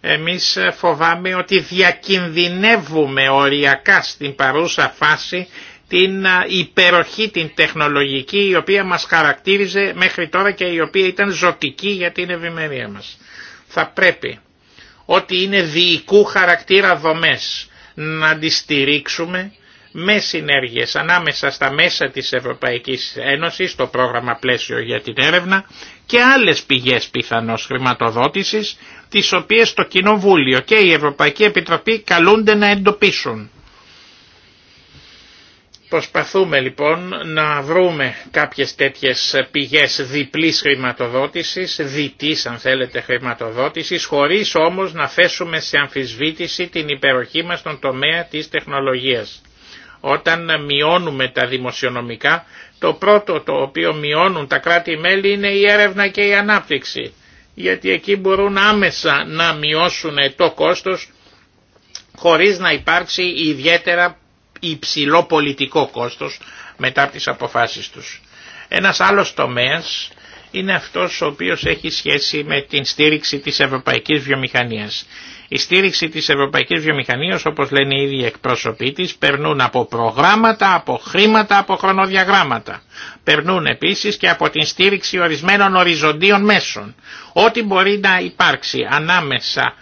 Εμείς φοβάμαι ότι διακινδυνεύουμε οριακά στην παρούσα φάση την υπεροχή, την τεχνολογική η οποία μας χαρακτήριζε μέχρι τώρα και η οποία ήταν ζωτική για την ευημερία μας. Θα πρέπει ότι είναι διοικού χαρακτήρα δομές να αντιστηρίξουμε με συνέργειες ανάμεσα στα μέσα της Ευρωπαϊκής Ένωσης, το πρόγραμμα πλαίσιο για την έρευνα και άλλες πηγές πιθανώς χρηματοδότησης, τις οποίες το Κοινοβούλιο και η Ευρωπαϊκή Επιτροπή καλούνται να εντοπίσουν. Προσπαθούμε λοιπόν να βρούμε κάποιες τέτοιες πηγές διπλής χρηματοδότησης, διτής αν θέλετε χρηματοδότησης, χωρίς όμως να θέσουμε σε αμφισβήτηση την υπεροχή μας στον τομέα της τεχνολογίας. Όταν μειώνουμε τα δημοσιονομικά, το πρώτο το οποίο μειώνουν τα κράτη-μέλη είναι η έρευνα και η ανάπτυξη, γιατί εκεί μπορούν άμεσα να μειώσουν το κόστος χωρίς να υπάρξει ιδιαίτερα υψηλό πολιτικό κόστος μετά από τις αποφάσεις τους. Ένας άλλος τομέας είναι αυτός ο οποίος έχει σχέση με την στήριξη της ευρωπαϊκής βιομηχανίας. Η στήριξη της ευρωπαϊκής βιομηχανίας όπως λένε οι ίδιοι εκπρόσωποι της περνούν από προγράμματα, από χρήματα, από χρονοδιαγράμματα. Περνούν επίσης και από την στήριξη ορισμένων οριζοντίων μέσων. Ό,τι μπορεί να υπάρξει ανάμεσα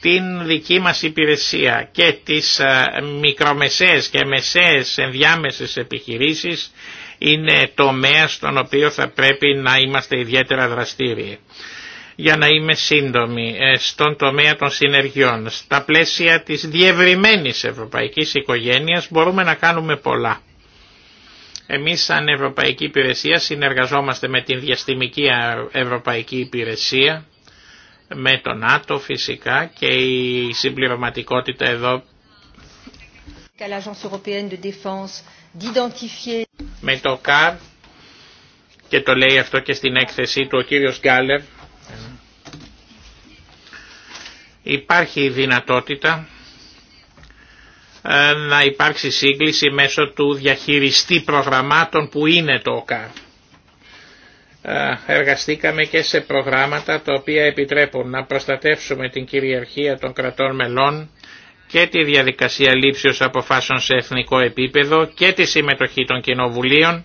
την δική μας υπηρεσία και τις ε, μικρομεσαίες και μεσαίες ενδιάμεσες επιχειρήσεις είναι τομέα στον οποίο θα πρέπει να είμαστε ιδιαίτερα δραστήριοι. Για να είμαι σύντομη, ε, στον τομέα των συνεργειών, στα πλαίσια της διευρυμένης ευρωπαϊκής οικογένειας μπορούμε να κάνουμε πολλά. Εμείς σαν Ευρωπαϊκή Υπηρεσία συνεργαζόμαστε με την Διαστημική Ευρωπαϊκή Υπηρεσία με το ΝΑΤΟ φυσικά και η συμπληρωματικότητα εδώ με το ΚΑΡ και το λέει αυτό και στην έκθεσή του ο κύριος Γκάλερ υπάρχει η δυνατότητα ε, να υπάρξει σύγκληση μέσω του διαχειριστή προγραμμάτων που είναι το ΚΑΡ εργαστήκαμε και σε προγράμματα τα οποία επιτρέπουν να προστατεύσουμε την κυριαρχία των κρατών μελών και τη διαδικασία λήψεως αποφάσεων σε εθνικό επίπεδο και τη συμμετοχή των κοινοβουλίων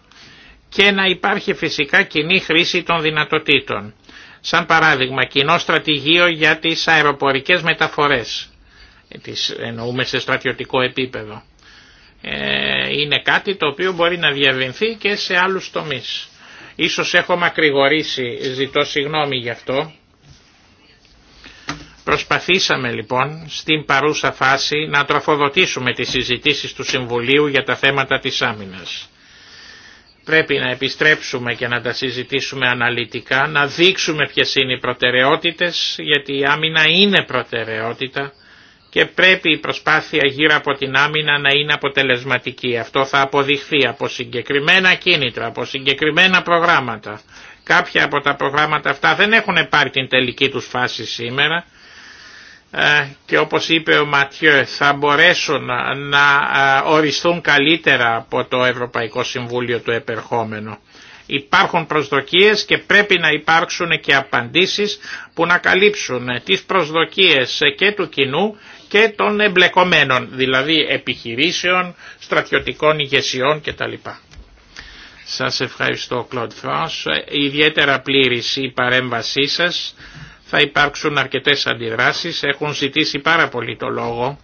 και να υπάρχει φυσικά κοινή χρήση των δυνατοτήτων. Σαν παράδειγμα κοινό στρατηγείο για τις αεροπορικές μεταφορές, ε, τις εννοούμε σε στρατιωτικό επίπεδο. Ε, είναι κάτι το οποίο μπορεί να διαβηνθεί και σε άλλους τομείς. Ίσως έχω μακρηγορήσει, ζητώ συγγνώμη γι' αυτό. Προσπαθήσαμε λοιπόν στην παρούσα φάση να τροφοδοτήσουμε τις συζητήσεις του Συμβουλίου για τα θέματα της άμυνας. Πρέπει να επιστρέψουμε και να τα συζητήσουμε αναλυτικά, να δείξουμε ποιες είναι οι προτεραιότητες, γιατί η άμυνα είναι προτεραιότητα και πρέπει η προσπάθεια γύρω από την άμυνα να είναι αποτελεσματική. Αυτό θα αποδειχθεί από συγκεκριμένα κίνητρα, από συγκεκριμένα προγράμματα. Κάποια από τα προγράμματα αυτά δεν έχουν πάρει την τελική τους φάση σήμερα ε, και όπως είπε ο Ματιό θα μπορέσουν να ε, οριστούν καλύτερα από το Ευρωπαϊκό Συμβούλιο του επερχόμενο. Υπάρχουν προσδοκίες και πρέπει να υπάρξουν και απαντήσεις που να καλύψουν τις προσδοκίες και του κοινού και των εμπλεκομένων, δηλαδή επιχειρήσεων, στρατιωτικών ηγεσιών κτλ. Σας ευχαριστώ Κλοντ Φρανς, ιδιαίτερα πλήρης η παρέμβασή σας. Θα υπάρξουν αρκετές αντιδράσεις, έχουν ζητήσει πάρα πολύ το λόγο.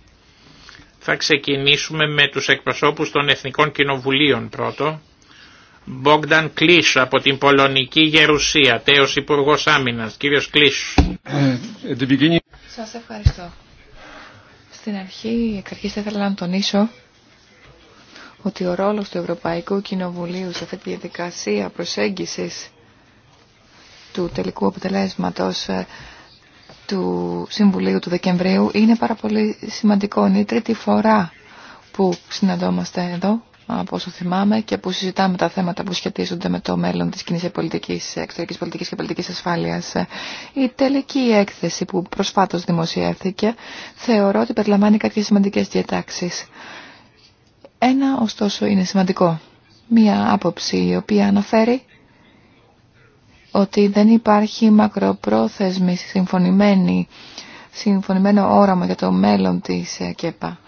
Θα ξεκινήσουμε με τους εκπροσώπους των Εθνικών Κοινοβουλίων πρώτο. Μπόγκταν Κλίσ από την Πολωνική Γερουσία, τέος Υπουργός Άμυνας. Κύριος Κλίσ. Ε, σας ευχαριστώ. Στην αρχή, εκ θα ήθελα να τονίσω ότι ο ρόλος του Ευρωπαϊκού Κοινοβουλίου σε αυτή τη διαδικασία προσέγγισης του τελικού αποτελέσματος ε, του Συμβουλίου του Δεκεμβρίου είναι πάρα πολύ σημαντικό. Είναι η τρίτη φορά που συναντόμαστε εδώ από όσο θυμάμαι και που συζητάμε τα θέματα που σχετίζονται με το μέλλον της κοινή πολιτικής, εξωτερικής πολιτικής και πολιτικής ασφάλειας. Η τελική έκθεση που προσφάτως δημοσιεύθηκε θεωρώ ότι περιλαμβάνει κάποιες σημαντικές διατάξεις. Ένα ωστόσο είναι σημαντικό. Μία άποψη η οποία αναφέρει ότι δεν υπάρχει μακροπρόθεσμη συμφωνημένη συμφωνημένο όραμα για το μέλλον της ΚΕΠΑ.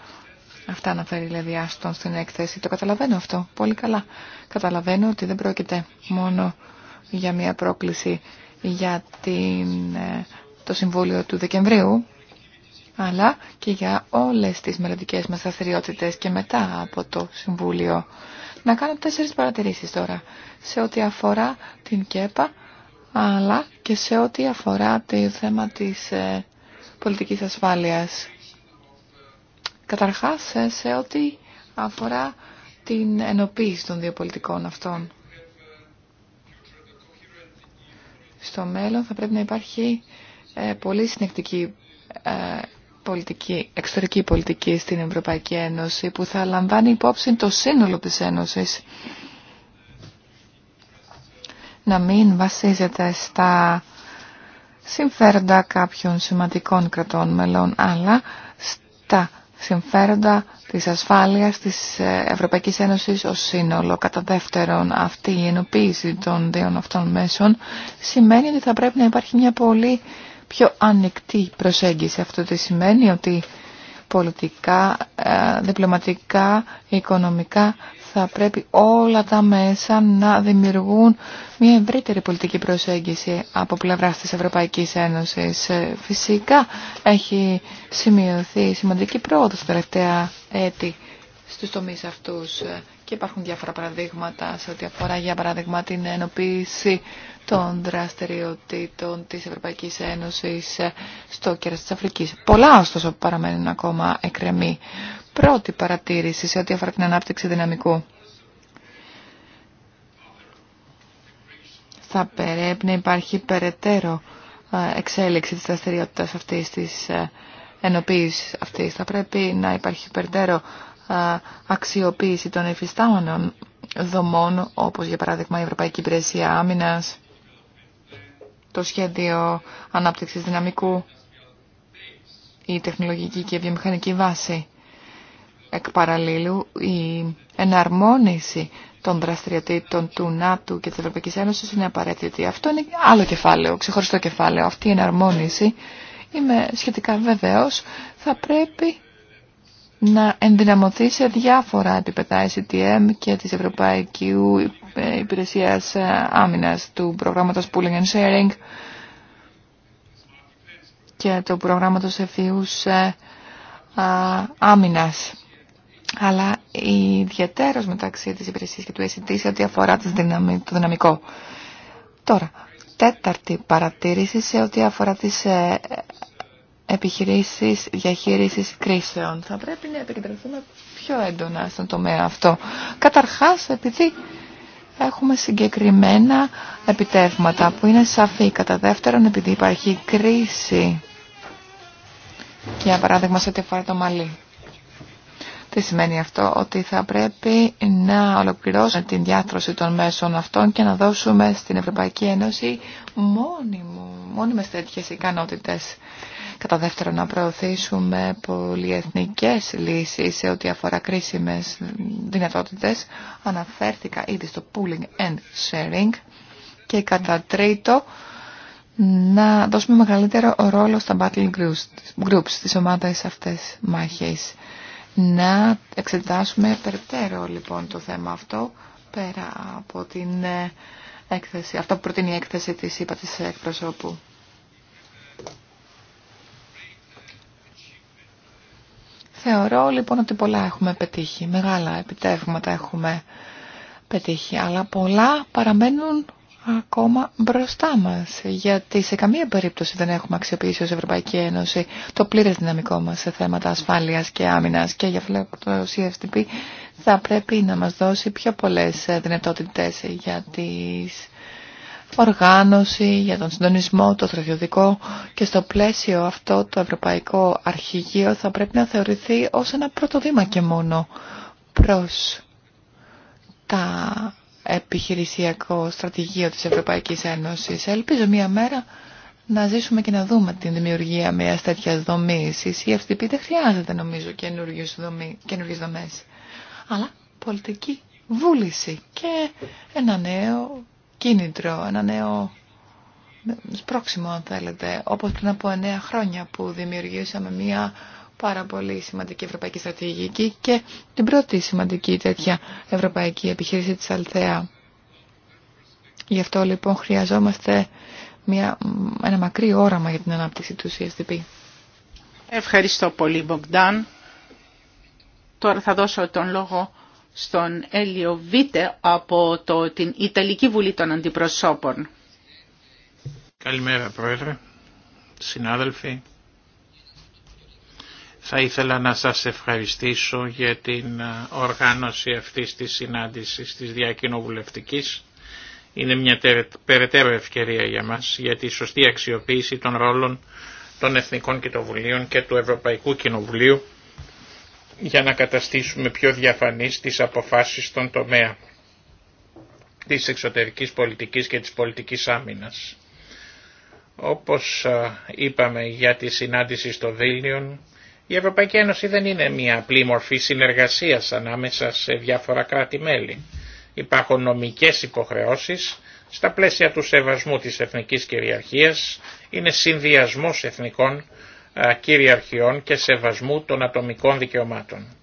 Αυτά αναφέρει δηλαδή Άστον στην έκθεση. Το καταλαβαίνω αυτό πολύ καλά. Καταλαβαίνω ότι δεν πρόκειται μόνο για μια πρόκληση για ε, το Συμβούλιο του Δεκεμβρίου, αλλά και για όλες τις μελλοντικέ μας δραστηριότητε και μετά από το Συμβούλιο. Να κάνω τέσσερις παρατηρήσεις τώρα, σε ό,τι αφορά την ΚΕΠΑ, αλλά και σε ό,τι αφορά το θέμα της ε, πολιτικής ασφάλειας Καταρχάς ε, σε ό,τι αφορά την ενοποίηση των δύο πολιτικών αυτών. Στο μέλλον θα πρέπει να υπάρχει ε, πολύ συνεκτική ε, πολιτική, εξωτερική πολιτική στην Ευρωπαϊκή Ένωση που θα λαμβάνει υπόψη το σύνολο της Ένωσης. Να μην βασίζεται στα συμφέροντα κάποιων σημαντικών κρατών μελών, αλλά στα συμφέροντα της ασφάλειας της ε, Ευρωπαϊκής Ένωσης ως σύνολο. Κατά δεύτερον, αυτή η ενοποίηση των δύο αυτών μέσων σημαίνει ότι θα πρέπει να υπάρχει μια πολύ πιο ανοιχτή προσέγγιση. Αυτό τι σημαίνει ότι πολιτικά, ε, διπλωματικά, οικονομικά θα πρέπει όλα τα μέσα να δημιουργούν μια ευρύτερη πολιτική προσέγγιση από πλευράς της Ευρωπαϊκής Ένωσης. Ε, φυσικά έχει σημειωθεί σημαντική πρόοδος τα τελευταία έτη στους τομείς αυτούς ε, και υπάρχουν διάφορα παραδείγματα σε ό,τι αφορά για παράδειγμα την ενοποίηση των δραστηριοτήτων της Ευρωπαϊκής Ένωσης ε, στο κέρας της Αφρικής. Πολλά ωστόσο παραμένουν ακόμα εκρεμή πρώτη παρατήρηση σε ό,τι αφορά την ανάπτυξη δυναμικού. Θα πρέπει να υπάρχει περαιτέρω ε, εξέλιξη της δραστηριότητα αυτής της ε, ενοποίησης αυτής. Θα πρέπει να υπάρχει περαιτέρω ε, αξιοποίηση των εφιστάμενων δομών, όπως για παράδειγμα η Ευρωπαϊκή Υπηρεσία Άμυνας, το σχέδιο ανάπτυξης δυναμικού, η τεχνολογική και βιομηχανική βάση εκ παραλίλου, η εναρμόνιση των δραστηριοτήτων του ΝΑΤΟ και της Ευρωπαϊκής Ένωσης είναι απαραίτητη. Αυτό είναι άλλο κεφάλαιο, ξεχωριστό κεφάλαιο. Αυτή η εναρμόνιση, είμαι σχετικά βεβαίως, θα πρέπει να ενδυναμωθεί σε διάφορα επίπεδα STM e και της Ευρωπαϊκής Υπηρεσίας Άμυνας του προγράμματος Pooling and Sharing και του προγράμματος Ευθύους ε, Άμυνας αλλά ιδιαίτερο μεταξύ της υπηρεσία και του ACT e σε ό,τι αφορά το δυναμικό. Τώρα, τέταρτη παρατήρηση σε ό,τι αφορά τις ε, επιχειρήσεις διαχείρισης κρίσεων. Θα πρέπει να επικεντρωθούμε πιο έντονα στον τομέα αυτό. Καταρχάς, επειδή έχουμε συγκεκριμένα επιτεύγματα που είναι σαφή. Κατά δεύτερον, επειδή υπάρχει κρίση. Για παράδειγμα, σε ό,τι αφορά το μαλλί. Τι σημαίνει αυτό, ότι θα πρέπει να ολοκληρώσουμε την διάθρωση των μέσων αυτών και να δώσουμε στην Ευρωπαϊκή Ένωση μόνιμου, μόνιμες τέτοιες ικανότητες. Κατά δεύτερο, να προωθήσουμε πολυεθνικές λύσεις σε ό,τι αφορά κρίσιμες δυνατότητες. Αναφέρθηκα ήδη στο pooling and sharing. Και κατά τρίτο, να δώσουμε μεγαλύτερο ρόλο στα battle groups, groups ομάδες αυτές μάχης να εξετάσουμε περαιτέρω λοιπόν το θέμα αυτό πέρα από την ε, έκθεση, αυτό που προτείνει η έκθεση της είπα της εκπροσώπου. Θεωρώ λοιπόν ότι πολλά έχουμε πετύχει, μεγάλα επιτεύγματα έχουμε πετύχει, αλλά πολλά παραμένουν ακόμα μπροστά μας, γιατί σε καμία περίπτωση δεν έχουμε αξιοποιήσει ως Ευρωπαϊκή Ένωση το πλήρες δυναμικό μας σε θέματα ασφάλειας και άμυνας και για φλέπω το CFTP θα πρέπει να μας δώσει πιο πολλές δυνατότητες για τις οργάνωση, για τον συντονισμό, το στρατιωτικό και στο πλαίσιο αυτό το Ευρωπαϊκό Αρχηγείο θα πρέπει να θεωρηθεί ως ένα πρώτο βήμα και μόνο προς τα επιχειρησιακό στρατηγείο της Ευρωπαϊκής Ένωσης. Ελπίζω μία μέρα να ζήσουμε και να δούμε την δημιουργία μιας τέτοιας δομής. Η CFTP δεν χρειάζεται νομίζω καινούργιες δομές, αλλά πολιτική βούληση και ένα νέο κίνητρο, ένα νέο σπρόξιμο αν θέλετε, όπως πριν από εννέα χρόνια που δημιουργήσαμε μια πάρα πολύ σημαντική ευρωπαϊκή στρατηγική και την πρώτη σημαντική τέτοια ευρωπαϊκή επιχείρηση της Αλθέα. Γι' αυτό λοιπόν χρειαζόμαστε μια, ένα μακρύ όραμα για την ανάπτυξη του CSDP. Ευχαριστώ πολύ Μπογκδάν. Τώρα θα δώσω τον λόγο στον Έλιο Βίτε από το, την Ιταλική Βουλή των Αντιπροσώπων. Καλημέρα Πρόεδρε, συνάδελφοι, θα ήθελα να σας ευχαριστήσω για την ε, οργάνωση αυτής της συνάντησης της διακοινοβουλευτικής. Είναι μια περαιτέρω ευκαιρία για μας για τη σωστή αξιοποίηση των ρόλων των Εθνικών Κοινοβουλίων και του Ευρωπαϊκού Κοινοβουλίου για να καταστήσουμε πιο διαφανείς τις αποφάσεις στον τομέα της εξωτερικής πολιτικής και της πολιτικής άμυνας. Όπως ε, είπαμε για τη συνάντηση στο Βίλνιον, η Ευρωπαϊκή Ένωση δεν είναι μια απλή μορφή συνεργασίας ανάμεσα σε διάφορα κράτη-μέλη. Υπάρχουν νομικές υποχρεώσεις στα πλαίσια του σεβασμού της εθνικής κυριαρχίας, είναι συνδυασμός εθνικών κυριαρχιών και σεβασμού των ατομικών δικαιωμάτων.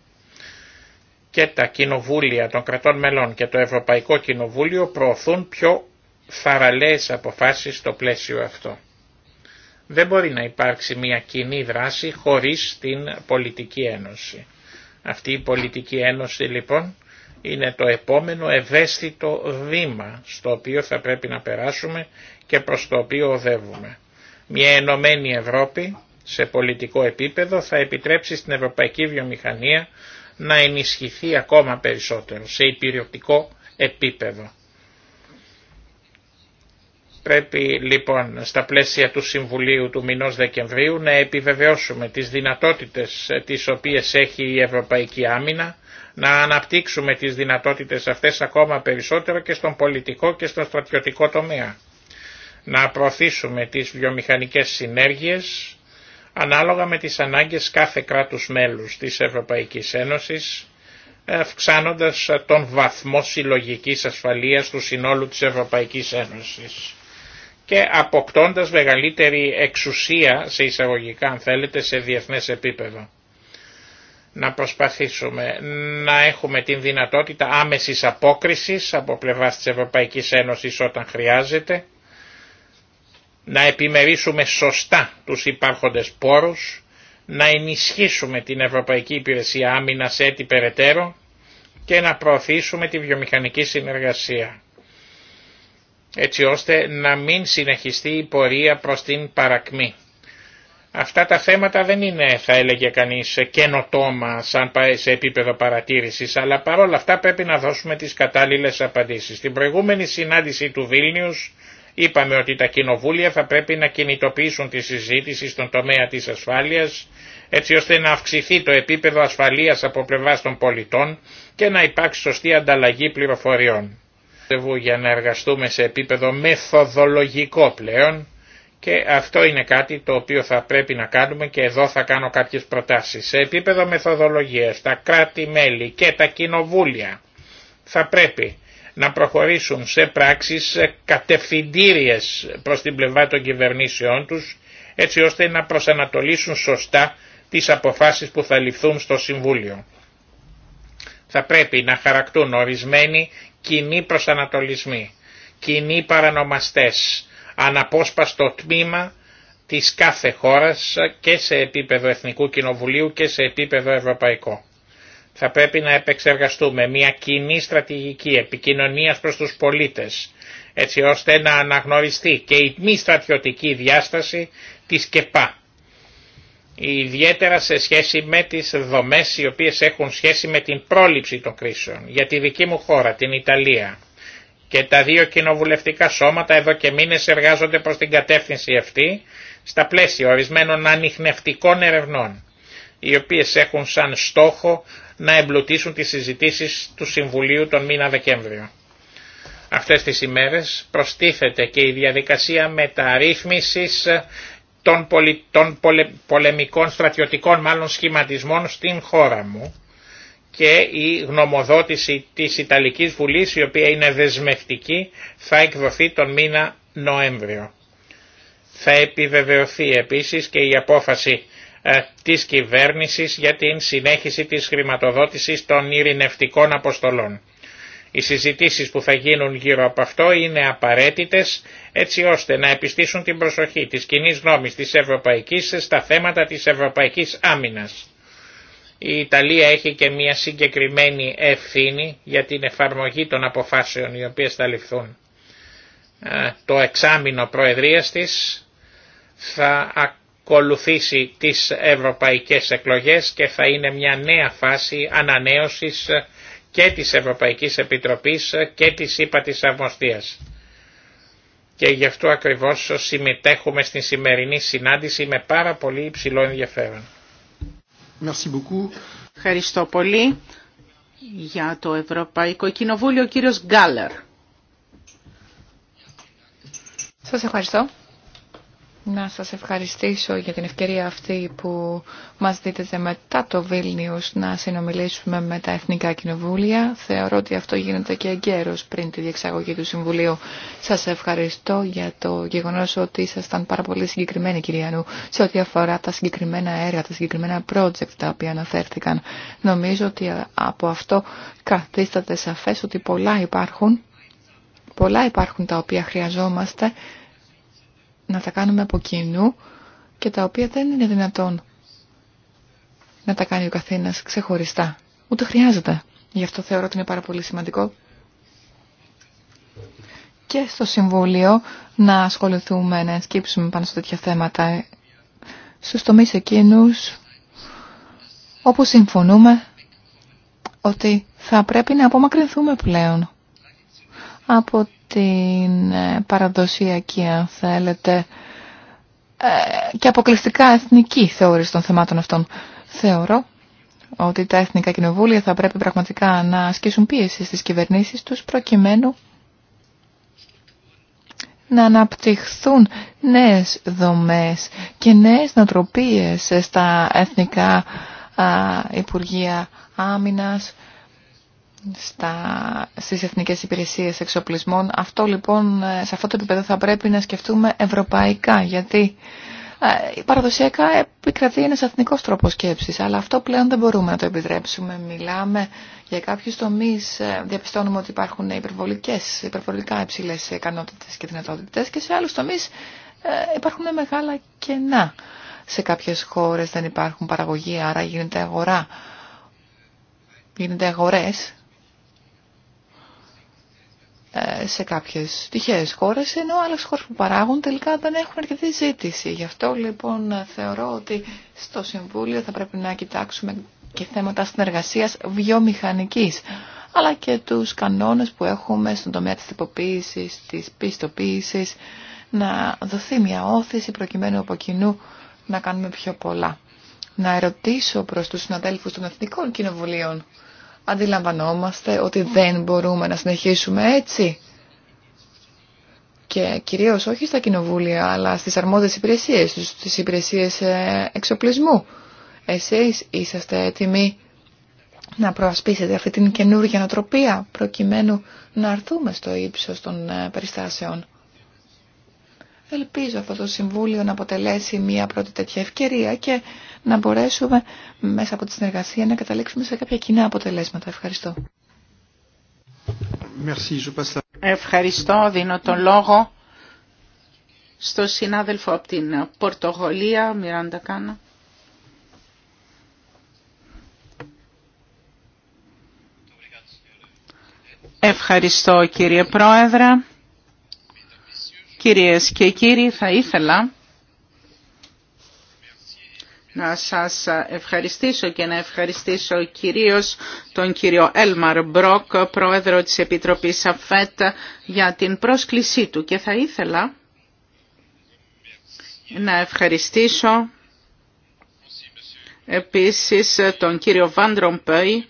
Και τα κοινοβούλια των κρατών μελών και το Ευρωπαϊκό Κοινοβούλιο προωθούν πιο θαραλέες αποφάσεις στο πλαίσιο αυτό. Δεν μπορεί να υπάρξει μια κοινή δράση χωρίς την πολιτική ένωση. Αυτή η πολιτική ένωση λοιπόν είναι το επόμενο ευαίσθητο βήμα στο οποίο θα πρέπει να περάσουμε και προς το οποίο οδεύουμε. Μια ενωμένη Ευρώπη σε πολιτικό επίπεδο θα επιτρέψει στην ευρωπαϊκή βιομηχανία να ενισχυθεί ακόμα περισσότερο σε υπηρετικό επίπεδο. Πρέπει λοιπόν στα πλαίσια του Συμβουλίου του μηνός Δεκεμβρίου να επιβεβαιώσουμε τις δυνατότητες ε, τις οποίες έχει η Ευρωπαϊκή Άμυνα, να αναπτύξουμε τις δυνατότητες αυτές ακόμα περισσότερο και στον πολιτικό και στον στρατιωτικό τομέα. Να προωθήσουμε τις βιομηχανικές συνέργειες ανάλογα με τις ανάγκες κάθε κράτους μέλους της Ευρωπαϊκής Ένωσης, ε, αυξάνοντας τον βαθμό συλλογικής ασφαλείας του συνόλου της Ευρωπαϊκής Ένωσης και αποκτώντας μεγαλύτερη εξουσία, σε εισαγωγικά αν θέλετε, σε διεθνές επίπεδο. Να προσπαθήσουμε να έχουμε την δυνατότητα άμεσης απόκρισης από πλευράς της Ευρωπαϊκής Ένωσης όταν χρειάζεται, να επιμερίσουμε σωστά τους υπάρχοντες πόρους, να ενισχύσουμε την Ευρωπαϊκή Υπηρεσία Άμυνας έτη περαιτέρω και να προωθήσουμε τη βιομηχανική συνεργασία έτσι ώστε να μην συνεχιστεί η πορεία προς την παρακμή. Αυτά τα θέματα δεν είναι, θα έλεγε κανείς, καινοτόμα σαν σε επίπεδο παρατήρησης, αλλά παρόλα αυτά πρέπει να δώσουμε τις κατάλληλες απαντήσεις. Στην προηγούμενη συνάντηση του Βίλνιους είπαμε ότι τα κοινοβούλια θα πρέπει να κινητοποιήσουν τη συζήτηση στον τομέα της ασφάλειας, έτσι ώστε να αυξηθεί το επίπεδο ασφαλείας από πλευρά των πολιτών και να υπάρξει σωστή ανταλλαγή πληροφοριών πιστεύω για να εργαστούμε σε επίπεδο μεθοδολογικό πλέον και αυτό είναι κάτι το οποίο θα πρέπει να κάνουμε και εδώ θα κάνω κάποιες προτάσεις. Σε επίπεδο μεθοδολογίας τα κράτη-μέλη και τα κοινοβούλια θα πρέπει να προχωρήσουν σε πράξεις κατευθυντήριες προς την πλευρά των κυβερνήσεών τους έτσι ώστε να προσανατολίσουν σωστά τις αποφάσεις που θα ληφθούν στο Συμβούλιο. Θα πρέπει να χαρακτούν ορισμένοι κοινοί προσανατολισμοί, κοινοί παρανομαστές, αναπόσπαστο τμήμα της κάθε χώρας και σε επίπεδο Εθνικού Κοινοβουλίου και σε επίπεδο Ευρωπαϊκό. Θα πρέπει να επεξεργαστούμε μια κοινή στρατηγική επικοινωνίας προς τους πολίτες, έτσι ώστε να αναγνωριστεί και η μη στρατιωτική διάσταση της ΚΕΠΑ ιδιαίτερα σε σχέση με τις δομές οι οποίες έχουν σχέση με την πρόληψη των κρίσεων για τη δική μου χώρα, την Ιταλία. Και τα δύο κοινοβουλευτικά σώματα εδώ και μήνες εργάζονται προς την κατεύθυνση αυτή στα πλαίσια ορισμένων ανιχνευτικών ερευνών, οι οποίες έχουν σαν στόχο να εμπλουτίσουν τις συζητήσεις του Συμβουλίου τον μήνα Δεκέμβριο. Αυτές τις ημέρες προστίθεται και η διαδικασία μεταρρύθμισης των, πολι... πολεμικών στρατιωτικών μάλλον σχηματισμών στην χώρα μου και η γνωμοδότηση της Ιταλικής Βουλής η οποία είναι δεσμευτική θα εκδοθεί τον μήνα Νοέμβριο. Θα επιβεβαιωθεί επίσης και η απόφαση ε, της κυβέρνησης για την συνέχιση της χρηματοδότησης των ειρηνευτικών αποστολών. Οι συζητήσεις που θα γίνουν γύρω από αυτό είναι απαραίτητες έτσι ώστε να επιστήσουν την προσοχή της κοινή γνώμης της Ευρωπαϊκής στα θέματα της Ευρωπαϊκής Άμυνας. Η Ιταλία έχει και μια συγκεκριμένη ευθύνη για την εφαρμογή των αποφάσεων οι οποίες θα ληφθούν. Ε, το εξάμεινο προεδρίας της θα ακολουθήσει τις ευρωπαϊκές εκλογές και θα είναι μια νέα φάση ανανέωσης και της Ευρωπαϊκής Επιτροπής και της ΥΠΑ της Και γι' αυτό ακριβώς συμμετέχουμε στην σημερινή συνάντηση με πάρα πολύ υψηλό ενδιαφέρον. Ευχαριστώ πολύ για το Ευρωπαϊκό Κοινοβούλιο, κύριος Γκάλερ. Σας ευχαριστώ να σας ευχαριστήσω για την ευκαιρία αυτή που μας δίδεται μετά το Βίλνιος... να συνομιλήσουμε με τα Εθνικά Κοινοβούλια. Θεωρώ ότι αυτό γίνεται και εγκαίρως πριν τη διεξαγωγή του Συμβουλίου. Σας ευχαριστώ για το γεγονός ότι ήσασταν πάρα πολύ συγκεκριμένοι, κυρία Νου, σε ό,τι αφορά τα συγκεκριμένα έργα, τα συγκεκριμένα project τα οποία αναφέρθηκαν. Νομίζω ότι από αυτό καθίσταται σαφές ότι πολλά υπάρχουν, πολλά υπάρχουν τα οποία χρειαζόμαστε να τα κάνουμε από κοινού και τα οποία δεν είναι δυνατόν να τα κάνει ο καθένας ξεχωριστά. Ούτε χρειάζεται. Γι' αυτό θεωρώ ότι είναι πάρα πολύ σημαντικό και στο Συμβούλιο να ασχοληθούμε, να ενσκύψουμε πάνω σε τέτοια θέματα στους τομείς εκείνους όπου συμφωνούμε ότι θα πρέπει να απομακρυνθούμε πλέον από την ε, παραδοσιακή, αν θέλετε, ε, και αποκλειστικά εθνική θεώρηση των θεμάτων αυτών. Θεωρώ ότι τα εθνικά κοινοβούλια θα πρέπει πραγματικά να ασκήσουν πίεση στις κυβερνήσεις τους προκειμένου να αναπτυχθούν νέες δομές και νέες νοτροπίες στα εθνικά Υπουργεία Άμυνας, στα, στις εθνικές υπηρεσίες εξοπλισμών. Αυτό λοιπόν, ε, σε αυτό το επίπεδο θα πρέπει να σκεφτούμε ευρωπαϊκά, γιατί ε, παραδοσιακά επικρατεί ένας εθνικός τρόπος σκέψης, αλλά αυτό πλέον δεν μπορούμε να το επιτρέψουμε. Μιλάμε για κάποιους τομείς, ε, διαπιστώνουμε ότι υπάρχουν υπερβολικές, υπερβολικά υψηλές ικανότητες και δυνατότητες και σε άλλους τομείς ε, υπάρχουν μεγάλα κενά. Σε κάποιες χώρες δεν υπάρχουν παραγωγή, άρα γίνεται αγορά. Γίνονται αγορές ε, σε κάποιες τυχαίες χώρες, ενώ άλλες χώρες που παράγουν τελικά δεν έχουν αρκετή ζήτηση. Γι' αυτό λοιπόν θεωρώ ότι στο Συμβούλιο θα πρέπει να κοιτάξουμε και θέματα συνεργασίας βιομηχανικής, αλλά και τους κανόνες που έχουμε στον τομέα της τυποποίησης, της πιστοποίησης, να δοθεί μια όθηση προκειμένου από κοινού να κάνουμε πιο πολλά. Να ερωτήσω προς τους συναδέλφους των Εθνικών Κοινοβουλίων αντιλαμβανόμαστε ότι δεν μπορούμε να συνεχίσουμε έτσι. Και κυρίως όχι στα κοινοβούλια, αλλά στις αρμόδιες υπηρεσίες, στις υπηρεσίες ε, εξοπλισμού. Εσείς είσαστε έτοιμοι να προασπίσετε αυτή την καινούργια ανατροπία, προκειμένου να αρθούμε στο ύψος των ε, περιστάσεων. Ελπίζω αυτό το Συμβούλιο να αποτελέσει μια πρώτη τέτοια ευκαιρία και να μπορέσουμε μέσα από τη συνεργασία να καταλήξουμε σε κάποια κοινά αποτελέσματα. Ευχαριστώ. Ευχαριστώ. Δίνω τον λόγο στο συνάδελφο από την Πορτογολία, Μιράντα Κάνα. Ευχαριστώ κύριε Πρόεδρε. Κυρίες και κύριοι, θα ήθελα να σας ευχαριστήσω και να ευχαριστήσω κυρίως τον κύριο Έλμαρ Μπρόκ, πρόεδρο της Επιτροπής ΑΦΕΤ, για την πρόσκλησή του και θα ήθελα να ευχαριστήσω επίσης τον κύριο Βάντρομπει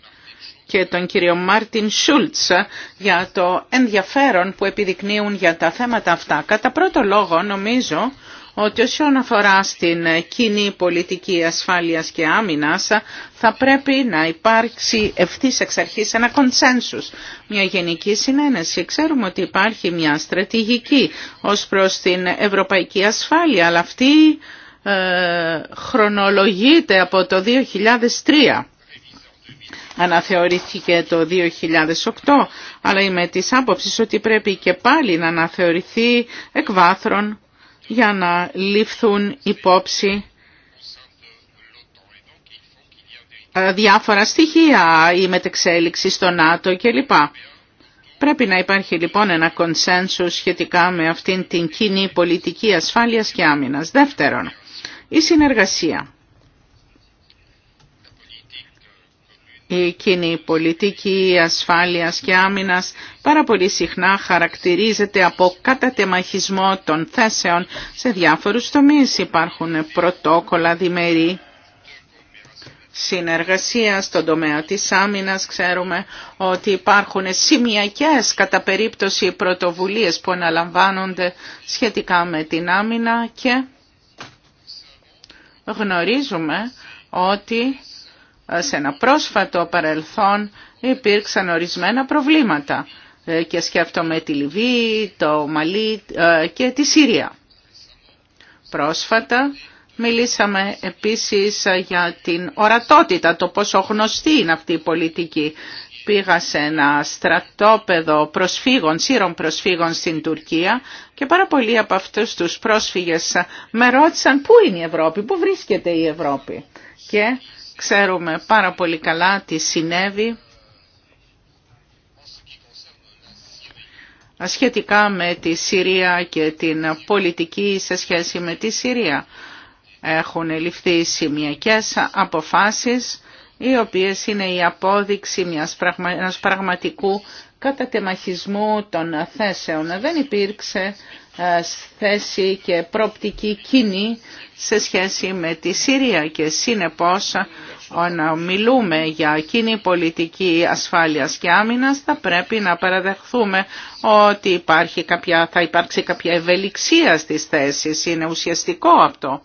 και τον κύριο Μάρτιν Σούλτς για το ενδιαφέρον που επιδεικνύουν για τα θέματα αυτά. Κατά πρώτο λόγο νομίζω ότι όσον αφορά στην κοινή πολιτική ασφάλειας και άμυνας θα πρέπει να υπάρξει ευθύς εξ αρχής ένα κονσένσους, μια γενική συνένεση. Ξέρουμε ότι υπάρχει μια στρατηγική ως προς την ευρωπαϊκή ασφάλεια, αλλά αυτή ε, χρονολογείται από το 2003 αναθεωρήθηκε το 2008, αλλά είμαι της άποψης ότι πρέπει και πάλι να αναθεωρηθεί εκ για να ληφθούν υπόψη ε, διάφορα στοιχεία, η μετεξέλιξη στο ΝΑΤΟ κλπ. Πρέπει να υπάρχει λοιπόν ένα κονσένσου σχετικά με αυτήν την κοινή πολιτική ασφάλειας και άμυνας. Δεύτερον, η συνεργασία. Η κοινή πολιτική ασφάλειας και άμυνας πάρα πολύ συχνά χαρακτηρίζεται από κατατεμαχισμό των θέσεων σε διάφορους τομείς. Υπάρχουν πρωτόκολλα διμερεί συνεργασία στον τομέα της άμυνας. Ξέρουμε ότι υπάρχουν σημειακές κατά περίπτωση πρωτοβουλίες που αναλαμβάνονται σχετικά με την άμυνα και γνωρίζουμε ότι σε ένα πρόσφατο παρελθόν υπήρξαν ορισμένα προβλήματα ε, και σκέφτομαι τη Λιβύη, το Μαλί ε, και τη Συρία. Πρόσφατα μιλήσαμε επίσης για την ορατότητα, το πόσο γνωστή είναι αυτή η πολιτική. Πήγα σε ένα στρατόπεδο προσφύγων, σύρων προσφύγων στην Τουρκία και πάρα πολλοί από αυτούς τους πρόσφυγες με ρώτησαν πού είναι η Ευρώπη, πού βρίσκεται η Ευρώπη. Ξέρουμε πάρα πολύ καλά τι συνέβη σχετικά με τη Συρία και την πολιτική σε σχέση με τη Συρία. Έχουν ληφθεί σημειακές αποφάσεις οι οποίες είναι η απόδειξη μιας πραγματικού κατατεμαχισμού των θέσεων. Δεν υπήρξε ε, θέση και πρόπτικη κοινή σε σχέση με τη Συρία και σύνεπώς όταν μιλούμε για κοινή πολιτική ασφάλειας και άμυνας θα πρέπει να παραδεχθούμε ότι υπάρχει κάποια, θα υπάρξει κάποια ευελιξία στις θέσεις. Είναι ουσιαστικό αυτό.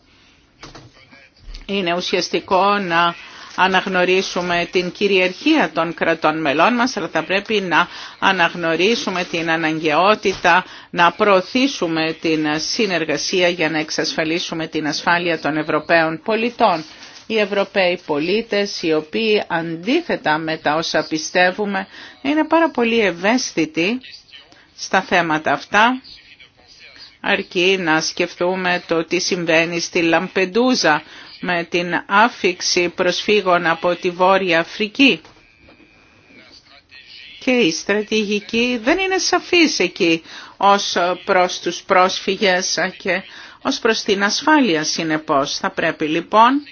Είναι ουσιαστικό να αναγνωρίσουμε την κυριαρχία των κρατών μελών μας, αλλά θα πρέπει να αναγνωρίσουμε την αναγκαιότητα να προωθήσουμε την συνεργασία για να εξασφαλίσουμε την ασφάλεια των Ευρωπαίων πολιτών οι Ευρωπαίοι πολίτες οι οποίοι αντίθετα με τα όσα πιστεύουμε είναι πάρα πολύ ευαίσθητοι στα θέματα αυτά αρκεί να σκεφτούμε το τι συμβαίνει στη Λαμπεντούζα με την άφηξη προσφύγων από τη Βόρεια Αφρική. Και η στρατηγική δεν είναι σαφής εκεί ως προς τους πρόσφυγες και ως προς την ασφάλεια συνεπώς. Θα πρέπει λοιπόν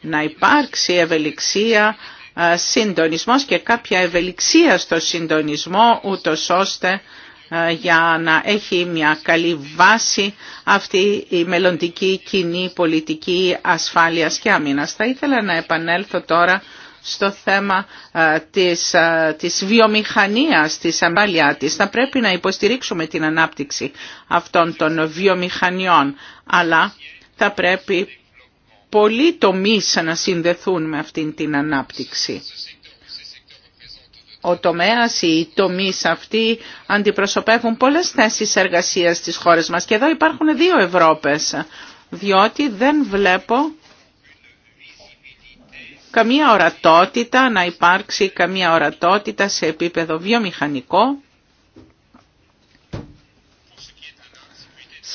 να υπάρξει ευελιξία, ε, συντονισμός και κάποια ευελιξία στο συντονισμό, ούτω ώστε ε, για να έχει μια καλή βάση αυτή η μελλοντική κοινή πολιτική ασφάλειας και άμυνας. Θα ήθελα να επανέλθω τώρα στο θέμα ε, της, της βιομηχανίας, της τη. Θα πρέπει να υποστηρίξουμε την ανάπτυξη αυτών των βιομηχανιών, αλλά θα πρέπει πολλοί τομείς να συνδεθούν με αυτήν την ανάπτυξη. Ο τομέας, οι τομείς αυτοί αντιπροσωπεύουν πολλές θέσεις εργασίας στις χώρες μας και εδώ υπάρχουν δύο Ευρώπες, διότι δεν βλέπω καμία ορατότητα, να υπάρξει καμία ορατότητα σε επίπεδο βιομηχανικό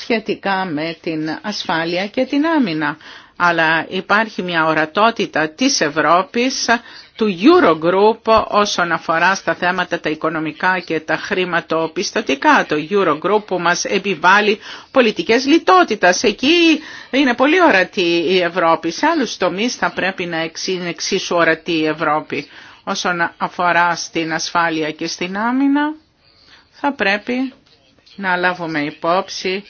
σχετικά με την ασφάλεια και την άμυνα αλλά υπάρχει μια ορατότητα της Ευρώπης, του Eurogroup όσον αφορά στα θέματα τα οικονομικά και τα χρηματοπιστωτικά. Το Eurogroup που μας επιβάλλει πολιτικές λιτότητας. Εκεί είναι πολύ ορατή η Ευρώπη. Σε άλλους τομείς θα πρέπει να είναι εξίσου ορατή η Ευρώπη. Όσον αφορά στην ασφάλεια και στην άμυνα, θα πρέπει να λάβουμε υπόψη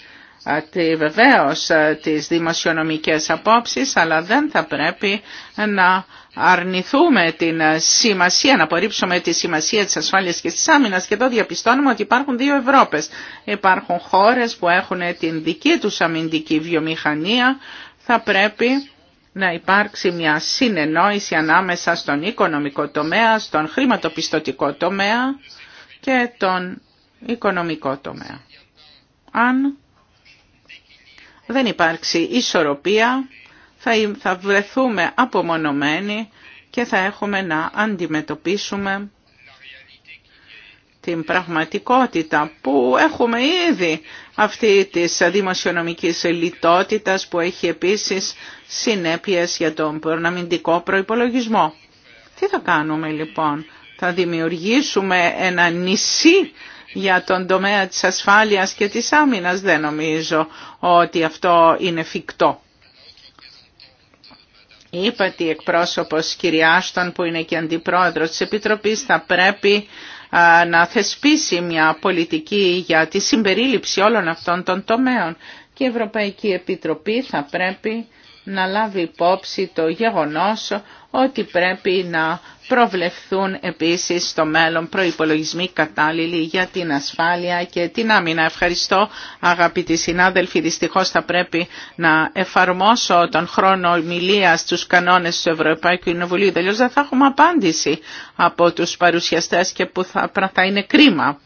βεβαίως ε, τις δημοσιονομικές απόψεις, αλλά δεν θα πρέπει να αρνηθούμε την ε, σημασία, να απορρίψουμε τη σημασία της ασφάλειας και της άμυνας και εδώ διαπιστώνουμε ότι υπάρχουν δύο Ευρώπες. Υπάρχουν χώρες που έχουν την δική τους αμυντική βιομηχανία, θα πρέπει να υπάρξει μια συνεννόηση ανάμεσα στον οικονομικό τομέα, στον χρηματοπιστωτικό τομέα και τον οικονομικό τομέα. Αν δεν υπάρξει ισορροπία, θα βρεθούμε απομονωμένοι και θα έχουμε να αντιμετωπίσουμε την πραγματικότητα που έχουμε ήδη αυτή της δημοσιονομικής λιτότητας που έχει επίσης συνέπειες για τον προναμιντικό προϋπολογισμό. Τι θα κάνουμε λοιπόν, θα δημιουργήσουμε ένα νησί για τον τομέα της ασφάλειας και της άμυνας δεν νομίζω ότι αυτό είναι φυκτό. Είπα ότι η εκπρόσωπος κυρία που είναι και αντιπρόεδρος της Επιτροπής θα πρέπει να θεσπίσει μια πολιτική για τη συμπερίληψη όλων αυτών των τομέων και η Ευρωπαϊκή Επιτροπή θα πρέπει να λάβει υπόψη το γεγονός ότι πρέπει να προβλεφθούν επίσης στο μέλλον προϋπολογισμοί κατάλληλοι για την ασφάλεια και την άμυνα. Ευχαριστώ αγαπητοί συνάδελφοι. Δυστυχώς θα πρέπει να εφαρμόσω τον χρόνο ομιλία στους κανόνες του Ευρωπαϊκού Κοινοβουλίου. Τελειώς δεν θα έχουμε απάντηση από τους παρουσιαστές και που θα, θα είναι κρίμα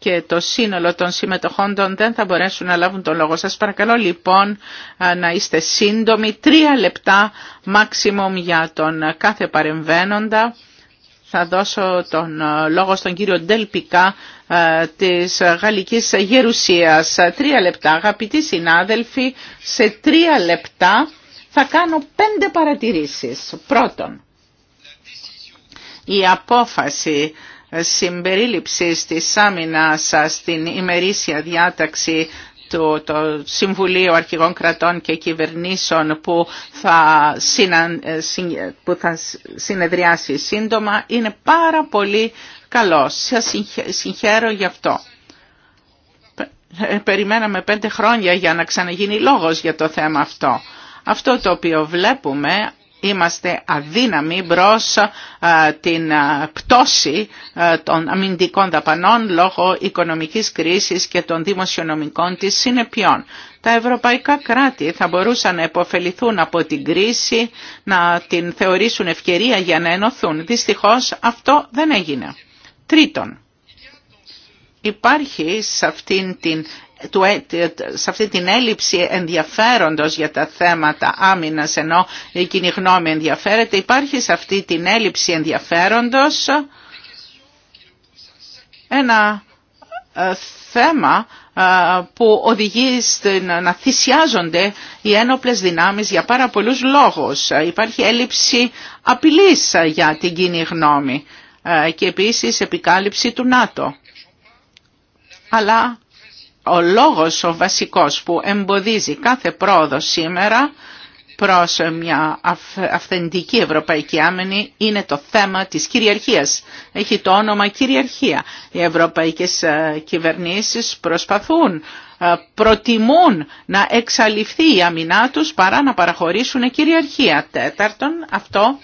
και το σύνολο των συμμετοχόντων δεν θα μπορέσουν να λάβουν τον λόγο. Σας παρακαλώ λοιπόν να είστε σύντομοι, τρία λεπτά maximum για τον κάθε παρεμβαίνοντα. Θα δώσω τον λόγο στον κύριο Ντελπικά της Γαλλικής Γερουσίας. Τρία λεπτά, αγαπητοί συνάδελφοι, σε τρία λεπτά θα κάνω πέντε παρατηρήσεις. Πρώτον, η απόφαση συμπερίληψης της άμυνας στην ημερήσια διάταξη του το Συμβουλίου Αρχηγών Κρατών και Κυβερνήσεων που θα, ε, ε, που θα συνεδριάσει σύντομα είναι πάρα πολύ καλό. Σας συγχαίρω γι' αυτό. Ε, περιμέναμε πέντε χρόνια για να ξαναγίνει λόγος για το θέμα αυτό. Αυτό το οποίο βλέπουμε είμαστε αδύναμοι μπρος την πτώση των αμυντικών δαπανών λόγω οικονομικής κρίσης και των δημοσιονομικών της συνεπειών. Τα ευρωπαϊκά κράτη θα μπορούσαν να επωφεληθούν από την κρίση, να την θεωρήσουν ευκαιρία για να ενωθούν. Δυστυχώς αυτό δεν έγινε. Τρίτον, υπάρχει σε αυτήν την ε, ε, σε αυτή την έλλειψη ενδιαφέροντος για τα θέματα άμυνας ενώ η κοινή γνώμη ενδιαφέρεται υπάρχει σε αυτή την έλλειψη ενδιαφέροντος ένα ε, θέμα που οδηγεί να θυσιάζονται οι ένοπλες δυνάμεις για πάρα πολλούς λόγους. Υπάρχει έλλειψη απειλής για την κοινή γνώμη και επίσης επικάλυψη του ΝΑΤΟ. Αλλά ο λόγος ο βασικός που εμποδίζει κάθε πρόοδο σήμερα προς μια αυθεντική ευρωπαϊκή άμενη είναι το θέμα της κυριαρχίας. Έχει το όνομα κυριαρχία. Οι ευρωπαϊκές ε, κυβερνήσεις προσπαθούν, ε, προτιμούν να εξαλειφθεί η αμυνά τους παρά να παραχωρήσουν κυριαρχία. Τέταρτον, αυτό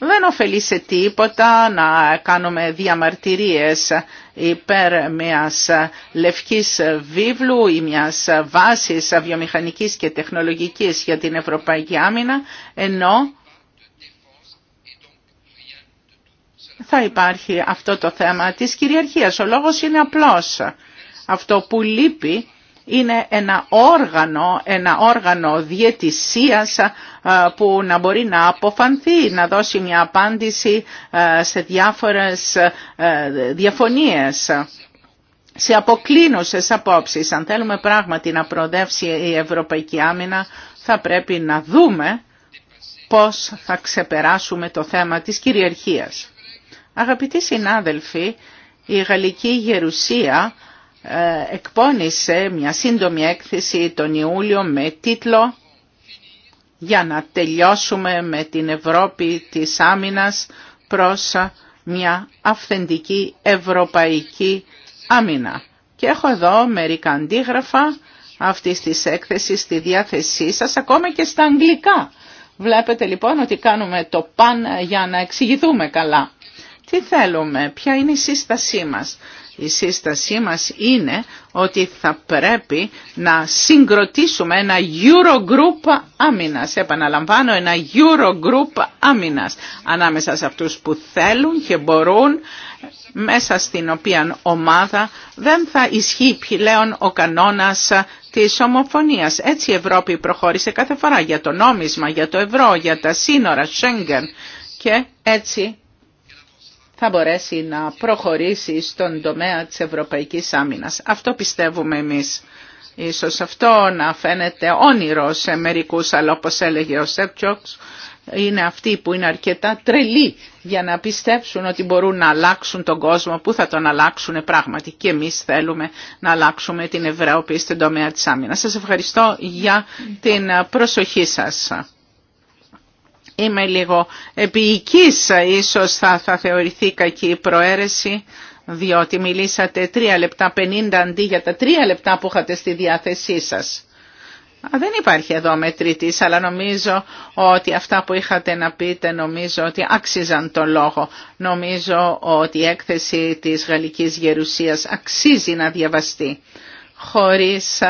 δεν ωφελεί σε τίποτα να κάνουμε διαμαρτυρίες υπέρ μιας λευκής βίβλου ή μιας βάσης βιομηχανικής και τεχνολογικής για την Ευρωπαϊκή Άμυνα, ενώ θα υπάρχει αυτό το θέμα της κυριαρχίας. Ο λόγος είναι απλός. Αυτό που λείπει είναι ένα όργανο, ένα όργανο διαιτησίας που να μπορεί να αποφανθεί, να δώσει μια απάντηση σε διάφορες διαφωνίες σε αποκλίνουσες απόψεις. Αν θέλουμε πράγματι να προοδεύσει η Ευρωπαϊκή Άμυνα, θα πρέπει να δούμε πώς θα ξεπεράσουμε το θέμα της κυριαρχίας. Αγαπητοί συνάδελφοι, η Γαλλική Γερουσία ε, εκπώνησε μια σύντομη έκθεση τον Ιούλιο με τίτλο «Για να τελειώσουμε με την Ευρώπη της άμυνας προς μια αυθεντική ευρωπαϊκή άμυνα». Και έχω εδώ μερικά αντίγραφα αυτή της έκθεση στη διάθεσή σας, ακόμα και στα αγγλικά. Βλέπετε λοιπόν ότι κάνουμε το παν για να εξηγηθούμε καλά. Τι θέλουμε, ποια είναι η σύστασή μας. Η σύστασή μας είναι ότι θα πρέπει να συγκροτήσουμε ένα Eurogroup άμυνας. Επαναλαμβάνω, ένα Eurogroup άμυνας ανάμεσα σε αυτούς που θέλουν και μπορούν μέσα στην οποία ομάδα δεν θα ισχύει πλέον ο κανόνας της ομοφωνίας. Έτσι η Ευρώπη προχώρησε κάθε φορά για το νόμισμα, για το ευρώ, για τα σύνορα, Schengen και έτσι θα μπορέσει να προχωρήσει στον τομέα της ευρωπαϊκής άμυνας. Αυτό πιστεύουμε εμείς. Ίσως αυτό να φαίνεται όνειρο σε μερικούς, αλλά όπως έλεγε ο Σέπτσοξ, είναι αυτοί που είναι αρκετά τρελοί για να πιστέψουν ότι μπορούν να αλλάξουν τον κόσμο, που θα τον αλλάξουν πράγματι. Και εμείς θέλουμε να αλλάξουμε την Ευρώπη στον τομέα της άμυνας. Σας ευχαριστώ για την προσοχή σας είμαι λίγο επίοικης, ίσως θα, θα θεωρηθεί κακή η προαίρεση, διότι μιλήσατε 3 λεπτά 50 αντί για τα 3 λεπτά που είχατε στη διάθεσή σας. δεν υπάρχει εδώ μετρητής, αλλά νομίζω ότι αυτά που είχατε να πείτε νομίζω ότι άξιζαν τον λόγο. Νομίζω ότι η έκθεση της Γαλλικής Γερουσίας αξίζει να διαβαστεί χωρίς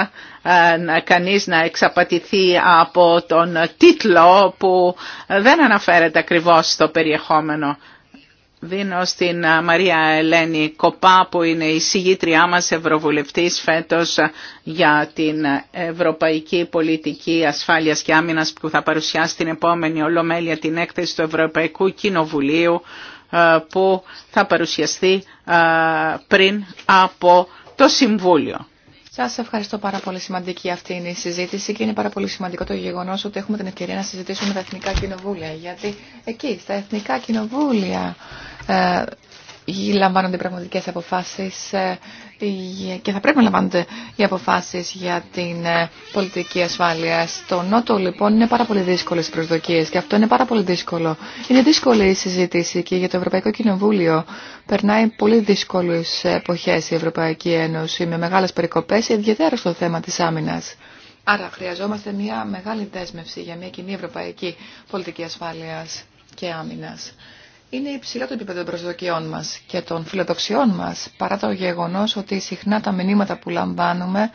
ε, κανείς να εξαπατηθεί από τον τίτλο που δεν αναφέρεται ακριβώς στο περιεχόμενο. Δίνω στην ε, Μαρία Ελένη Κοπά που είναι η συγγήτριά μας Ευρωβουλευτής φέτος για την Ευρωπαϊκή Πολιτική Ασφάλειας και Άμυνας που θα παρουσιάσει την επόμενη Ολομέλεια την έκθεση του Ευρωπαϊκού Κοινοβουλίου ε, που θα παρουσιαστεί πριν από το Συμβούλιο. Σας ευχαριστώ πάρα πολύ. Σημαντική αυτή είναι η συζήτηση και είναι πάρα πολύ σημαντικό το γεγονός ότι έχουμε την ευκαιρία να συζητήσουμε με τα Εθνικά Κοινοβούλια. Γιατί εκεί, στα Εθνικά Κοινοβούλια, ε, λαμβάνονται οι πραγματικές αποφάσεις ε, και θα πρέπει να λαμβάνονται οι αποφάσεις για την ε, πολιτική ασφάλεια. Στο Νότο λοιπόν είναι πάρα πολύ δύσκολε οι προσδοκίες και αυτό είναι πάρα πολύ δύσκολο. Είναι δύσκολη η συζήτηση και για το Ευρωπαϊκό Κοινοβούλιο περνάει πολύ δύσκολες εποχές η Ευρωπαϊκή Ένωση με μεγάλες περικοπές, ιδιαίτερα στο θέμα της άμυνας. Άρα χρειαζόμαστε μια μεγάλη δέσμευση για μια κοινή ευρωπαϊκή πολιτική ασφάλεια και Άμυνα είναι υψηλό το επίπεδο των προσδοκιών μας και των φιλοδοξιών μας, παρά το γεγονό ότι συχνά τα μηνύματα που λαμβάνουμε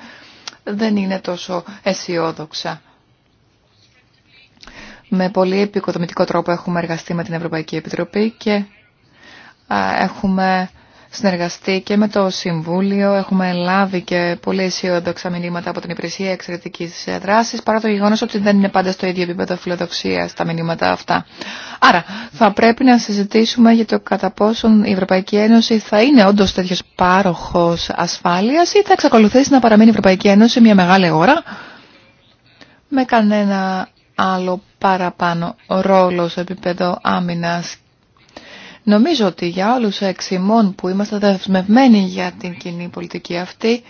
δεν είναι τόσο αισιόδοξα. Με πολύ επικοδομητικό τρόπο έχουμε εργαστεί με την Ευρωπαϊκή Επιτροπή και έχουμε συνεργαστεί και με το Συμβούλιο. Έχουμε λάβει και πολύ αισιόδοξα μηνύματα από την Υπηρεσία Εξαιρετική Δράση, παρά το γεγονό ότι δεν είναι πάντα στο ίδιο επίπεδο φιλοδοξία τα μηνύματα αυτά. Άρα, θα πρέπει να συζητήσουμε για το κατά πόσον η Ευρωπαϊκή Ένωση θα είναι όντω τέτοιο πάροχο ασφάλεια ή θα εξακολουθήσει να παραμείνει η Ευρωπαϊκή Ένωση μια μεγάλη ώρα με κανένα άλλο παραπάνω ρόλο σε επίπεδο άμυνας Νομίζω ότι για όλους εξημών που είμαστε δεσμευμένοι για την κοινή πολιτική αυτή,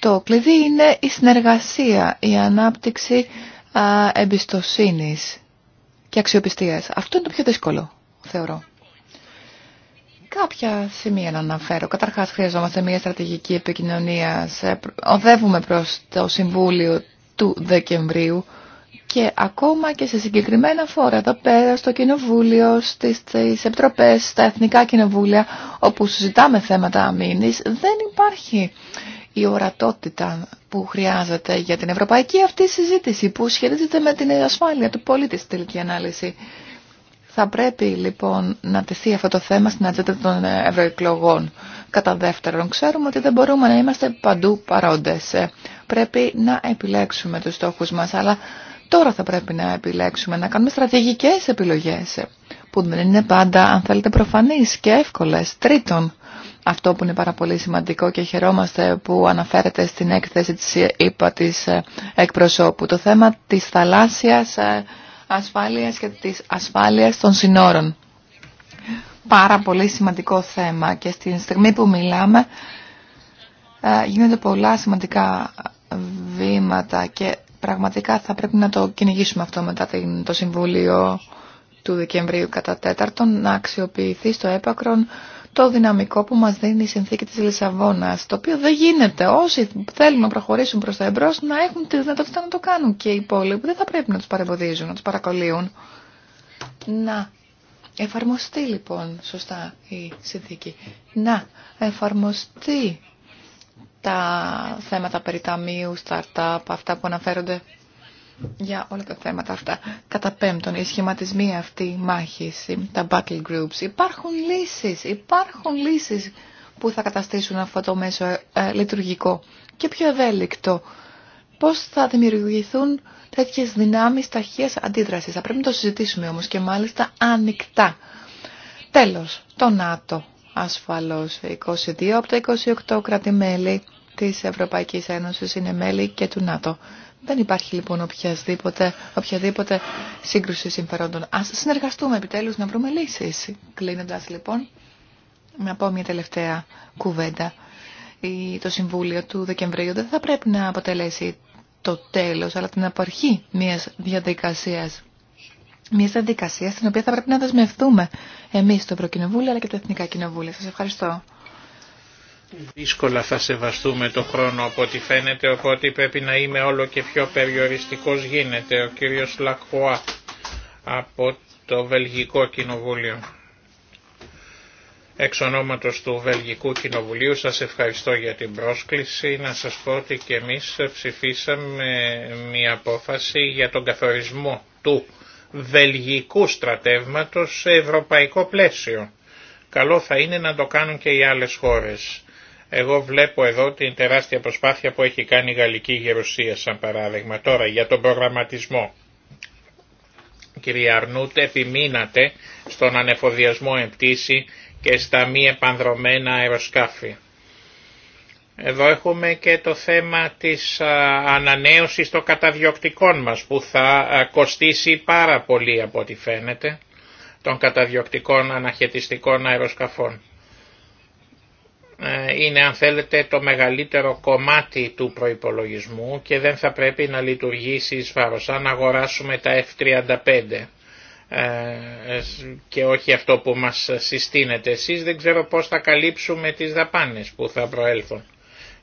το κλειδί είναι η συνεργασία, η ανάπτυξη α, εμπιστοσύνης και αξιοπιστίας. Αυτό είναι το πιο δύσκολο, θεωρώ. Κάποια σημεία να αναφέρω. Καταρχάς χρειαζόμαστε μια στρατηγική επικοινωνία. Οδεύουμε προς το Συμβούλιο του Δεκεμβρίου και ακόμα και σε συγκεκριμένα φόρα εδώ πέρα στο κοινοβούλιο, στις, στις επιτροπές, στα εθνικά κοινοβούλια όπου συζητάμε θέματα αμήνης δεν υπάρχει η ορατότητα που χρειάζεται για την ευρωπαϊκή αυτή συζήτηση που σχετίζεται με την ασφάλεια του πολίτη στη τελική ανάλυση. Θα πρέπει λοιπόν να τεθεί αυτό το θέμα στην ατζέντα των ευρωεκλογών. Κατά δεύτερον, ξέρουμε ότι δεν μπορούμε να είμαστε παντού παρόντες. Πρέπει να επιλέξουμε τους στόχους μας, αλλά Τώρα θα πρέπει να επιλέξουμε, να κάνουμε στρατηγικές επιλογές που δεν είναι πάντα, αν θέλετε, προφανείς και εύκολες. Τρίτον, αυτό που είναι πάρα πολύ σημαντικό και χαιρόμαστε που αναφέρεται στην έκθεση της ΕΠΑ της ε, εκπροσώπου, το θέμα της θαλάσσιας ε, ασφάλειας και της ασφάλειας των συνόρων. Πάρα πολύ σημαντικό θέμα και στην στιγμή που μιλάμε ε, γίνονται πολλά σημαντικά βήματα και Πραγματικά θα πρέπει να το κυνηγήσουμε αυτό μετά το Συμβούλιο του Δεκεμβρίου κατά τέταρτον, να αξιοποιηθεί στο έπακρον το δυναμικό που μας δίνει η συνθήκη της Λισαβόνας, το οποίο δεν γίνεται. Όσοι θέλουν να προχωρήσουν προς τα εμπρός να έχουν τη δυνατότητα να το κάνουν και οι υπόλοιποι δεν θα πρέπει να τους παρεμποδίζουν, να τους παρακολύουν. Να εφαρμοστεί λοιπόν σωστά η συνθήκη, να εφαρμοστεί τα θέματα περί ταμείου, startup, αυτά που αναφέρονται για όλα τα θέματα αυτά. Κατά πέμπτον, οι σχηματισμοί αυτοί μάχη, τα battle groups, υπάρχουν λύσεις, υπάρχουν λύσεις που θα καταστήσουν αυτό το μέσο ε, ε, λειτουργικό και πιο ευέλικτο. Πώς θα δημιουργηθούν τέτοιες δυνάμεις ταχείας αντίδρασης. Θα πρέπει να το συζητήσουμε όμως και μάλιστα ανοιχτά. Τέλος, το ΝΑΤΟ ασφαλώς. 22 από τα 28 κράτη-μέλη της Ευρωπαϊκής Ένωσης είναι μέλη και του ΝΑΤΟ. Δεν υπάρχει λοιπόν οποιαδήποτε, οποιαδήποτε σύγκρουση συμφερόντων. Ας συνεργαστούμε επιτέλους να βρούμε λύσεις. Κλείνοντας λοιπόν, να πω μια τελευταία κουβέντα. Το Συμβούλιο του Δεκεμβρίου δεν θα πρέπει να αποτελέσει το τέλος, αλλά την απαρχή μιας διαδικασίας μια διαδικασία στην οποία θα πρέπει να δεσμευτούμε εμείς το Ευρωκοινοβούλιο αλλά και το Εθνικά Κοινοβούλιο. Σας ευχαριστώ. Δύσκολα θα σεβαστούμε το χρόνο από ό,τι φαίνεται, οπότε πρέπει να είμαι όλο και πιο περιοριστικός γίνεται ο κύριος Λακκουά από το Βελγικό Κοινοβούλιο. Εξ ονόματος του Βελγικού Κοινοβουλίου σας ευχαριστώ για την πρόσκληση. Να σας πω ότι και εμείς ψηφίσαμε μια απόφαση για τον καθορισμό του βελγικού στρατεύματος σε ευρωπαϊκό πλαίσιο. Καλό θα είναι να το κάνουν και οι άλλες χώρες. Εγώ βλέπω εδώ την τεράστια προσπάθεια που έχει κάνει η Γαλλική Γερουσία σαν παράδειγμα. Τώρα για τον προγραμματισμό. Κύριε Αρνούτ, επιμείνατε στον ανεφοδιασμό εμπτήση και στα μη επανδρομένα αεροσκάφη. Εδώ έχουμε και το θέμα της ανανέωσης των καταδιοκτικών μας που θα κοστίσει πάρα πολύ από ό,τι φαίνεται των καταδιοκτικών αναχαιτιστικών αεροσκαφών. Ε, είναι αν θέλετε το μεγαλύτερο κομμάτι του προϋπολογισμού και δεν θα πρέπει να λειτουργήσει εις βάρος. Αν αγοράσουμε τα F-35 ε, και όχι αυτό που μας συστήνεται εσείς, δεν ξέρω πώς θα καλύψουμε τις δαπάνες που θα προέλθουν.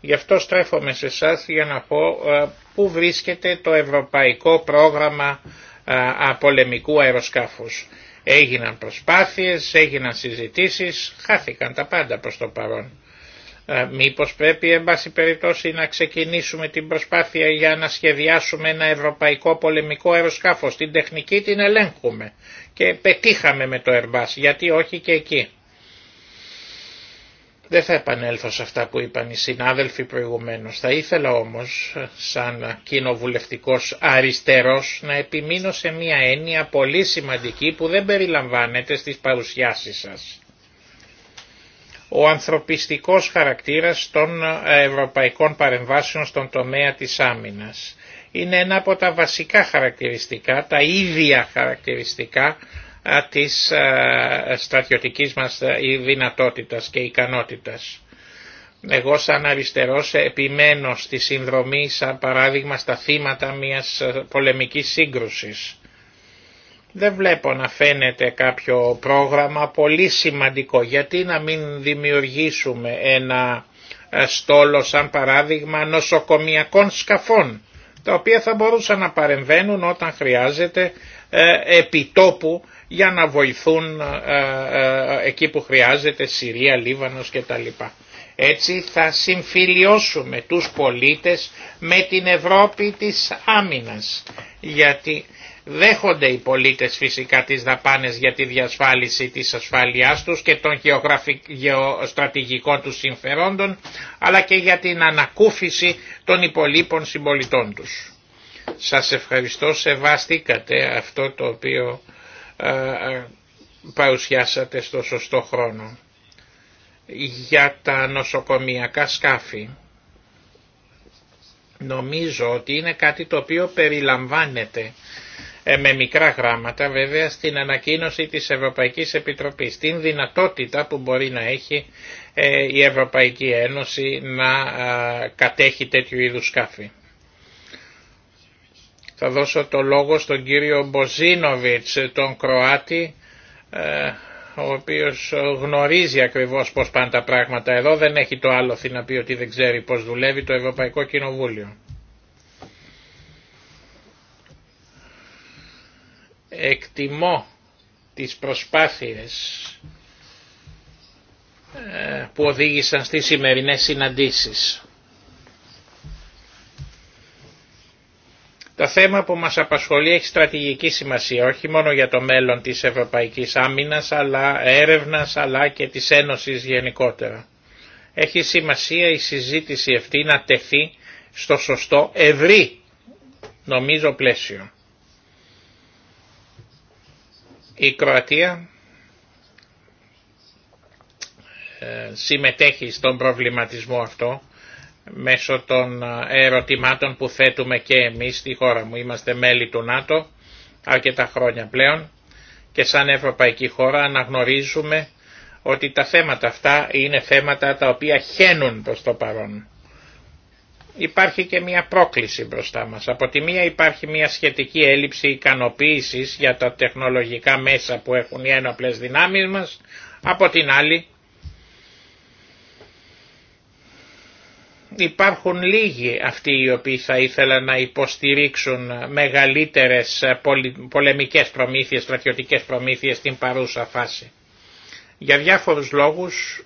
Γι' αυτό στρέφομαι σε εσά για να πω ε, πού βρίσκεται το ευρωπαϊκό πρόγραμμα ε, Πολεμικού αεροσκάφους. Έγιναν προσπάθειες, έγιναν συζητήσεις, χάθηκαν τα πάντα προς το παρόν. Ε, μήπως πρέπει εν περιπτώσει να ξεκινήσουμε την προσπάθεια για να σχεδιάσουμε ένα ευρωπαϊκό πολεμικό αεροσκάφος. Την τεχνική την ελέγχουμε και πετύχαμε με το Airbus γιατί όχι και εκεί. Δεν θα επανέλθω σε αυτά που είπαν οι συνάδελφοι προηγουμένως. Θα ήθελα όμως, σαν κοινοβουλευτικός αριστερός, να επιμείνω σε μια έννοια πολύ σημαντική που δεν περιλαμβάνεται στις παρουσιάσεις σας. Ο ανθρωπιστικός χαρακτήρας των ευρωπαϊκών παρεμβάσεων στον τομέα της άμυνας. Είναι ένα από τα βασικά χαρακτηριστικά, τα ίδια χαρακτηριστικά της στρατιωτικής μας δυνατότητας και ικανότητας. Εγώ σαν αριστερός επιμένω στη συνδρομή σαν παράδειγμα στα θύματα μιας πολεμικής σύγκρουσης. Δεν βλέπω να φαίνεται κάποιο πρόγραμμα πολύ σημαντικό. Γιατί να μην δημιουργήσουμε ένα στόλο σαν παράδειγμα νοσοκομιακών σκαφών τα οποία θα μπορούσαν να παρεμβαίνουν όταν χρειάζεται ε, επιτόπου για να βοηθούν ε, ε, εκεί που χρειάζεται Συρία, Λίβανος κτλ. Έτσι θα συμφιλιώσουμε τους πολίτες με την Ευρώπη της άμυνας, γιατί δέχονται οι πολίτες φυσικά τις δαπάνες για τη διασφάλιση της ασφάλειάς τους και των γεωστρατηγικών τους συμφερόντων, αλλά και για την ανακούφιση των υπολείπων συμπολιτών τους. Σας ευχαριστώ, σεβαστήκατε αυτό το οποίο ε, ε, παρουσιάσατε στο σωστό χρόνο. Για τα νοσοκομιακά σκάφη. Νομίζω ότι είναι κάτι το οποίο περιλαμβάνεται ε, με μικρά γράμματα βέβαια στην ανακοίνωση της Ευρωπαϊκής Επιτροπής, την δυνατότητα που μπορεί να έχει η Ευρωπαϊκή Ένωση να κατέχει τέτοιου είδους σκάφη. Θα δώσω το λόγο στον κύριο Μποζίνοβιτς, τον Κροάτη, ε, ο οποίος γνωρίζει ακριβώς πώς πάνε τα πράγματα εδώ, δεν έχει το άλλο να πει ότι δεν ξέρει πώς δουλεύει το Ευρωπαϊκό Κοινοβούλιο. Εκτιμώ τις προσπάθειες ε, που οδήγησαν στις σημερινές συναντήσεις. Το θέμα που μας απασχολεί έχει στρατηγική σημασία όχι μόνο για το μέλλον της Ευρωπαϊκής Άμυνας αλλά έρευνας αλλά και της Ένωσης γενικότερα. Έχει σημασία η συζήτηση αυτή να τεθεί στο σωστό ευρύ νομίζω πλαίσιο. Η Κροατία ε, συμμετέχει στον προβληματισμό αυτό μέσω των ε, ερωτημάτων που θέτουμε και εμείς στη χώρα μου. Είμαστε μέλη του ΝΑΤΟ αρκετά χρόνια πλέον και σαν ευρωπαϊκή χώρα αναγνωρίζουμε ότι τα θέματα αυτά είναι θέματα τα οποία χαίνουν προς το παρόν. Υπάρχει και μια πρόκληση μπροστά μας. Από τη μία υπάρχει μια σχετική έλλειψη ικανοποίησης για τα τεχνολογικά μέσα που έχουν οι ένοπλες δυνάμεις μας, από την άλλη υπάρχουν λίγοι αυτοί οι οποίοι θα ήθελαν να υποστηρίξουν μεγαλύτερες πολεμικές προμήθειες, στρατιωτικές προμήθειες στην παρούσα φάση. Για διάφορους λόγους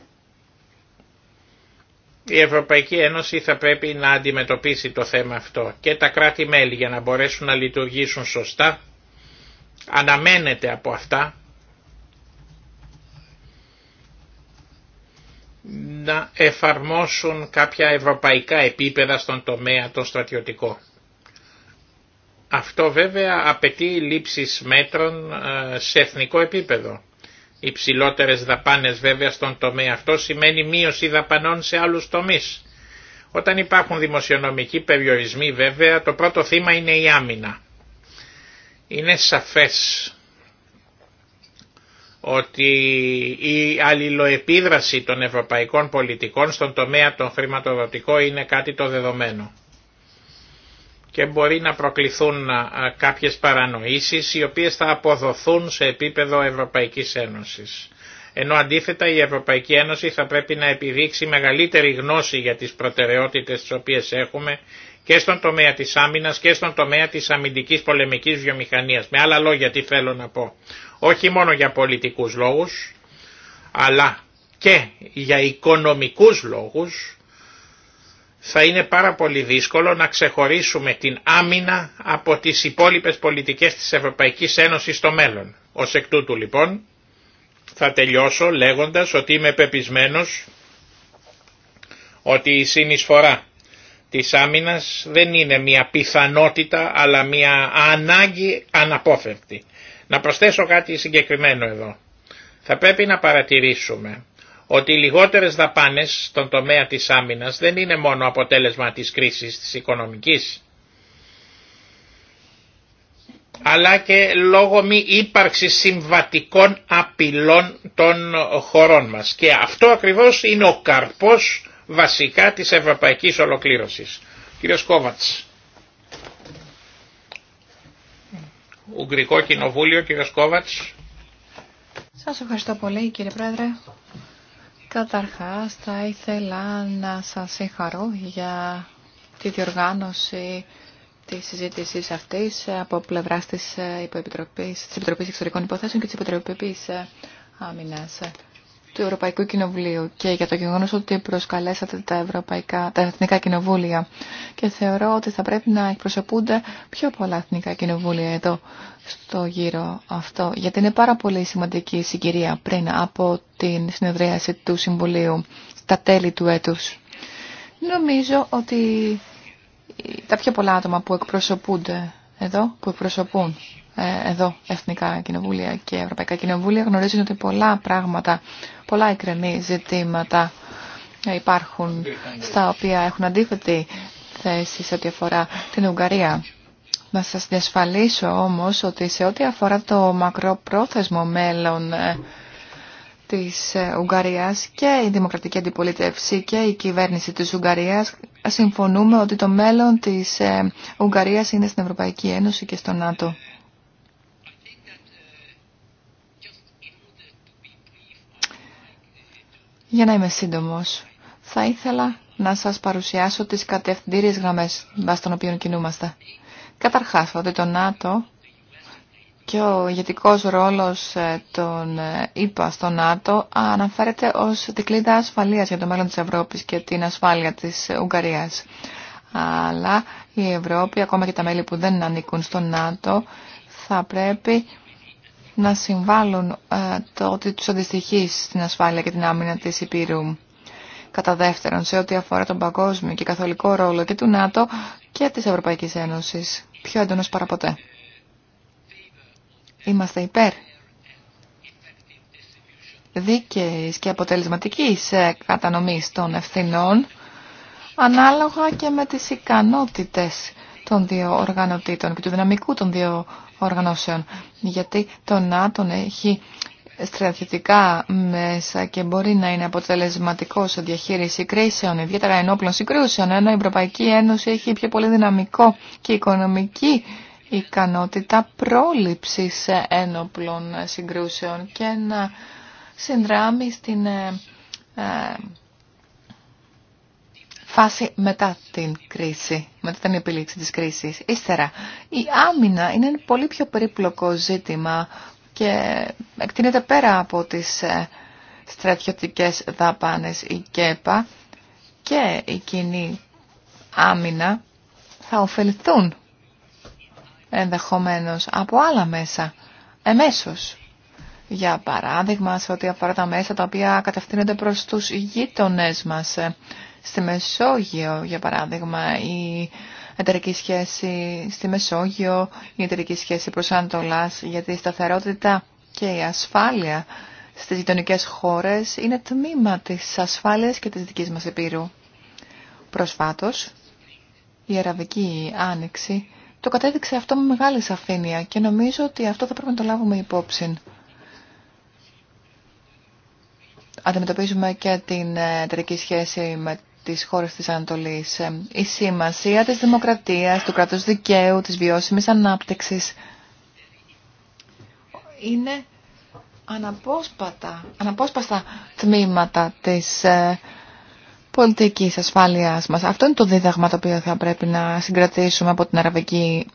η Ευρωπαϊκή Ένωση θα πρέπει να αντιμετωπίσει το θέμα αυτό και τα κράτη-μέλη για να μπορέσουν να λειτουργήσουν σωστά αναμένεται από αυτά να εφαρμόσουν κάποια ευρωπαϊκά επίπεδα στον τομέα το στρατιωτικό. Αυτό βέβαια απαιτεί λήψεις μέτρων ε, σε εθνικό επίπεδο. ψηλότερες δαπάνες βέβαια στον τομέα αυτό σημαίνει μείωση δαπανών σε άλλους τομείς. Όταν υπάρχουν δημοσιονομικοί περιορισμοί βέβαια το πρώτο θύμα είναι η άμυνα. Είναι σαφές ότι η αλληλοεπίδραση των ευρωπαϊκών πολιτικών στον τομέα των χρηματοδοτικών είναι κάτι το δεδομένο και μπορεί να προκληθούν κάποιες παρανοήσεις οι οποίες θα αποδοθούν σε επίπεδο Ευρωπαϊκής Ένωσης. Ενώ αντίθετα η Ευρωπαϊκή Ένωση θα πρέπει να επιδείξει μεγαλύτερη γνώση για τις προτεραιότητες τις οποίες έχουμε και στον τομέα της άμυνας και στον τομέα της αμυντικής πολεμικής βιομηχανίας. Με άλλα λόγια τι θέλω να πω όχι μόνο για πολιτικούς λόγους, αλλά και για οικονομικούς λόγους, θα είναι πάρα πολύ δύσκολο να ξεχωρίσουμε την άμυνα από τις υπόλοιπες πολιτικές της Ευρωπαϊκής Ένωσης στο μέλλον. Ως εκ τούτου λοιπόν θα τελειώσω λέγοντας ότι είμαι πεπισμένος ότι η συνεισφορά της άμυνας δεν είναι μια πιθανότητα αλλά μια ανάγκη αναπόφευκτη. Να προσθέσω κάτι συγκεκριμένο εδώ. Θα πρέπει να παρατηρήσουμε ότι οι λιγότερες δαπάνες στον τομέα της άμυνας δεν είναι μόνο αποτέλεσμα της κρίσης της οικονομικής, αλλά και λόγω μη ύπαρξη συμβατικών απειλών των χωρών μας. Και αυτό ακριβώς είναι ο καρπός βασικά της ευρωπαϊκής ολοκλήρωσης. Κύριος Κόβατς. Ουγγρικό Κοινοβούλιο, κύριε Σκόβατ. Σας ευχαριστώ πολύ κύριε Πρόεδρε. Καταρχάς θα ήθελα να σα συγχαρώ για τη διοργάνωση τη συζήτηση αυτή από πλευράς της ε, Επιτροπή Εξωτερικών Υποθέσεων και τη Επιτροπή ε, Άμυνα του Ευρωπαϊκού Κοινοβουλίου και για το γεγονό ότι προσκαλέσατε τα, ευρωπαϊκά, τα εθνικά κοινοβούλια και θεωρώ ότι θα πρέπει να εκπροσωπούνται πιο πολλά εθνικά κοινοβούλια εδώ στο γύρο αυτό γιατί είναι πάρα πολύ σημαντική η συγκυρία πριν από την συνεδρίαση του Συμβουλίου στα τέλη του έτου. Νομίζω ότι τα πιο πολλά άτομα που εκπροσωπούνται εδώ, που εκπροσωπούν ε, εδώ εθνικά κοινοβούλια και ευρωπαϊκά κοινοβούλια γνωρίζουν ότι πολλά πράγματα πολλά εκκρεμή ζητήματα υπάρχουν στα οποία έχουν αντίθετη θέση σε ό,τι αφορά την Ουγγαρία. Να σας διασφαλίσω όμως ότι σε ό,τι αφορά το μακροπρόθεσμο μέλλον ε, της ε, Ουγγαρίας και η Δημοκρατική Αντιπολίτευση και η κυβέρνηση της Ουγγαρίας συμφωνούμε ότι το μέλλον της ε, Ουγγαρίας είναι στην Ευρωπαϊκή Ένωση και στο ΝΑΤΟ. Για να είμαι σύντομος, θα ήθελα να σας παρουσιάσω τις κατευθυντήριες γραμμές βάσει των οποίων κινούμαστε. Καταρχάς, ότι το ΝΑΤΟ και ο ηγετικό ρόλος ε, των ε, ΗΠΑ στο ΝΑΤΟ αναφέρεται ως την κλίδα ασφαλείας για το μέλλον της Ευρώπης και την ασφάλεια της Ουγγαρίας. Αλλά η Ευρώπη, ακόμα και τα μέλη που δεν ανήκουν στο ΝΑΤΟ, θα πρέπει να συμβάλλουν ε, το ότι τους αντιστοιχεί στην ασφάλεια και την άμυνα της Υπήρου. Κατά δεύτερον, σε ό,τι αφορά τον παγκόσμιο και καθολικό ρόλο και του ΝΑΤΟ και της Ευρωπαϊκής Ένωσης, πιο έντονος παραποτέ. Είμαστε υπέρ δίκαιης και αποτελεσματικής ε, κατανομής των ευθυνών, ανάλογα και με τις ικανότητες των δύο οργανωτήτων και του δυναμικού των δύο οργανώσεων. Γιατί το ΝΑΤΟ έχει στρατιωτικά μέσα και μπορεί να είναι αποτελεσματικό σε διαχείριση κρίσεων, ιδιαίτερα ενόπλων συγκρούσεων, ενώ η Ευρωπαϊκή Ένωση έχει πιο πολύ δυναμικό και οικονομική ικανότητα πρόληψης ένοπλων συγκρούσεων και να συνδράμει στην ε, ε, φάση μετά την κρίση, μετά την επιλήξη της κρίσης. Ύστερα, η άμυνα είναι ένα πολύ πιο περίπλοκο ζήτημα και εκτείνεται πέρα από τις ε, στρατιωτικές δαπάνες η ΚΕΠΑ και η κοινή άμυνα θα ωφεληθούν ενδεχομένως από άλλα μέσα, εμέσως για παράδειγμα σε ό,τι αφορά τα μέσα τα οποία κατευθύνονται προς τους γείτονές μας. Στη Μεσόγειο, για παράδειγμα, η εταιρική σχέση στη Μεσόγειο, η εταιρική σχέση προς Αντολάς γιατί η σταθερότητα και η ασφάλεια στις γειτονικέ χώρες είναι τμήμα της ασφάλειας και της δικής μας επίρου. Προσφάτως, η Αραβική Άνοιξη το κατέδειξε αυτό με μεγάλη σαφήνεια και νομίζω ότι αυτό θα πρέπει να το λάβουμε υπόψη αντιμετωπίζουμε και την ε, εταιρική σχέση με τις χώρες της Ανατολής. Ε, η σημασία της δημοκρατίας, του κράτους δικαίου, της βιώσιμης ανάπτυξης είναι αναπόσπατα, αναπόσπαστα τμήματα της ε, πολιτικής ασφάλειάς μας. Αυτό είναι το δίδαγμα το οποίο θα πρέπει να συγκρατήσουμε από την αραβική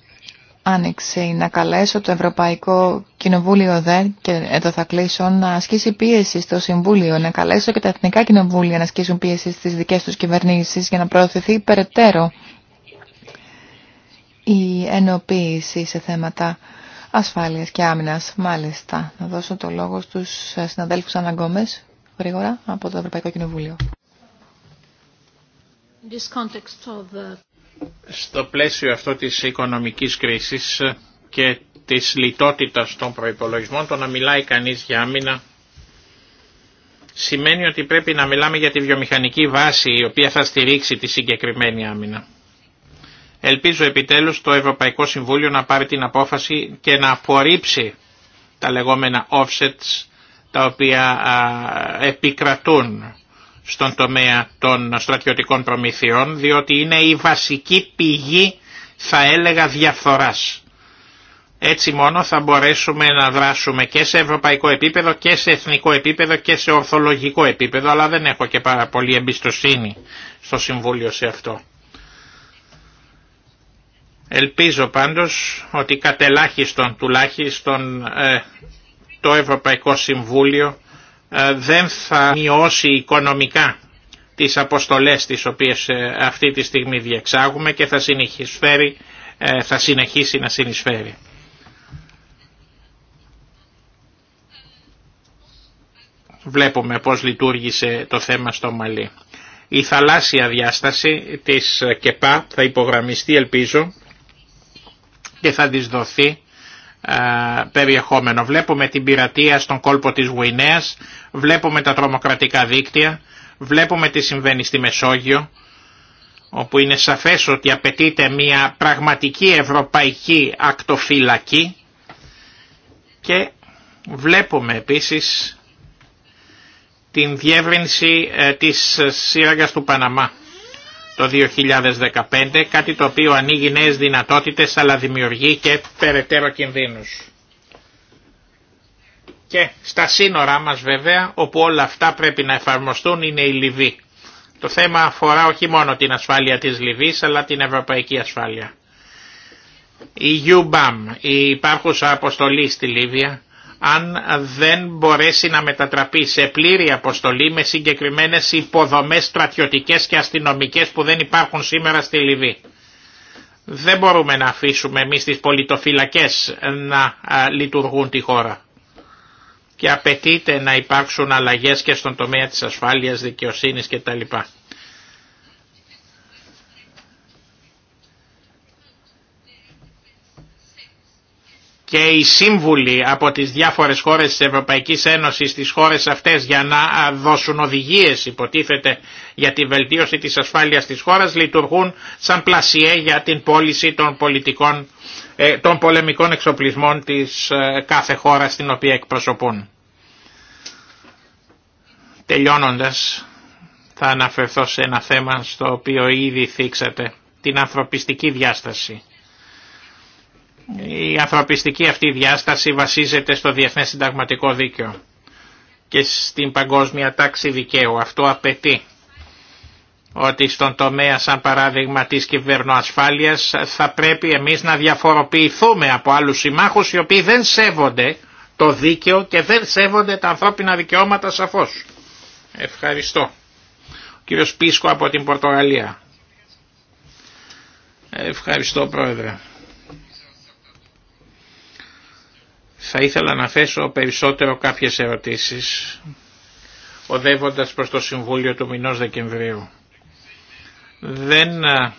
Άνοιξη να καλέσω το Ευρωπαϊκό Κοινοβούλιο δεν και εδώ θα κλείσω να ασκήσει πίεση στο Συμβούλιο, να καλέσω και τα Εθνικά Κοινοβούλια να ασκήσουν πίεση στις δικές τους κυβερνήσεις για να προωθηθεί περαιτέρω η ενοποίηση σε θέματα ασφάλειας και άμυνας. Μάλιστα, να δώσω το λόγο στους συναδέλφους Αναγκόμες γρήγορα από το Ευρωπαϊκό Κοινοβούλιο. this context of the... Στο πλαίσιο αυτό της οικονομικής κρίσης και της λιτότητας των προϋπολογισμών, το να μιλάει κανείς για άμυνα σημαίνει ότι πρέπει να μιλάμε για τη βιομηχανική βάση η οποία θα στηρίξει τη συγκεκριμένη άμυνα. Ελπίζω επιτέλους το Ευρωπαϊκό Συμβούλιο να πάρει την απόφαση και να απορρίψει τα λεγόμενα offsets τα οποία επικρατούν στον τομέα των στρατιωτικών προμηθειών διότι είναι η βασική πηγή θα έλεγα διαφθοράς. Έτσι μόνο θα μπορέσουμε να δράσουμε και σε ευρωπαϊκό επίπεδο και σε εθνικό επίπεδο και σε ορθολογικό επίπεδο αλλά δεν έχω και πάρα πολύ εμπιστοσύνη στο Συμβούλιο σε αυτό. Ελπίζω πάντως ότι κατελάχιστον τουλάχιστον ε, το Ευρωπαϊκό Συμβούλιο ε, δεν θα μειώσει οικονομικά τις αποστολές τις οποίες ε, αυτή τη στιγμή διεξάγουμε και θα, συνεχίσει, ε, θα συνεχίσει να συνεισφέρει. Βλέπουμε πώς λειτουργήσε το θέμα στο Μαλί. Η θαλάσσια διάσταση της ΚΕΠΑ θα υπογραμμιστεί ελπίζω και θα της δοθεί ε, περιεχόμενο. Βλέπουμε την πειρατεία στον κόλπο της Γουινέας, βλέπουμε τα τρομοκρατικά δίκτυα, βλέπουμε τι συμβαίνει στη Μεσόγειο, όπου είναι σαφές ότι απαιτείται μια πραγματική ευρωπαϊκή ακτοφυλακή και βλέπουμε επίσης την διεύρυνση ε, της σύραγγας του Παναμά το 2015, κάτι το οποίο ανοίγει νέε δυνατότητες αλλά δημιουργεί και περαιτέρω κινδύνους. Και στα σύνορά μας βέβαια, όπου όλα αυτά πρέπει να εφαρμοστούν, είναι η Λιβύη. Το θέμα αφορά όχι μόνο την ασφάλεια της Λιβύης, αλλά την ευρωπαϊκή ασφάλεια. Η UBAM, η υπάρχουσα αποστολή στη Λίβια, αν δεν μπορέσει να μετατραπεί σε πλήρη αποστολή με συγκεκριμένες υποδομές στρατιωτικές και αστυνομικές που δεν υπάρχουν σήμερα στη Λιβύη. Δεν μπορούμε να αφήσουμε εμείς τις πολιτοφυλακές να λειτουργούν τη χώρα. Και απαιτείται να υπάρξουν αλλαγές και στον τομέα της ασφάλειας, δικαιοσύνης κτλ. και οι σύμβουλοι από τις διάφορες χώρες της Ευρωπαϊκής Ένωσης στις χώρες αυτές για να δώσουν οδηγίες υποτίθεται για τη βελτίωση της ασφάλειας της χώρας λειτουργούν σαν πλασιέ για την πώληση των, πολιτικών, ε, των πολεμικών εξοπλισμών της ε, κάθε χώρας στην οποία εκπροσωπούν. Τελειώνοντας θα αναφερθώ σε ένα θέμα στο οποίο ήδη θίξατε, την ανθρωπιστική διάσταση. Η ανθρωπιστική αυτή διάσταση βασίζεται στο Διεθνές Συνταγματικό Δίκαιο και στην παγκόσμια τάξη δικαίου. Αυτό απαιτεί ότι στον τομέα σαν παράδειγμα της κυβερνοασφάλειας θα πρέπει εμείς να διαφοροποιηθούμε από άλλους συμμάχους οι οποίοι δεν σέβονται το δίκαιο και δεν σέβονται τα ανθρώπινα δικαιώματα σαφώς. Ευχαριστώ. Ο κύριος Πίσκο από την Πορτογαλία. Ευχαριστώ πρόεδρε. Θα ήθελα να θέσω περισσότερο κάποιες ερωτήσεις, οδεύοντας προς το Συμβούλιο του μηνός Δεκεμβρίου. Δεν ε,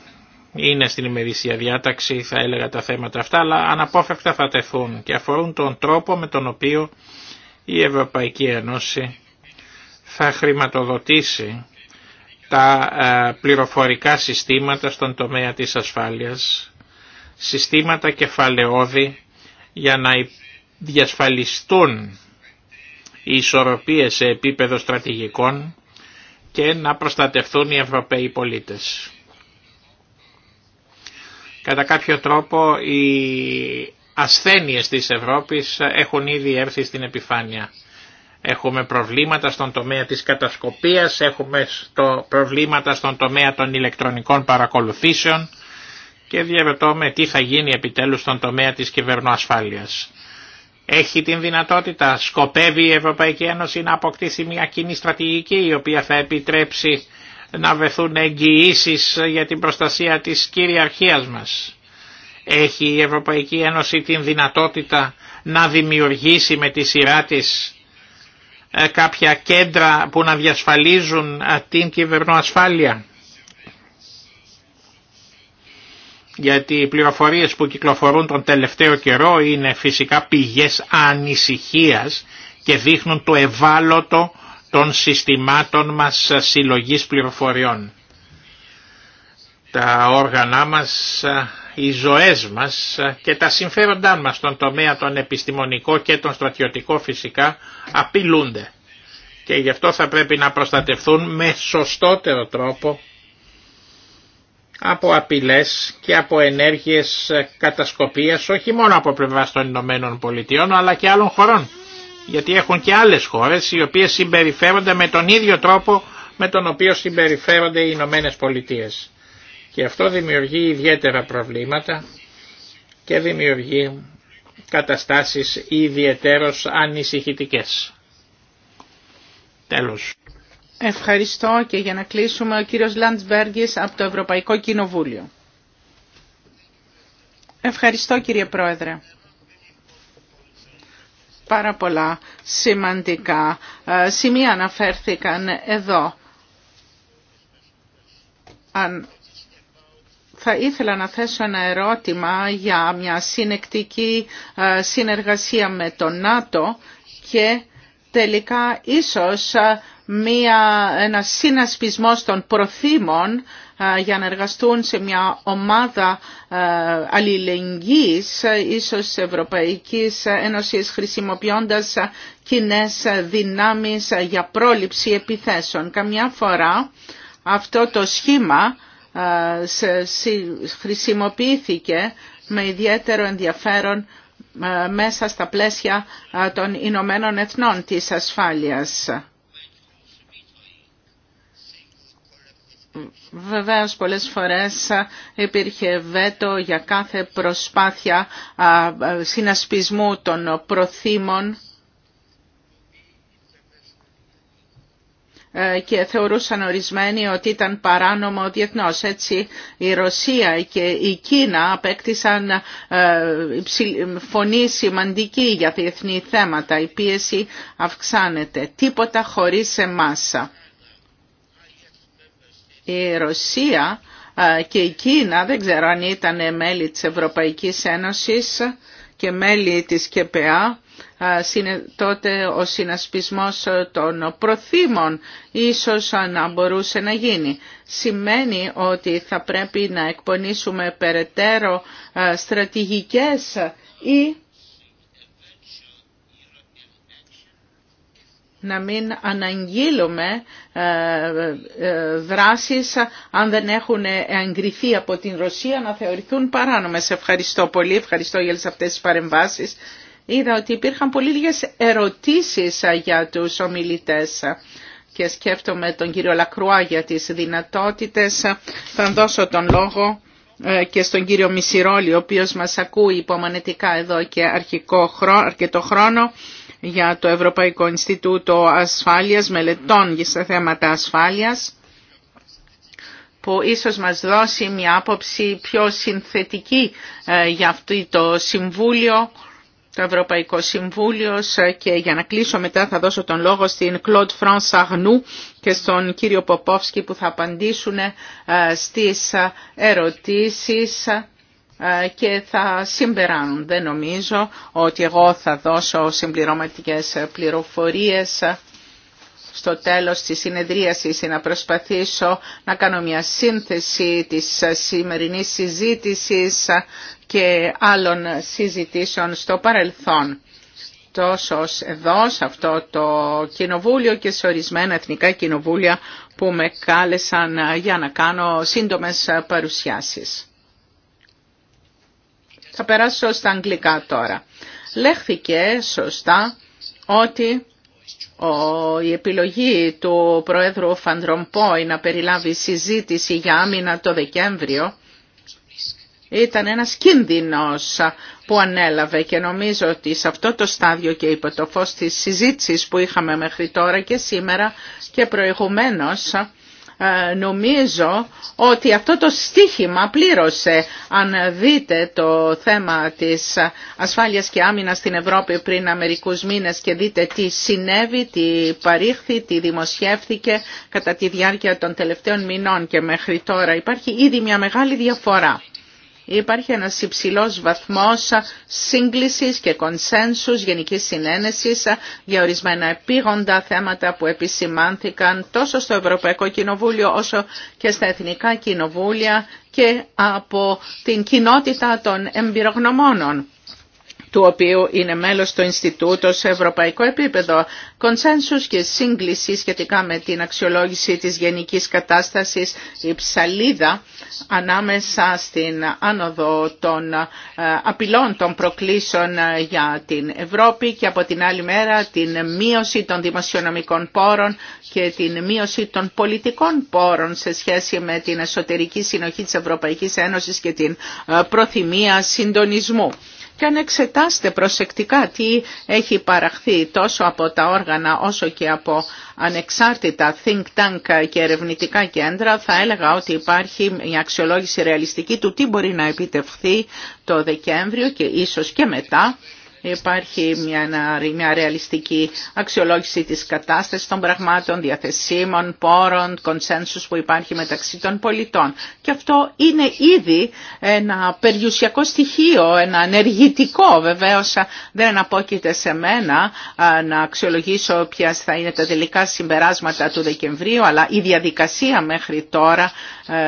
είναι στην ημερήσια διάταξη, θα έλεγα τα θέματα αυτά, αλλά αναπόφευκτα θα τεθούν και αφορούν τον τρόπο με τον οποίο η Ευρωπαϊκή Ένωση θα χρηματοδοτήσει τα ε, πληροφορικά συστήματα στον τομέα της ασφάλειας, συστήματα κεφαλαιόδη για να διασφαλιστούν οι ισορροπίες σε επίπεδο στρατηγικών και να προστατευτούν οι Ευρωπαίοι πολίτες. Κατά κάποιο τρόπο οι ασθένειες της Ευρώπης έχουν ήδη έρθει στην επιφάνεια. Έχουμε προβλήματα στον τομέα της κατασκοπίας, έχουμε στο προβλήματα στον τομέα των ηλεκτρονικών παρακολουθήσεων και διαβετώ τι θα γίνει επιτέλους στον τομέα της κυβερνοασφάλειας. Έχει την δυνατότητα, σκοπεύει η Ευρωπαϊκή Ένωση να αποκτήσει μια κοινή στρατηγική η οποία θα επιτρέψει να βεθούν εγγυήσει για την προστασία της κυριαρχίας μας. Έχει η Ευρωπαϊκή Ένωση την δυνατότητα να δημιουργήσει με τη σειρά της ε, κάποια κέντρα που να διασφαλίζουν ε, την κυβερνοασφάλεια. γιατί οι πληροφορίες που κυκλοφορούν τον τελευταίο καιρό είναι φυσικά πηγές ανησυχίας και δείχνουν το ευάλωτο των συστημάτων μας συλλογής πληροφοριών. Τα όργανα μας, οι ζωές μας και τα συμφέροντά μας στον τομέα των επιστημονικό και των στρατιωτικό φυσικά απειλούνται. Και γι' αυτό θα πρέπει να προστατευτούν με σωστότερο τρόπο από απειλές και από ενέργειες κατασκοπίας όχι μόνο από πλευρά των Ηνωμένων Πολιτειών αλλά και άλλων χωρών. Γιατί έχουν και άλλες χώρες οι οποίες συμπεριφέρονται με τον ίδιο τρόπο με τον οποίο συμπεριφέρονται οι Ηνωμένε Πολιτείες. Και αυτό δημιουργεί ιδιαίτερα προβλήματα και δημιουργεί καταστάσεις ιδιαίτερως ανησυχητικές. Τέλος. Ευχαριστώ και για να κλείσουμε ο κύριος Λαντσμπέργης από το Ευρωπαϊκό Κοινοβούλιο. Ευχαριστώ κύριε Πρόεδρε. Πάρα πολλά σημαντικά ε, σημεία αναφέρθηκαν εδώ. Αν θα ήθελα να θέσω ένα ερώτημα για μια συνεκτική ε, συνεργασία με το ΝΑΤΟ και τελικά ίσως μια, ένα συνασπισμός των προθήμων για να εργαστούν σε μια ομάδα αλληλεγγύης, ίσως Ευρωπαϊκής Ένωσης, χρησιμοποιώντας κοινέ δυνάμεις για πρόληψη επιθέσεων. Καμιά φορά αυτό το σχήμα χρησιμοποιήθηκε με ιδιαίτερο ενδιαφέρον ε, μέσα στα πλαίσια ε, των Ηνωμένων Εθνών της ασφάλειας. Βεβαίως πολλές φορές ε, υπήρχε βέτο για κάθε προσπάθεια συνασπισμού των προθύμων Ε, και θεωρούσαν ορισμένοι ότι ήταν παράνομο διεθνώς. Έτσι η Ρωσία και η Κίνα απέκτησαν ε, φωνή σημαντική για διεθνή θέματα. Η πίεση αυξάνεται. Τίποτα χωρίς εμάς. Η Ρωσία ε, και η Κίνα δεν ξέρω αν ήταν μέλη της Ευρωπαϊκής Ένωσης και μέλη της ΚΕΠΑ τότε ο συνασπισμός ε, των προθήμων ίσως ε, να μπορούσε να γίνει. Σημαίνει ότι θα πρέπει να εκπονήσουμε περαιτέρω ε, στρατηγικές ή να μην αναγγείλουμε δράσεις αν δεν έχουν εγκριθεί από την Ρωσία να θεωρηθούν παράνομες. Ευχαριστώ πολύ, ευχαριστώ για αυτές τις παρεμβάσεις είδα ότι υπήρχαν πολύ λίγες ερωτήσεις για τους ομιλητές και σκέφτομαι τον κύριο Λακρουά για τις δυνατότητες. Θα δώσω τον λόγο ε, και στον κύριο Μισιρόλιο, ο οποίος μας ακούει υπομονετικά εδώ και αρχικό χρόνο, αρκετό χρόνο για το Ευρωπαϊκό Ινστιτούτο Ασφάλειας, μελετών για θέματα ασφάλειας, που ίσως μας δώσει μια άποψη πιο συνθετική ε, για αυτό το Συμβούλιο το Ευρωπαϊκό Συμβούλιο και για να κλείσω μετά θα δώσω τον λόγο στην Κλοντ France Αγνού και στον κύριο Ποπόφσκι που θα απαντήσουν ε, στις ε, ερωτήσεις ε, και θα συμπεράνουν. Δεν νομίζω ότι εγώ θα δώσω συμπληρωματικές πληροφορίες στο τέλος της συνεδρίασης να προσπαθήσω να κάνω μια σύνθεση της σημερινής συζήτησης και άλλων συζητήσεων στο παρελθόν τόσο εδώ, σε αυτό το κοινοβούλιο και σε ορισμένα εθνικά κοινοβούλια που με κάλεσαν για να κάνω σύντομες παρουσιάσεις. Θα περάσω στα αγγλικά τώρα. Λέχθηκε σωστά ότι η επιλογή του Προέδρου Φαντρομπόη να περιλάβει συζήτηση για άμυνα το Δεκέμβριο ήταν ένας κίνδυνος που ανέλαβε και νομίζω ότι σε αυτό το στάδιο και υπό το φως της συζήτησης που είχαμε μέχρι τώρα και σήμερα και προηγουμένως ε, νομίζω ότι αυτό το στίχημα πλήρωσε. Αν δείτε το θέμα της ασφάλειας και άμυνας στην Ευρώπη πριν μερικούς μήνες και δείτε τι συνέβη, τι παρήχθη, τι δημοσιεύθηκε κατά τη διάρκεια των τελευταίων μηνών και μέχρι τώρα υπάρχει ήδη μια μεγάλη διαφορά. Υπάρχει ένας υψηλός βαθμός σύγκλησης και κονσένσους γενικής συνένεσης για ορισμένα επίγοντα θέματα που επισημάνθηκαν τόσο στο Ευρωπαϊκό Κοινοβούλιο όσο και στα Εθνικά Κοινοβούλια και από την κοινότητα των εμπειρογνωμόνων του οποίου είναι μέλος του Ινστιτούτο σε ευρωπαϊκό επίπεδο. Κονσένσους και σύγκληση σχετικά με την αξιολόγηση της γενικής κατάστασης, η ψαλίδα ανάμεσα στην άνοδο των ε, απειλών των προκλήσεων ε, για την Ευρώπη και από την άλλη μέρα την μείωση των δημοσιονομικών πόρων και την μείωση των πολιτικών πόρων σε σχέση με την εσωτερική συνοχή της Ευρωπαϊκής Ένωσης και την ε, προθυμία συντονισμού και αν εξετάσετε προσεκτικά τι έχει παραχθεί τόσο από τα όργανα όσο και από ανεξάρτητα think tank και ερευνητικά κέντρα, θα έλεγα ότι υπάρχει μια αξιολόγηση ρεαλιστική του τι μπορεί να επιτευχθεί το Δεκέμβριο και ίσως και μετά υπάρχει μια, μια ρεαλιστική αξιολόγηση της κατάστασης των πραγμάτων, διαθεσίμων, πόρων, κονσένσους που υπάρχει μεταξύ των πολιτών. Και αυτό είναι ήδη ένα περιουσιακό στοιχείο, ένα ενεργητικό βεβαίως δεν αναπόκειται σε μένα να αξιολογήσω ποια θα είναι τα τελικά συμπεράσματα του Δεκεμβρίου, αλλά η διαδικασία μέχρι τώρα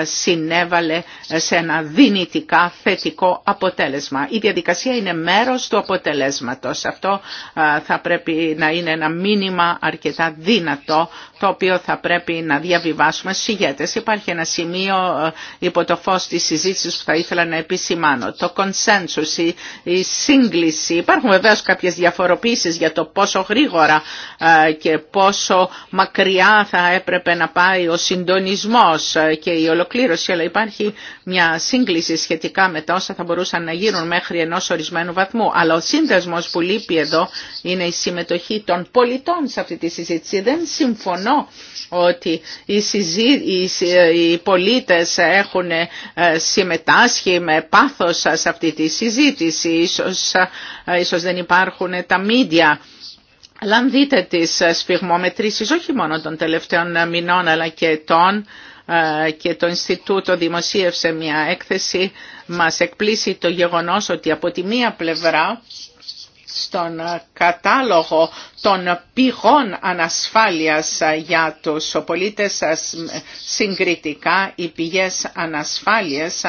συνέβαλε σε ένα δυνητικά θετικό αποτέλεσμα. Η διαδικασία είναι μέρος του αποτελέσματος αποτελέσματος. Αυτό θα πρέπει να είναι ένα μήνυμα αρκετά δύνατο το οποίο θα πρέπει να διαβιβάσουμε στους ηγέτες. Υπάρχει ένα σημείο υπό το φως της συζήτησης που θα ήθελα να επισημάνω. Το consensus, η σύγκληση. Υπάρχουν βεβαίως κάποιες διαφοροποίησεις για το πόσο γρήγορα και πόσο μακριά θα έπρεπε να πάει ο συντονισμός και η ολοκλήρωση, αλλά υπάρχει μια σύγκληση σχετικά με τα όσα θα μπορούσαν να γίνουν μέχρι ενός ορισμένου βαθμού. Αλλά σύνδεσμος που λείπει εδώ είναι η συμμετοχή των πολιτών σε αυτή τη συζήτηση. Δεν συμφωνώ ότι οι, συζή... οι πολίτες έχουν ε, συμμετάσχει με πάθος σε αυτή τη συζήτηση. Ίσως, ε, ίσως δεν υπάρχουν τα μίντια. Αλλά αν δείτε τις ε, σφιγμομετρήσεις όχι μόνο των τελευταίων μηνών αλλά και ετών και το Ινστιτούτο δημοσίευσε μια έκθεση μας εκπλήσει το γεγονός ότι από τη μία πλευρά στον κατάλογο των πηγών ανασφάλειας για τους πολίτες συγκριτικά οι πηγές ανασφάλειας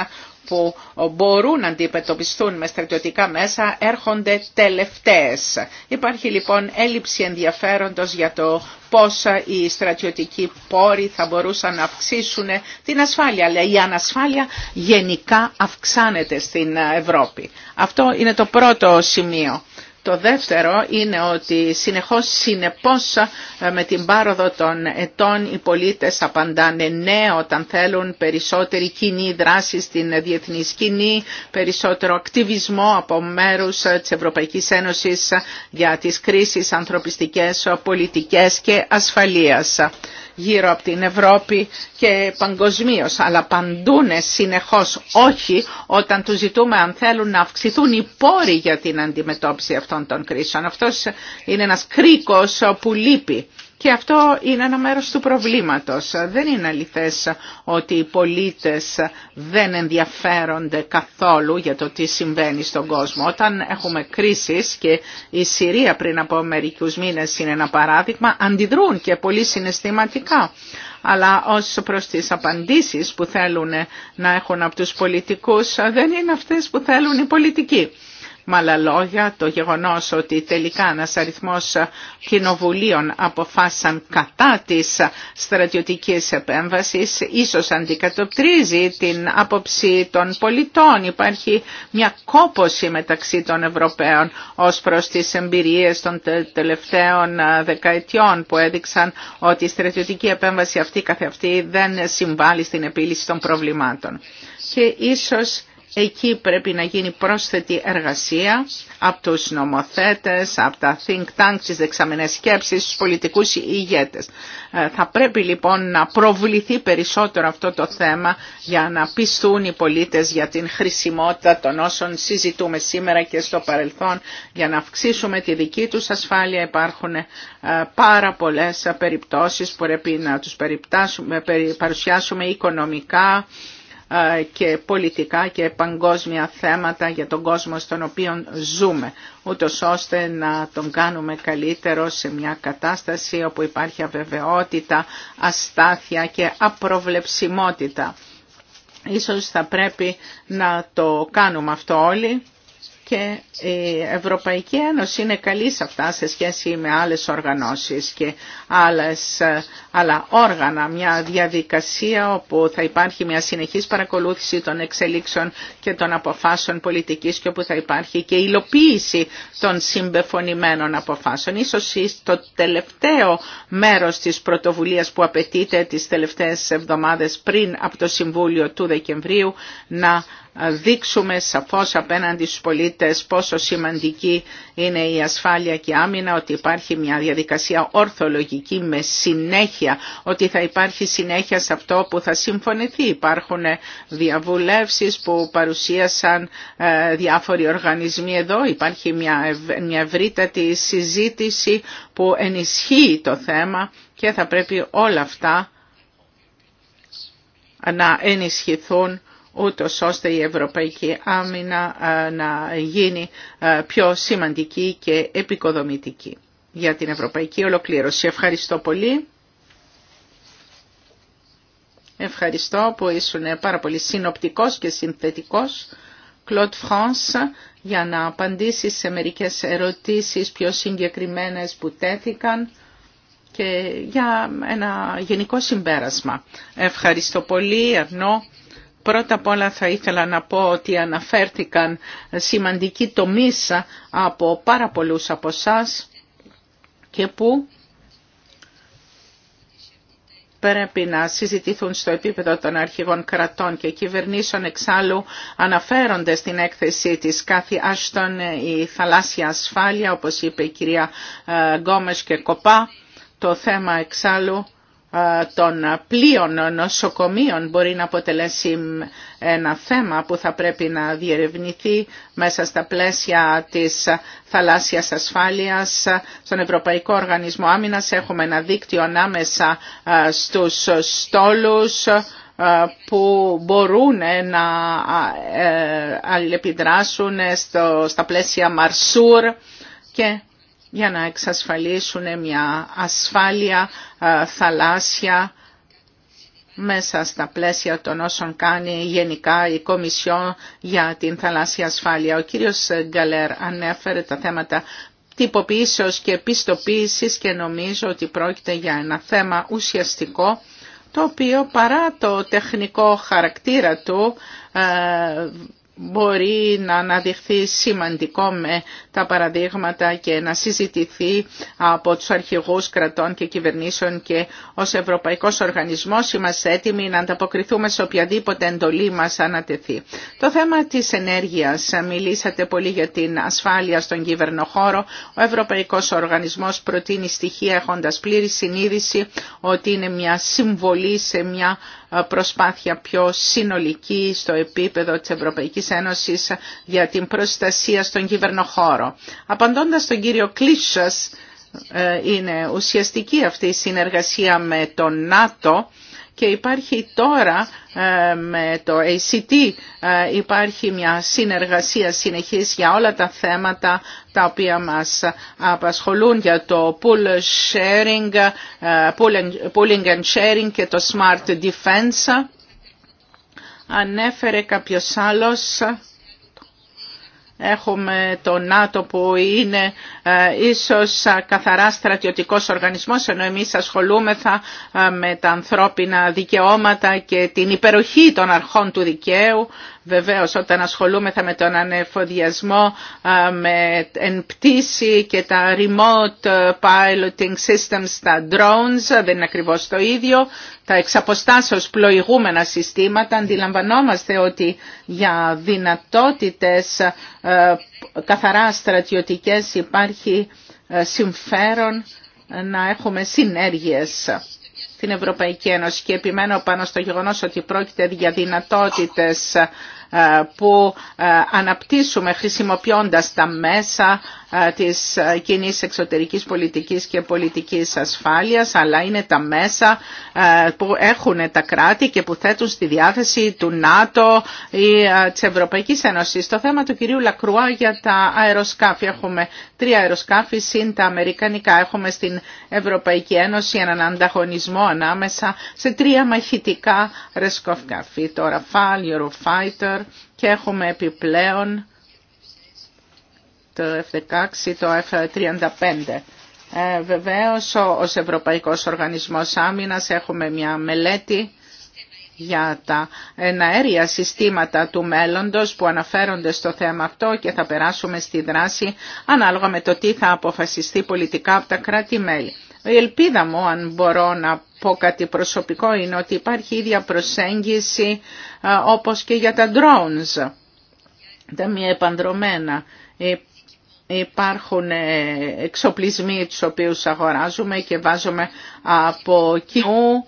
που μπορούν να αντιμετωπιστούν με στρατιωτικά μέσα έρχονται τελευταίες. Υπάρχει λοιπόν έλλειψη ενδιαφέροντος για το πώς οι στρατιωτικοί πόροι θα μπορούσαν να αυξήσουν την ασφάλεια. Αλλά η ανασφάλεια γενικά αυξάνεται στην Ευρώπη. Αυτό είναι το πρώτο σημείο. Το δεύτερο είναι ότι συνεχώς συνεπώς ε, με την πάροδο των ετών οι πολίτες απαντάνε ναι όταν θέλουν περισσότερη κοινή δράση στην διεθνή σκηνή, περισσότερο ακτιβισμό από μέρους ε, της Ευρωπαϊκής Ένωσης για τις κρίσεις ανθρωπιστικές, πολιτικές και ασφαλείας γύρω από την Ευρώπη και παγκοσμίω, αλλά παντούνε συνεχώς όχι όταν τους ζητούμε αν θέλουν να αυξηθούν οι πόροι για την αντιμετώπιση αυτών των κρίσεων. Αυτός είναι ένας κρίκος που λείπει και αυτό είναι ένα μέρος του προβλήματος. Δεν είναι αληθές ότι οι πολίτες δεν ενδιαφέρονται καθόλου για το τι συμβαίνει στον κόσμο. Όταν έχουμε κρίσεις και η Συρία πριν από μερικούς μήνες είναι ένα παράδειγμα, αντιδρούν και πολύ συναισθηματικά αλλά ως προς τις απαντήσεις που θέλουν να έχουν από τους πολιτικούς δεν είναι αυτές που θέλουν οι πολιτικοί. Με άλλα λόγια, το γεγονός ότι τελικά ένας αριθμός κοινοβουλίων αποφάσισαν κατά της στρατιωτικής επέμβασης, ίσως αντικατοπτρίζει την άποψη των πολιτών. Υπάρχει μια κόποση μεταξύ των Ευρωπαίων ως προς τις εμπειρίες των τελευταίων ε, δεκαετιών που έδειξαν ότι η στρατιωτική επέμβαση αυτή καθεαυτή δεν συμβάλλει στην επίλυση των προβλημάτων. Και ίσως Εκεί πρέπει να γίνει πρόσθετη εργασία από τους νομοθέτες, από τα think tanks, τις δεξαμενές σκέψεις, τους πολιτικούς ηγέτες. Ε, θα πρέπει λοιπόν να προβληθεί περισσότερο αυτό το θέμα για να πιστούν οι πολίτες για την χρησιμότητα των όσων συζητούμε σήμερα και στο παρελθόν για να αυξήσουμε τη δική τους ασφάλεια. Υπάρχουν ε, πάρα πολλές περιπτώσεις που πρέπει να τους παρουσιάσουμε οικονομικά, ε, και πολιτικά και παγκόσμια θέματα για τον κόσμο στον οποίο ζούμε, ούτω ώστε να τον κάνουμε καλύτερο σε μια κατάσταση όπου υπάρχει αβεβαιότητα, αστάθεια και απροβλεψιμότητα. Ίσως θα πρέπει να το κάνουμε αυτό όλοι και η Ευρωπαϊκή Ένωση είναι καλή σε αυτά σε σχέση με άλλες οργανώσεις και άλλες, άλλα όργανα. Μια διαδικασία όπου θα υπάρχει μια συνεχής παρακολούθηση των εξελίξεων και των αποφάσεων πολιτικής και όπου θα υπάρχει και υλοποίηση των συμπεφωνημένων αποφάσεων. Ίσως το τελευταίο μέρος της πρωτοβουλίας που απαιτείται τις τελευταίες εβδομάδες πριν από το Συμβούλιο του Δεκεμβρίου να δείξουμε σαφώς απέναντι στους πολίτες πόσο σημαντική είναι η ασφάλεια και η άμυνα, ότι υπάρχει μια διαδικασία ορθολογική με συνέχεια, ότι θα υπάρχει συνέχεια σε αυτό που θα συμφωνηθεί. Υπάρχουν ε, διαβουλεύσεις που παρουσίασαν ε, διάφοροι οργανισμοί εδώ, υπάρχει μια ευρύτατη συζήτηση που ενισχύει το θέμα και θα πρέπει όλα αυτά να ενισχυθούν ούτως ώστε η ευρωπαϊκή άμυνα ε, να γίνει ε, πιο σημαντική και επικοδομητική για την ευρωπαϊκή ολοκλήρωση. Ευχαριστώ πολύ. Ευχαριστώ που ήσουν πάρα πολύ συνοπτικός και συνθετικός. Κλοντ Φρανς για να απαντήσει σε μερικές ερωτήσεις πιο συγκεκριμένες που τέθηκαν και για ένα γενικό συμπέρασμα. Ευχαριστώ πολύ, Αρνό. Πρώτα απ' όλα θα ήθελα να πω ότι αναφέρθηκαν σημαντικοί τομείς από πάρα πολλούς από εσά και που πρέπει να συζητηθούν στο επίπεδο των αρχηγών κρατών και κυβερνήσεων εξάλλου αναφέρονται στην έκθεση της κάθε Άστον η θαλάσσια ασφάλεια όπως είπε η κυρία ε, Γκόμες και Κοπά το θέμα εξάλλου των πλοίων νοσοκομείων μπορεί να αποτελέσει ένα θέμα που θα πρέπει να διερευνηθεί μέσα στα πλαίσια της θαλάσσιας ασφάλειας. Στον Ευρωπαϊκό Οργανισμό Άμυνας έχουμε ένα δίκτυο ανάμεσα στους στόλους που μπορούν να ε, αλληλεπιδράσουν στα πλαίσια Μαρσούρ και για να εξασφαλίσουν μια ασφάλεια θαλάσσια μέσα στα πλαίσια των όσων κάνει γενικά η Κομισιόν για την θαλάσσια ασφάλεια. Ο κύριος Γκαλέρ ανέφερε τα θέματα τυποποιήσεως και επιστοποίησης και νομίζω ότι πρόκειται για ένα θέμα ουσιαστικό το οποίο παρά το τεχνικό χαρακτήρα του ε, μπορεί να αναδειχθεί σημαντικό με τα παραδείγματα και να συζητηθεί από τους αρχηγούς κρατών και κυβερνήσεων και ως Ευρωπαϊκός Οργανισμός είμαστε έτοιμοι να ανταποκριθούμε σε οποιαδήποτε εντολή μας ανατεθεί. Το θέμα της ενέργειας. Μιλήσατε πολύ για την ασφάλεια στον κυβερνοχώρο. Ο Ευρωπαϊκός Οργανισμός προτείνει στοιχεία έχοντας πλήρη συνείδηση ότι είναι μια συμβολή σε μια προσπάθεια πιο συνολική στο επίπεδο της Ευρωπαϊκής Ένωσης για την προστασία στον κυβερνοχώρο. Απαντώντας τον κύριο Κλίσσας, ε, είναι ουσιαστική αυτή η συνεργασία με τον ΝΑΤΟ και υπάρχει τώρα ε, με το ACT ε, υπάρχει μια συνεργασία συνεχής για όλα τα θέματα τα οποία μας απασχολούν για το sharing, ε, pooling and sharing και το smart defense. Ανέφερε κάποιος άλλος Έχουμε το ΝΑΤΟ που είναι ε, ίσως ε, καθαρά στρατιωτικός οργανισμός ενώ εμείς ασχολούμεθα ε, με τα ανθρώπινα δικαιώματα και την υπεροχή των αρχών του δικαίου Βεβαίως όταν ασχολούμεθα με τον ανεφοδιασμό με εν πτήση και τα remote ε, piloting systems, τα drones, ε, δεν είναι ακριβώς το ίδιο, τα εξαποστάσεως πλοηγούμενα συστήματα, αντιλαμβανόμαστε ότι για δυνατότητες ε, καθαρά στρατιωτικές υπάρχει συμφέρον να έχουμε συνέργειες στην Ευρωπαϊκή Ένωση και επιμένω πάνω στο γεγονός ότι πρόκειται για δυνατότητες ε, που ε, αναπτύσσουμε χρησιμοποιώντας τα μέσα ε, της κοινή εξωτερικής πολιτικής και πολιτικής ασφάλειας, αλλά είναι τα μέσα που έχουν τα κράτη και που θέτουν στη διάθεση του ΝΑΤΟ ή της Ευρωπαϊκής Ένωσης. Το θέμα του κυρίου Λακρουά για τα αεροσκάφη. Έχουμε τρία αεροσκάφη συν τα αμερικανικά. Έχουμε στην Ευρωπαϊκή Ένωση έναν ανταγωνισμό ανάμεσα σε τρία μαχητικά ρεσκοφκάφη. Το Rafale, Eurofighter και έχουμε επιπλέον το F16, το F35. Ε, βεβαίως, ως Ευρωπαϊκός Οργανισμός Άμυνας έχουμε μια μελέτη για τα εναέρια συστήματα του μέλλοντος που αναφέρονται στο θέμα αυτό και θα περάσουμε στη δράση ανάλογα με το τι θα αποφασιστεί πολιτικά από τα κράτη-μέλη. Η ελπίδα μου, αν μπορώ να πω κάτι προσωπικό, είναι ότι υπάρχει ίδια προσέγγιση όπως και για τα drones, τα μια επανδρομένα. Ε, υπάρχουν ε, εξοπλισμοί τους οποίους αγοράζουμε και βάζουμε από κοινού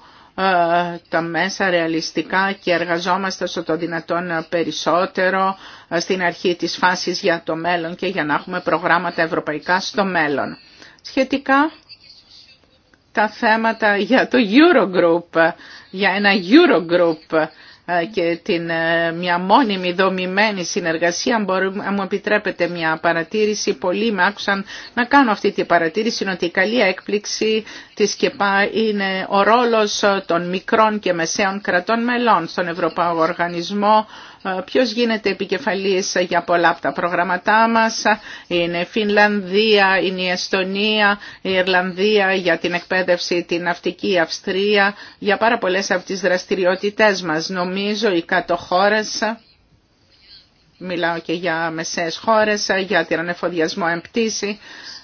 τα μέσα ρεαλιστικά και εργαζόμαστε στο το δυνατόν περισσότερο στην αρχή της φάσης για το μέλλον και για να έχουμε προγράμματα ευρωπαϊκά στο μέλλον. Σχετικά τα θέματα για το Eurogroup, για ένα Eurogroup και την, ε, μια μόνιμη δομημένη συνεργασία, αν, μου επιτρέπετε μια παρατήρηση, πολλοί με άκουσαν να κάνω αυτή τη παρατήρηση, είναι ότι η καλή έκπληξη της ΚΕΠΑ είναι ο ρόλος ε, των μικρών και μεσαίων κρατών μελών στον Ευρωπαϊκό Οργανισμό, ε, Ποιος γίνεται επικεφαλής για πολλά από τα προγραμματά μας είναι Φινλανδία, είναι η Εστονία, η Ιρλανδία για την εκπαίδευση, την Ναυτική, Αυστρία για πάρα πολλές από τις δραστηριότητές μας νομίζω οι κάτω χώρες, μιλάω και για μεσαίες χώρες, για την ανεφοδιασμό εμπτήση,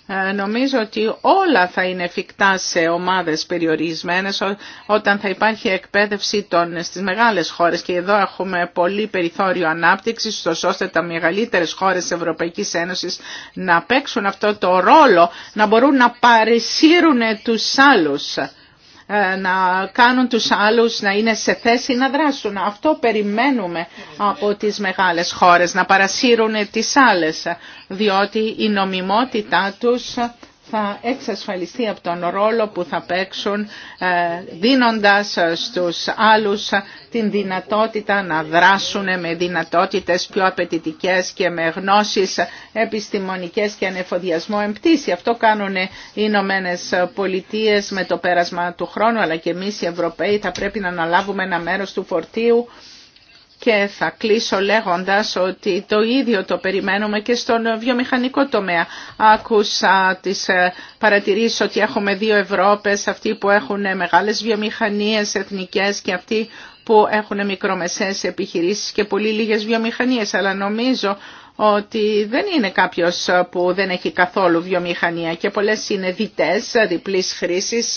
ε, Νομίζω ότι όλα θα είναι εφικτά σε ομάδες περιορισμένες όταν θα υπάρχει εκπαίδευση των, στις μεγάλες χώρες και εδώ έχουμε πολύ περιθώριο ανάπτυξης ώστε τα μεγαλύτερες χώρες της Ευρωπαϊκής Ένωσης να παίξουν αυτό το ρόλο, να μπορούν να παρεσύρουν του άλλους. Ε, να κάνουν τους άλλους να είναι σε θέση να δράσουν. Αυτό περιμένουμε από τις μεγάλες χώρες, να παρασύρουν τις άλλες, διότι η νομιμότητά τους θα εξασφαλιστεί από τον ρόλο που θα παίξουν ε, δίνοντας ε, στους άλλους ε, την δυνατότητα να δράσουν με δυνατότητες πιο απαιτητικέ και με γνώσεις επιστημονικές και ανεφοδιασμό εμπτήση. Αυτό κάνουν οι Ηνωμένε Πολιτείε με το πέρασμα του χρόνου αλλά και εμείς οι Ευρωπαίοι θα πρέπει να αναλάβουμε ένα μέρος του φορτίου και θα κλείσω λέγοντας ότι το ίδιο το περιμένουμε και στον βιομηχανικό τομέα. Άκουσα τις ε, παρατηρήσεις ότι έχουμε δύο Ευρώπες, αυτοί που έχουν μεγάλες βιομηχανίες εθνικές και αυτοί που έχουν μικρομεσαίες επιχειρήσεις και πολύ λίγες βιομηχανίες. Αλλά νομίζω ότι δεν είναι κάποιος που δεν έχει καθόλου βιομηχανία και πολλές είναι διτές, διπλής χρήσης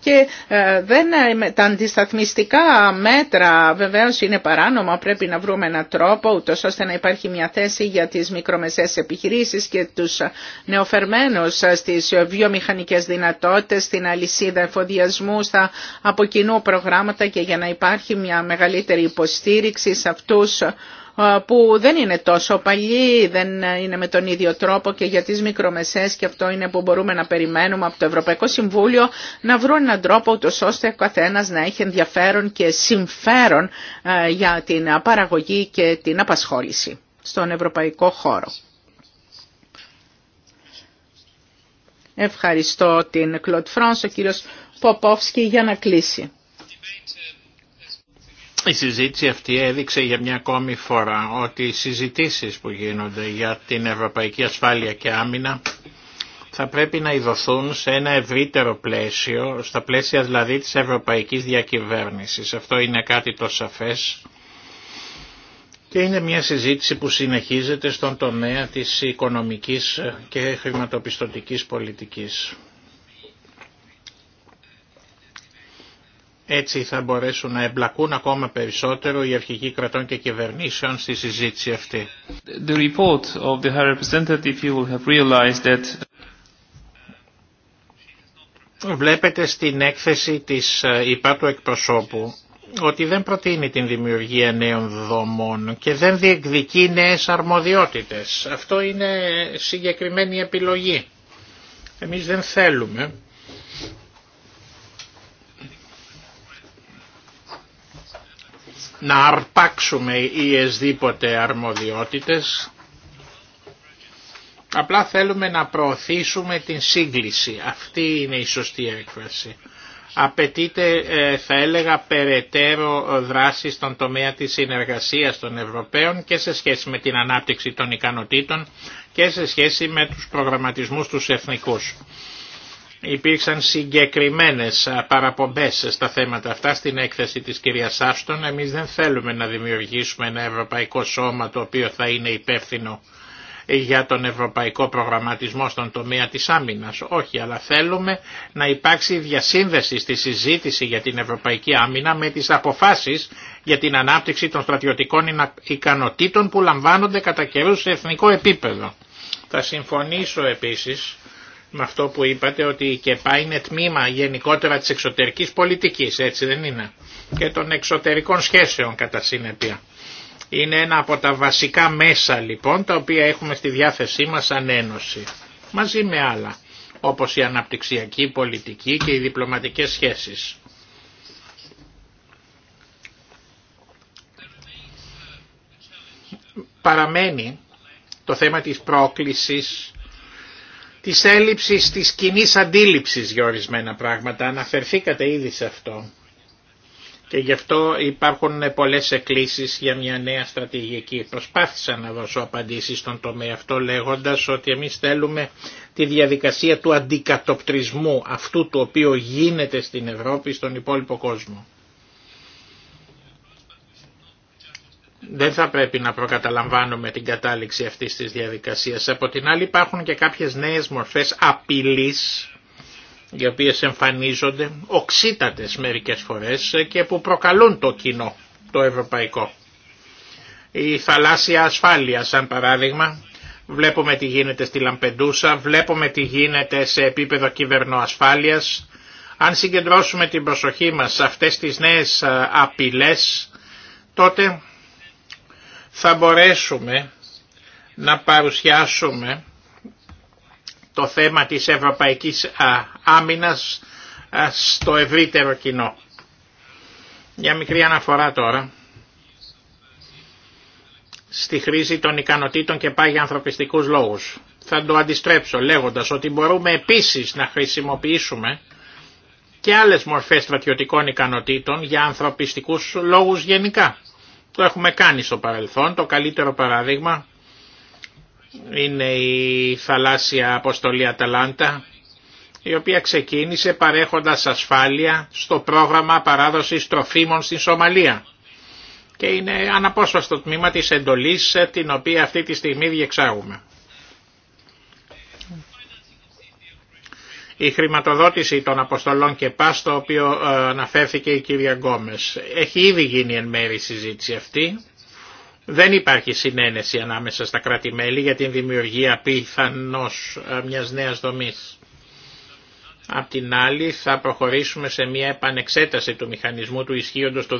και ε, δεν, τα αντισταθμιστικά μέτρα βεβαίως είναι παράνομα, πρέπει να βρούμε έναν τρόπο ούτως ώστε να υπάρχει μια θέση για τις μικρομεσαίες επιχειρήσεις και τους νεοφερμένους στις βιομηχανικές δυνατότητες, στην αλυσίδα εφοδιασμού, στα αποκοινού προγράμματα και για να υπάρχει μια μεγαλύτερη υποστήριξη σε αυτούς που δεν είναι τόσο παλιοί, δεν είναι με τον ίδιο τρόπο και για τις μικρομεσές και αυτό είναι που μπορούμε να περιμένουμε από το Ευρωπαϊκό Συμβούλιο να βρουν έναν τρόπο ούτως ώστε ο καθένας να έχει ενδιαφέρον και συμφέρον για την παραγωγή και την απασχόληση στον ευρωπαϊκό χώρο. Ευχαριστώ την Κλοντ Φρανς, ο κύριος Ποπόφσκι για να κλείσει. Η συζήτηση αυτή έδειξε για μια ακόμη φορά ότι οι συζητήσεις που γίνονται για την ευρωπαϊκή ασφάλεια και άμυνα θα πρέπει να ειδωθούν σε ένα ευρύτερο πλαίσιο, στα πλαίσια δηλαδή της ευρωπαϊκής διακυβέρνησης. Αυτό είναι κάτι το σαφές και είναι μια συζήτηση που συνεχίζεται στον τομέα της οικονομικής και χρηματοπιστωτικής πολιτικής. Έτσι θα μπορέσουν να εμπλακούν ακόμα περισσότερο οι αρχηγοί κρατών και κυβερνήσεων στη συζήτηση αυτή. The of the High Βλέπετε στην έκθεση της ε, υπάτου εκπροσώπου ότι δεν προτείνει την δημιουργία νέων δομών και δεν διεκδικεί νέες αρμοδιότητες. Αυτό είναι συγκεκριμένη επιλογή. Εμείς δεν θέλουμε να αρπάξουμε οι εσδήποτε αρμοδιότητες. Απλά θέλουμε να προωθήσουμε την σύγκληση. Αυτή είναι η σωστή έκφραση. Απαιτείται, ε, θα έλεγα, περαιτέρω δράση στον τομέα της συνεργασίας των Ευρωπαίων και σε σχέση με την ανάπτυξη των ικανοτήτων και σε σχέση με τους προγραμματισμούς τους εθνικούς υπήρξαν συγκεκριμένες παραπομπές στα θέματα αυτά στην έκθεση της κυρίας Άστον. Εμείς δεν θέλουμε να δημιουργήσουμε ένα ευρωπαϊκό σώμα το οποίο θα είναι υπεύθυνο για τον ευρωπαϊκό προγραμματισμό στον τομέα της άμυνας. Όχι, αλλά θέλουμε να υπάρξει διασύνδεση στη συζήτηση για την ευρωπαϊκή άμυνα με τις αποφάσεις για την ανάπτυξη των στρατιωτικών ικανοτήτων που λαμβάνονται κατά καιρού σε εθνικό επίπεδο. Θα συμφωνήσω επίσης με αυτό που είπατε ότι η ΚΕΠΑ είναι τμήμα γενικότερα της εξωτερικής πολιτικής, έτσι δεν είναι, και των εξωτερικών σχέσεων κατά συνέπεια. Είναι ένα από τα βασικά μέσα λοιπόν τα οποία έχουμε στη διάθεσή μας σαν ένωση, μαζί με άλλα, όπως η αναπτυξιακή πολιτική και οι διπλωματικές σχέσεις. Παραμένει το θέμα της πρόκλησης της έλλειψης της κοινή αντίληψης για ορισμένα πράγματα. Αναφερθήκατε ήδη σε αυτό. Και γι' αυτό υπάρχουν πολλές εκκλήσεις για μια νέα στρατηγική. Προσπάθησα να δώσω απαντήσεις στον τομέα αυτό λέγοντας ότι εμείς θέλουμε τη διαδικασία του αντικατοπτρισμού αυτού του οποίου γίνεται στην Ευρώπη στον υπόλοιπο κόσμο. δεν θα πρέπει να προκαταλαμβάνουμε την κατάληξη αυτής της διαδικασίας. Από την άλλη υπάρχουν και κάποιες νέες μορφές απειλής οι οποίες εμφανίζονται οξύτατες μερικές φορές και που προκαλούν το κοινό, το ευρωπαϊκό. Η θαλάσσια ασφάλεια σαν παράδειγμα, βλέπουμε τι γίνεται στη Λαμπεντούσα, βλέπουμε τι γίνεται σε επίπεδο κυβερνοασφάλειας. Αν συγκεντρώσουμε την προσοχή μας σε αυτές τις νέες ε, απειλές, τότε θα μπορέσουμε να παρουσιάσουμε το θέμα της ευρωπαϊκής άμυνας στο ευρύτερο κοινό. Για μικρή αναφορά τώρα στη χρήση των ικανοτήτων και πάγια ανθρωπιστικούς λόγους. Θα το αντιστρέψω λέγοντας ότι μπορούμε επίσης να χρησιμοποιήσουμε και άλλες μορφές στρατιωτικών ικανοτήτων για ανθρωπιστικούς λόγους γενικά. Το έχουμε κάνει στο παρελθόν. Το καλύτερο παράδειγμα είναι η θαλάσσια αποστολή Αταλάντα η οποία ξεκίνησε παρέχοντας ασφάλεια στο πρόγραμμα παράδοσης τροφίμων στην Σομαλία και είναι αναπόσπαστο τμήμα της εντολής την οποία αυτή τη στιγμή διεξάγουμε. η χρηματοδότηση των αποστολών και πας το οποίο ε, αναφέρθηκε η κυρία Γκόμες. Έχει ήδη γίνει εν μέρη συζήτηση αυτή. Δεν υπάρχει συνένεση ανάμεσα στα κράτη-μέλη για την δημιουργία πιθανώς ε, μιας νέας δομής. Απ' την άλλη θα προχωρήσουμε σε μια επανεξέταση του μηχανισμού του ισχύοντος το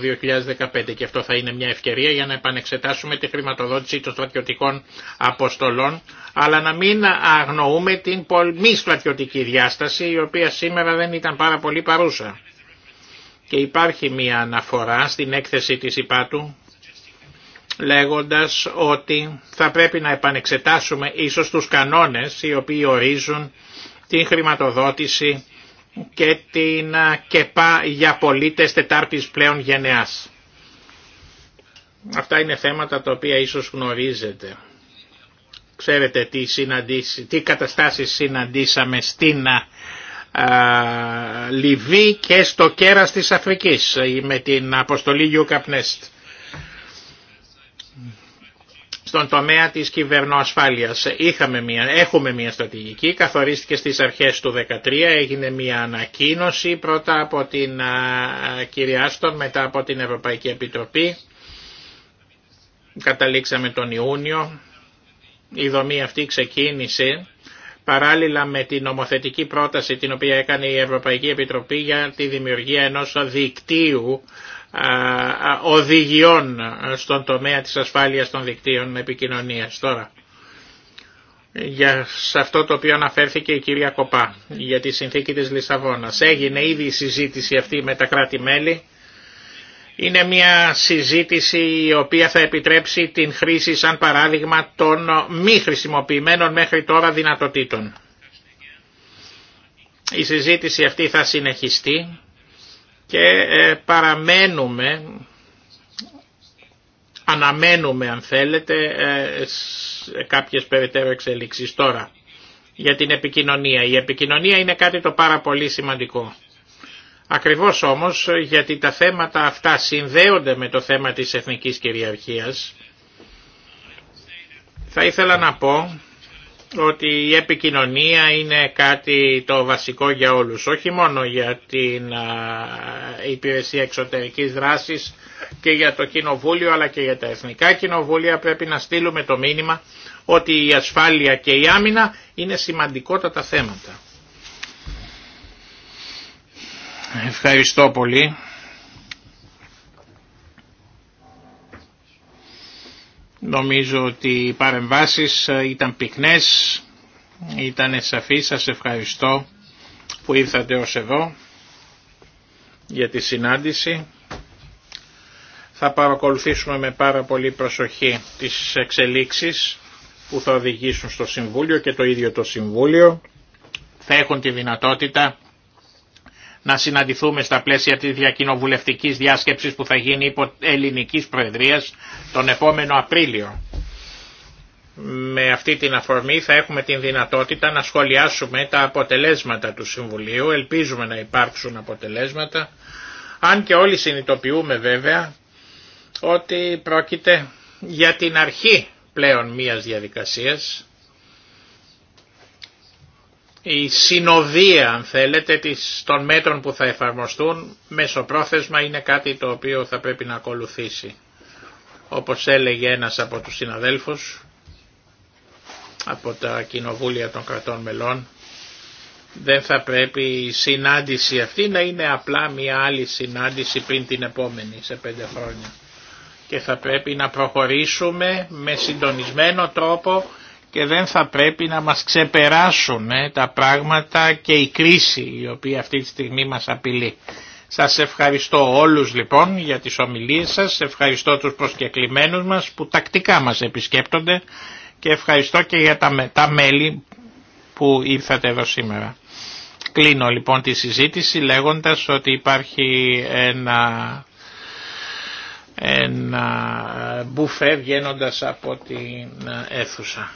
2015 και αυτό θα είναι μια ευκαιρία για να επανεξετάσουμε τη χρηματοδότηση των στρατιωτικών αποστολών αλλά να μην αγνοούμε την μη στρατιωτική διάσταση η οποία σήμερα δεν ήταν πάρα πολύ παρούσα. Και υπάρχει μια αναφορά στην έκθεση της ΥΠΑΤΟΥ λέγοντας ότι θα πρέπει να επανεξετάσουμε ίσως τους κανόνες οι οποίοι ορίζουν την χρηματοδότηση και την ΚΕΠΑ για πολίτες τετάρτης πλέον γενεάς. Αυτά είναι θέματα τα οποία ίσως γνωρίζετε. Ξέρετε τι, τι καταστάσεις συναντήσαμε στην α, Λιβύη και στο κέρας της Αφρικής με την αποστολή UCAPNEST. Στον τομέα της κυβερνοασφάλειας είχαμε μια, έχουμε μια στρατηγική, καθορίστηκε στις αρχές του 2013, έγινε μια ανακοίνωση πρώτα από την κυρία μετά από την Ευρωπαϊκή Επιτροπή. Καταλήξαμε τον Ιούνιο. Η δομή αυτή ξεκίνησε παράλληλα με την νομοθετική πρόταση την οποία έκανε η Ευρωπαϊκή Επιτροπή για τη δημιουργία ενός δικτύου οδηγιών στον τομέα της ασφάλειας των δικτύων επικοινωνίας. Τώρα, για σε αυτό το οποίο αναφέρθηκε η κυρία Κοπά για τη συνθήκη της Λισαβόνας. Έγινε ήδη η συζήτηση αυτή με τα κράτη-μέλη. Είναι μια συζήτηση η οποία θα επιτρέψει την χρήση σαν παράδειγμα των μη χρησιμοποιημένων μέχρι τώρα δυνατοτήτων. Η συζήτηση αυτή θα συνεχιστεί και ε, παραμένουμε, αναμένουμε αν θέλετε σε κάποιες περαιτέρω εξελίξεις τώρα για την επικοινωνία. Η επικοινωνία είναι κάτι το πάρα πολύ σημαντικό. Ακριβώς όμως γιατί τα θέματα αυτά συνδέονται με το θέμα της εθνικής κυριαρχίας θα ήθελα να πω ότι η επικοινωνία είναι κάτι το βασικό για όλους, όχι μόνο για την υπηρεσία εξωτερικής δράσης και για το κοινοβούλιο αλλά και για τα εθνικά κοινοβούλια πρέπει να στείλουμε το μήνυμα ότι η ασφάλεια και η άμυνα είναι σημαντικότατα θέματα. Ευχαριστώ πολύ. Νομίζω ότι οι παρεμβάσεις ε, ήταν πυκνές, ήταν σαφείς. Σας ευχαριστώ που ήρθατε ως εδώ για τη συνάντηση. Θα παρακολουθήσουμε με πάρα πολύ προσοχή τις εξελίξεις που θα οδηγήσουν στο Συμβούλιο και το ίδιο το Συμβούλιο. Θα έχουν τη δυνατότητα να συναντηθούμε στα πλαίσια της διακοινοβουλευτικής διάσκεψης που θα γίνει υπό ελληνικής προεδρίας τον επόμενο Απρίλιο. Με αυτή την αφορμή θα έχουμε την δυνατότητα να σχολιάσουμε τα αποτελέσματα του Συμβουλίου, ελπίζουμε να υπάρξουν αποτελέσματα, αν και όλοι συνειδητοποιούμε βέβαια ότι πρόκειται για την αρχή πλέον μιας διαδικασίας η συνοδεία αν θέλετε των μέτρων που θα εφαρμοστούν μεσοπρόθεσμα είναι κάτι το οποίο θα πρέπει να ακολουθήσει. Όπως έλεγε ένας από τους συναδέλφους από τα κοινοβούλια των κρατών μελών δεν θα πρέπει η συνάντηση αυτή να είναι απλά μια άλλη συνάντηση πριν την επόμενη σε πέντε χρόνια. Και θα πρέπει να προχωρήσουμε με συντονισμένο τρόπο και δεν θα πρέπει να μας ξεπεράσουν ε, τα πράγματα και η κρίση η οποία αυτή τη στιγμή μας απειλεί. Σας ευχαριστώ όλους λοιπόν για τις ομιλίες σας, ευχαριστώ τους προσκεκλημένους μας που τακτικά μας επισκέπτονται και ευχαριστώ και για τα, μέλη που ήρθατε εδώ σήμερα. Κλείνω λοιπόν τη συζήτηση λέγοντας ότι υπάρχει ένα, ένα μπουφέ βγαίνοντας από την ε, αίθουσα.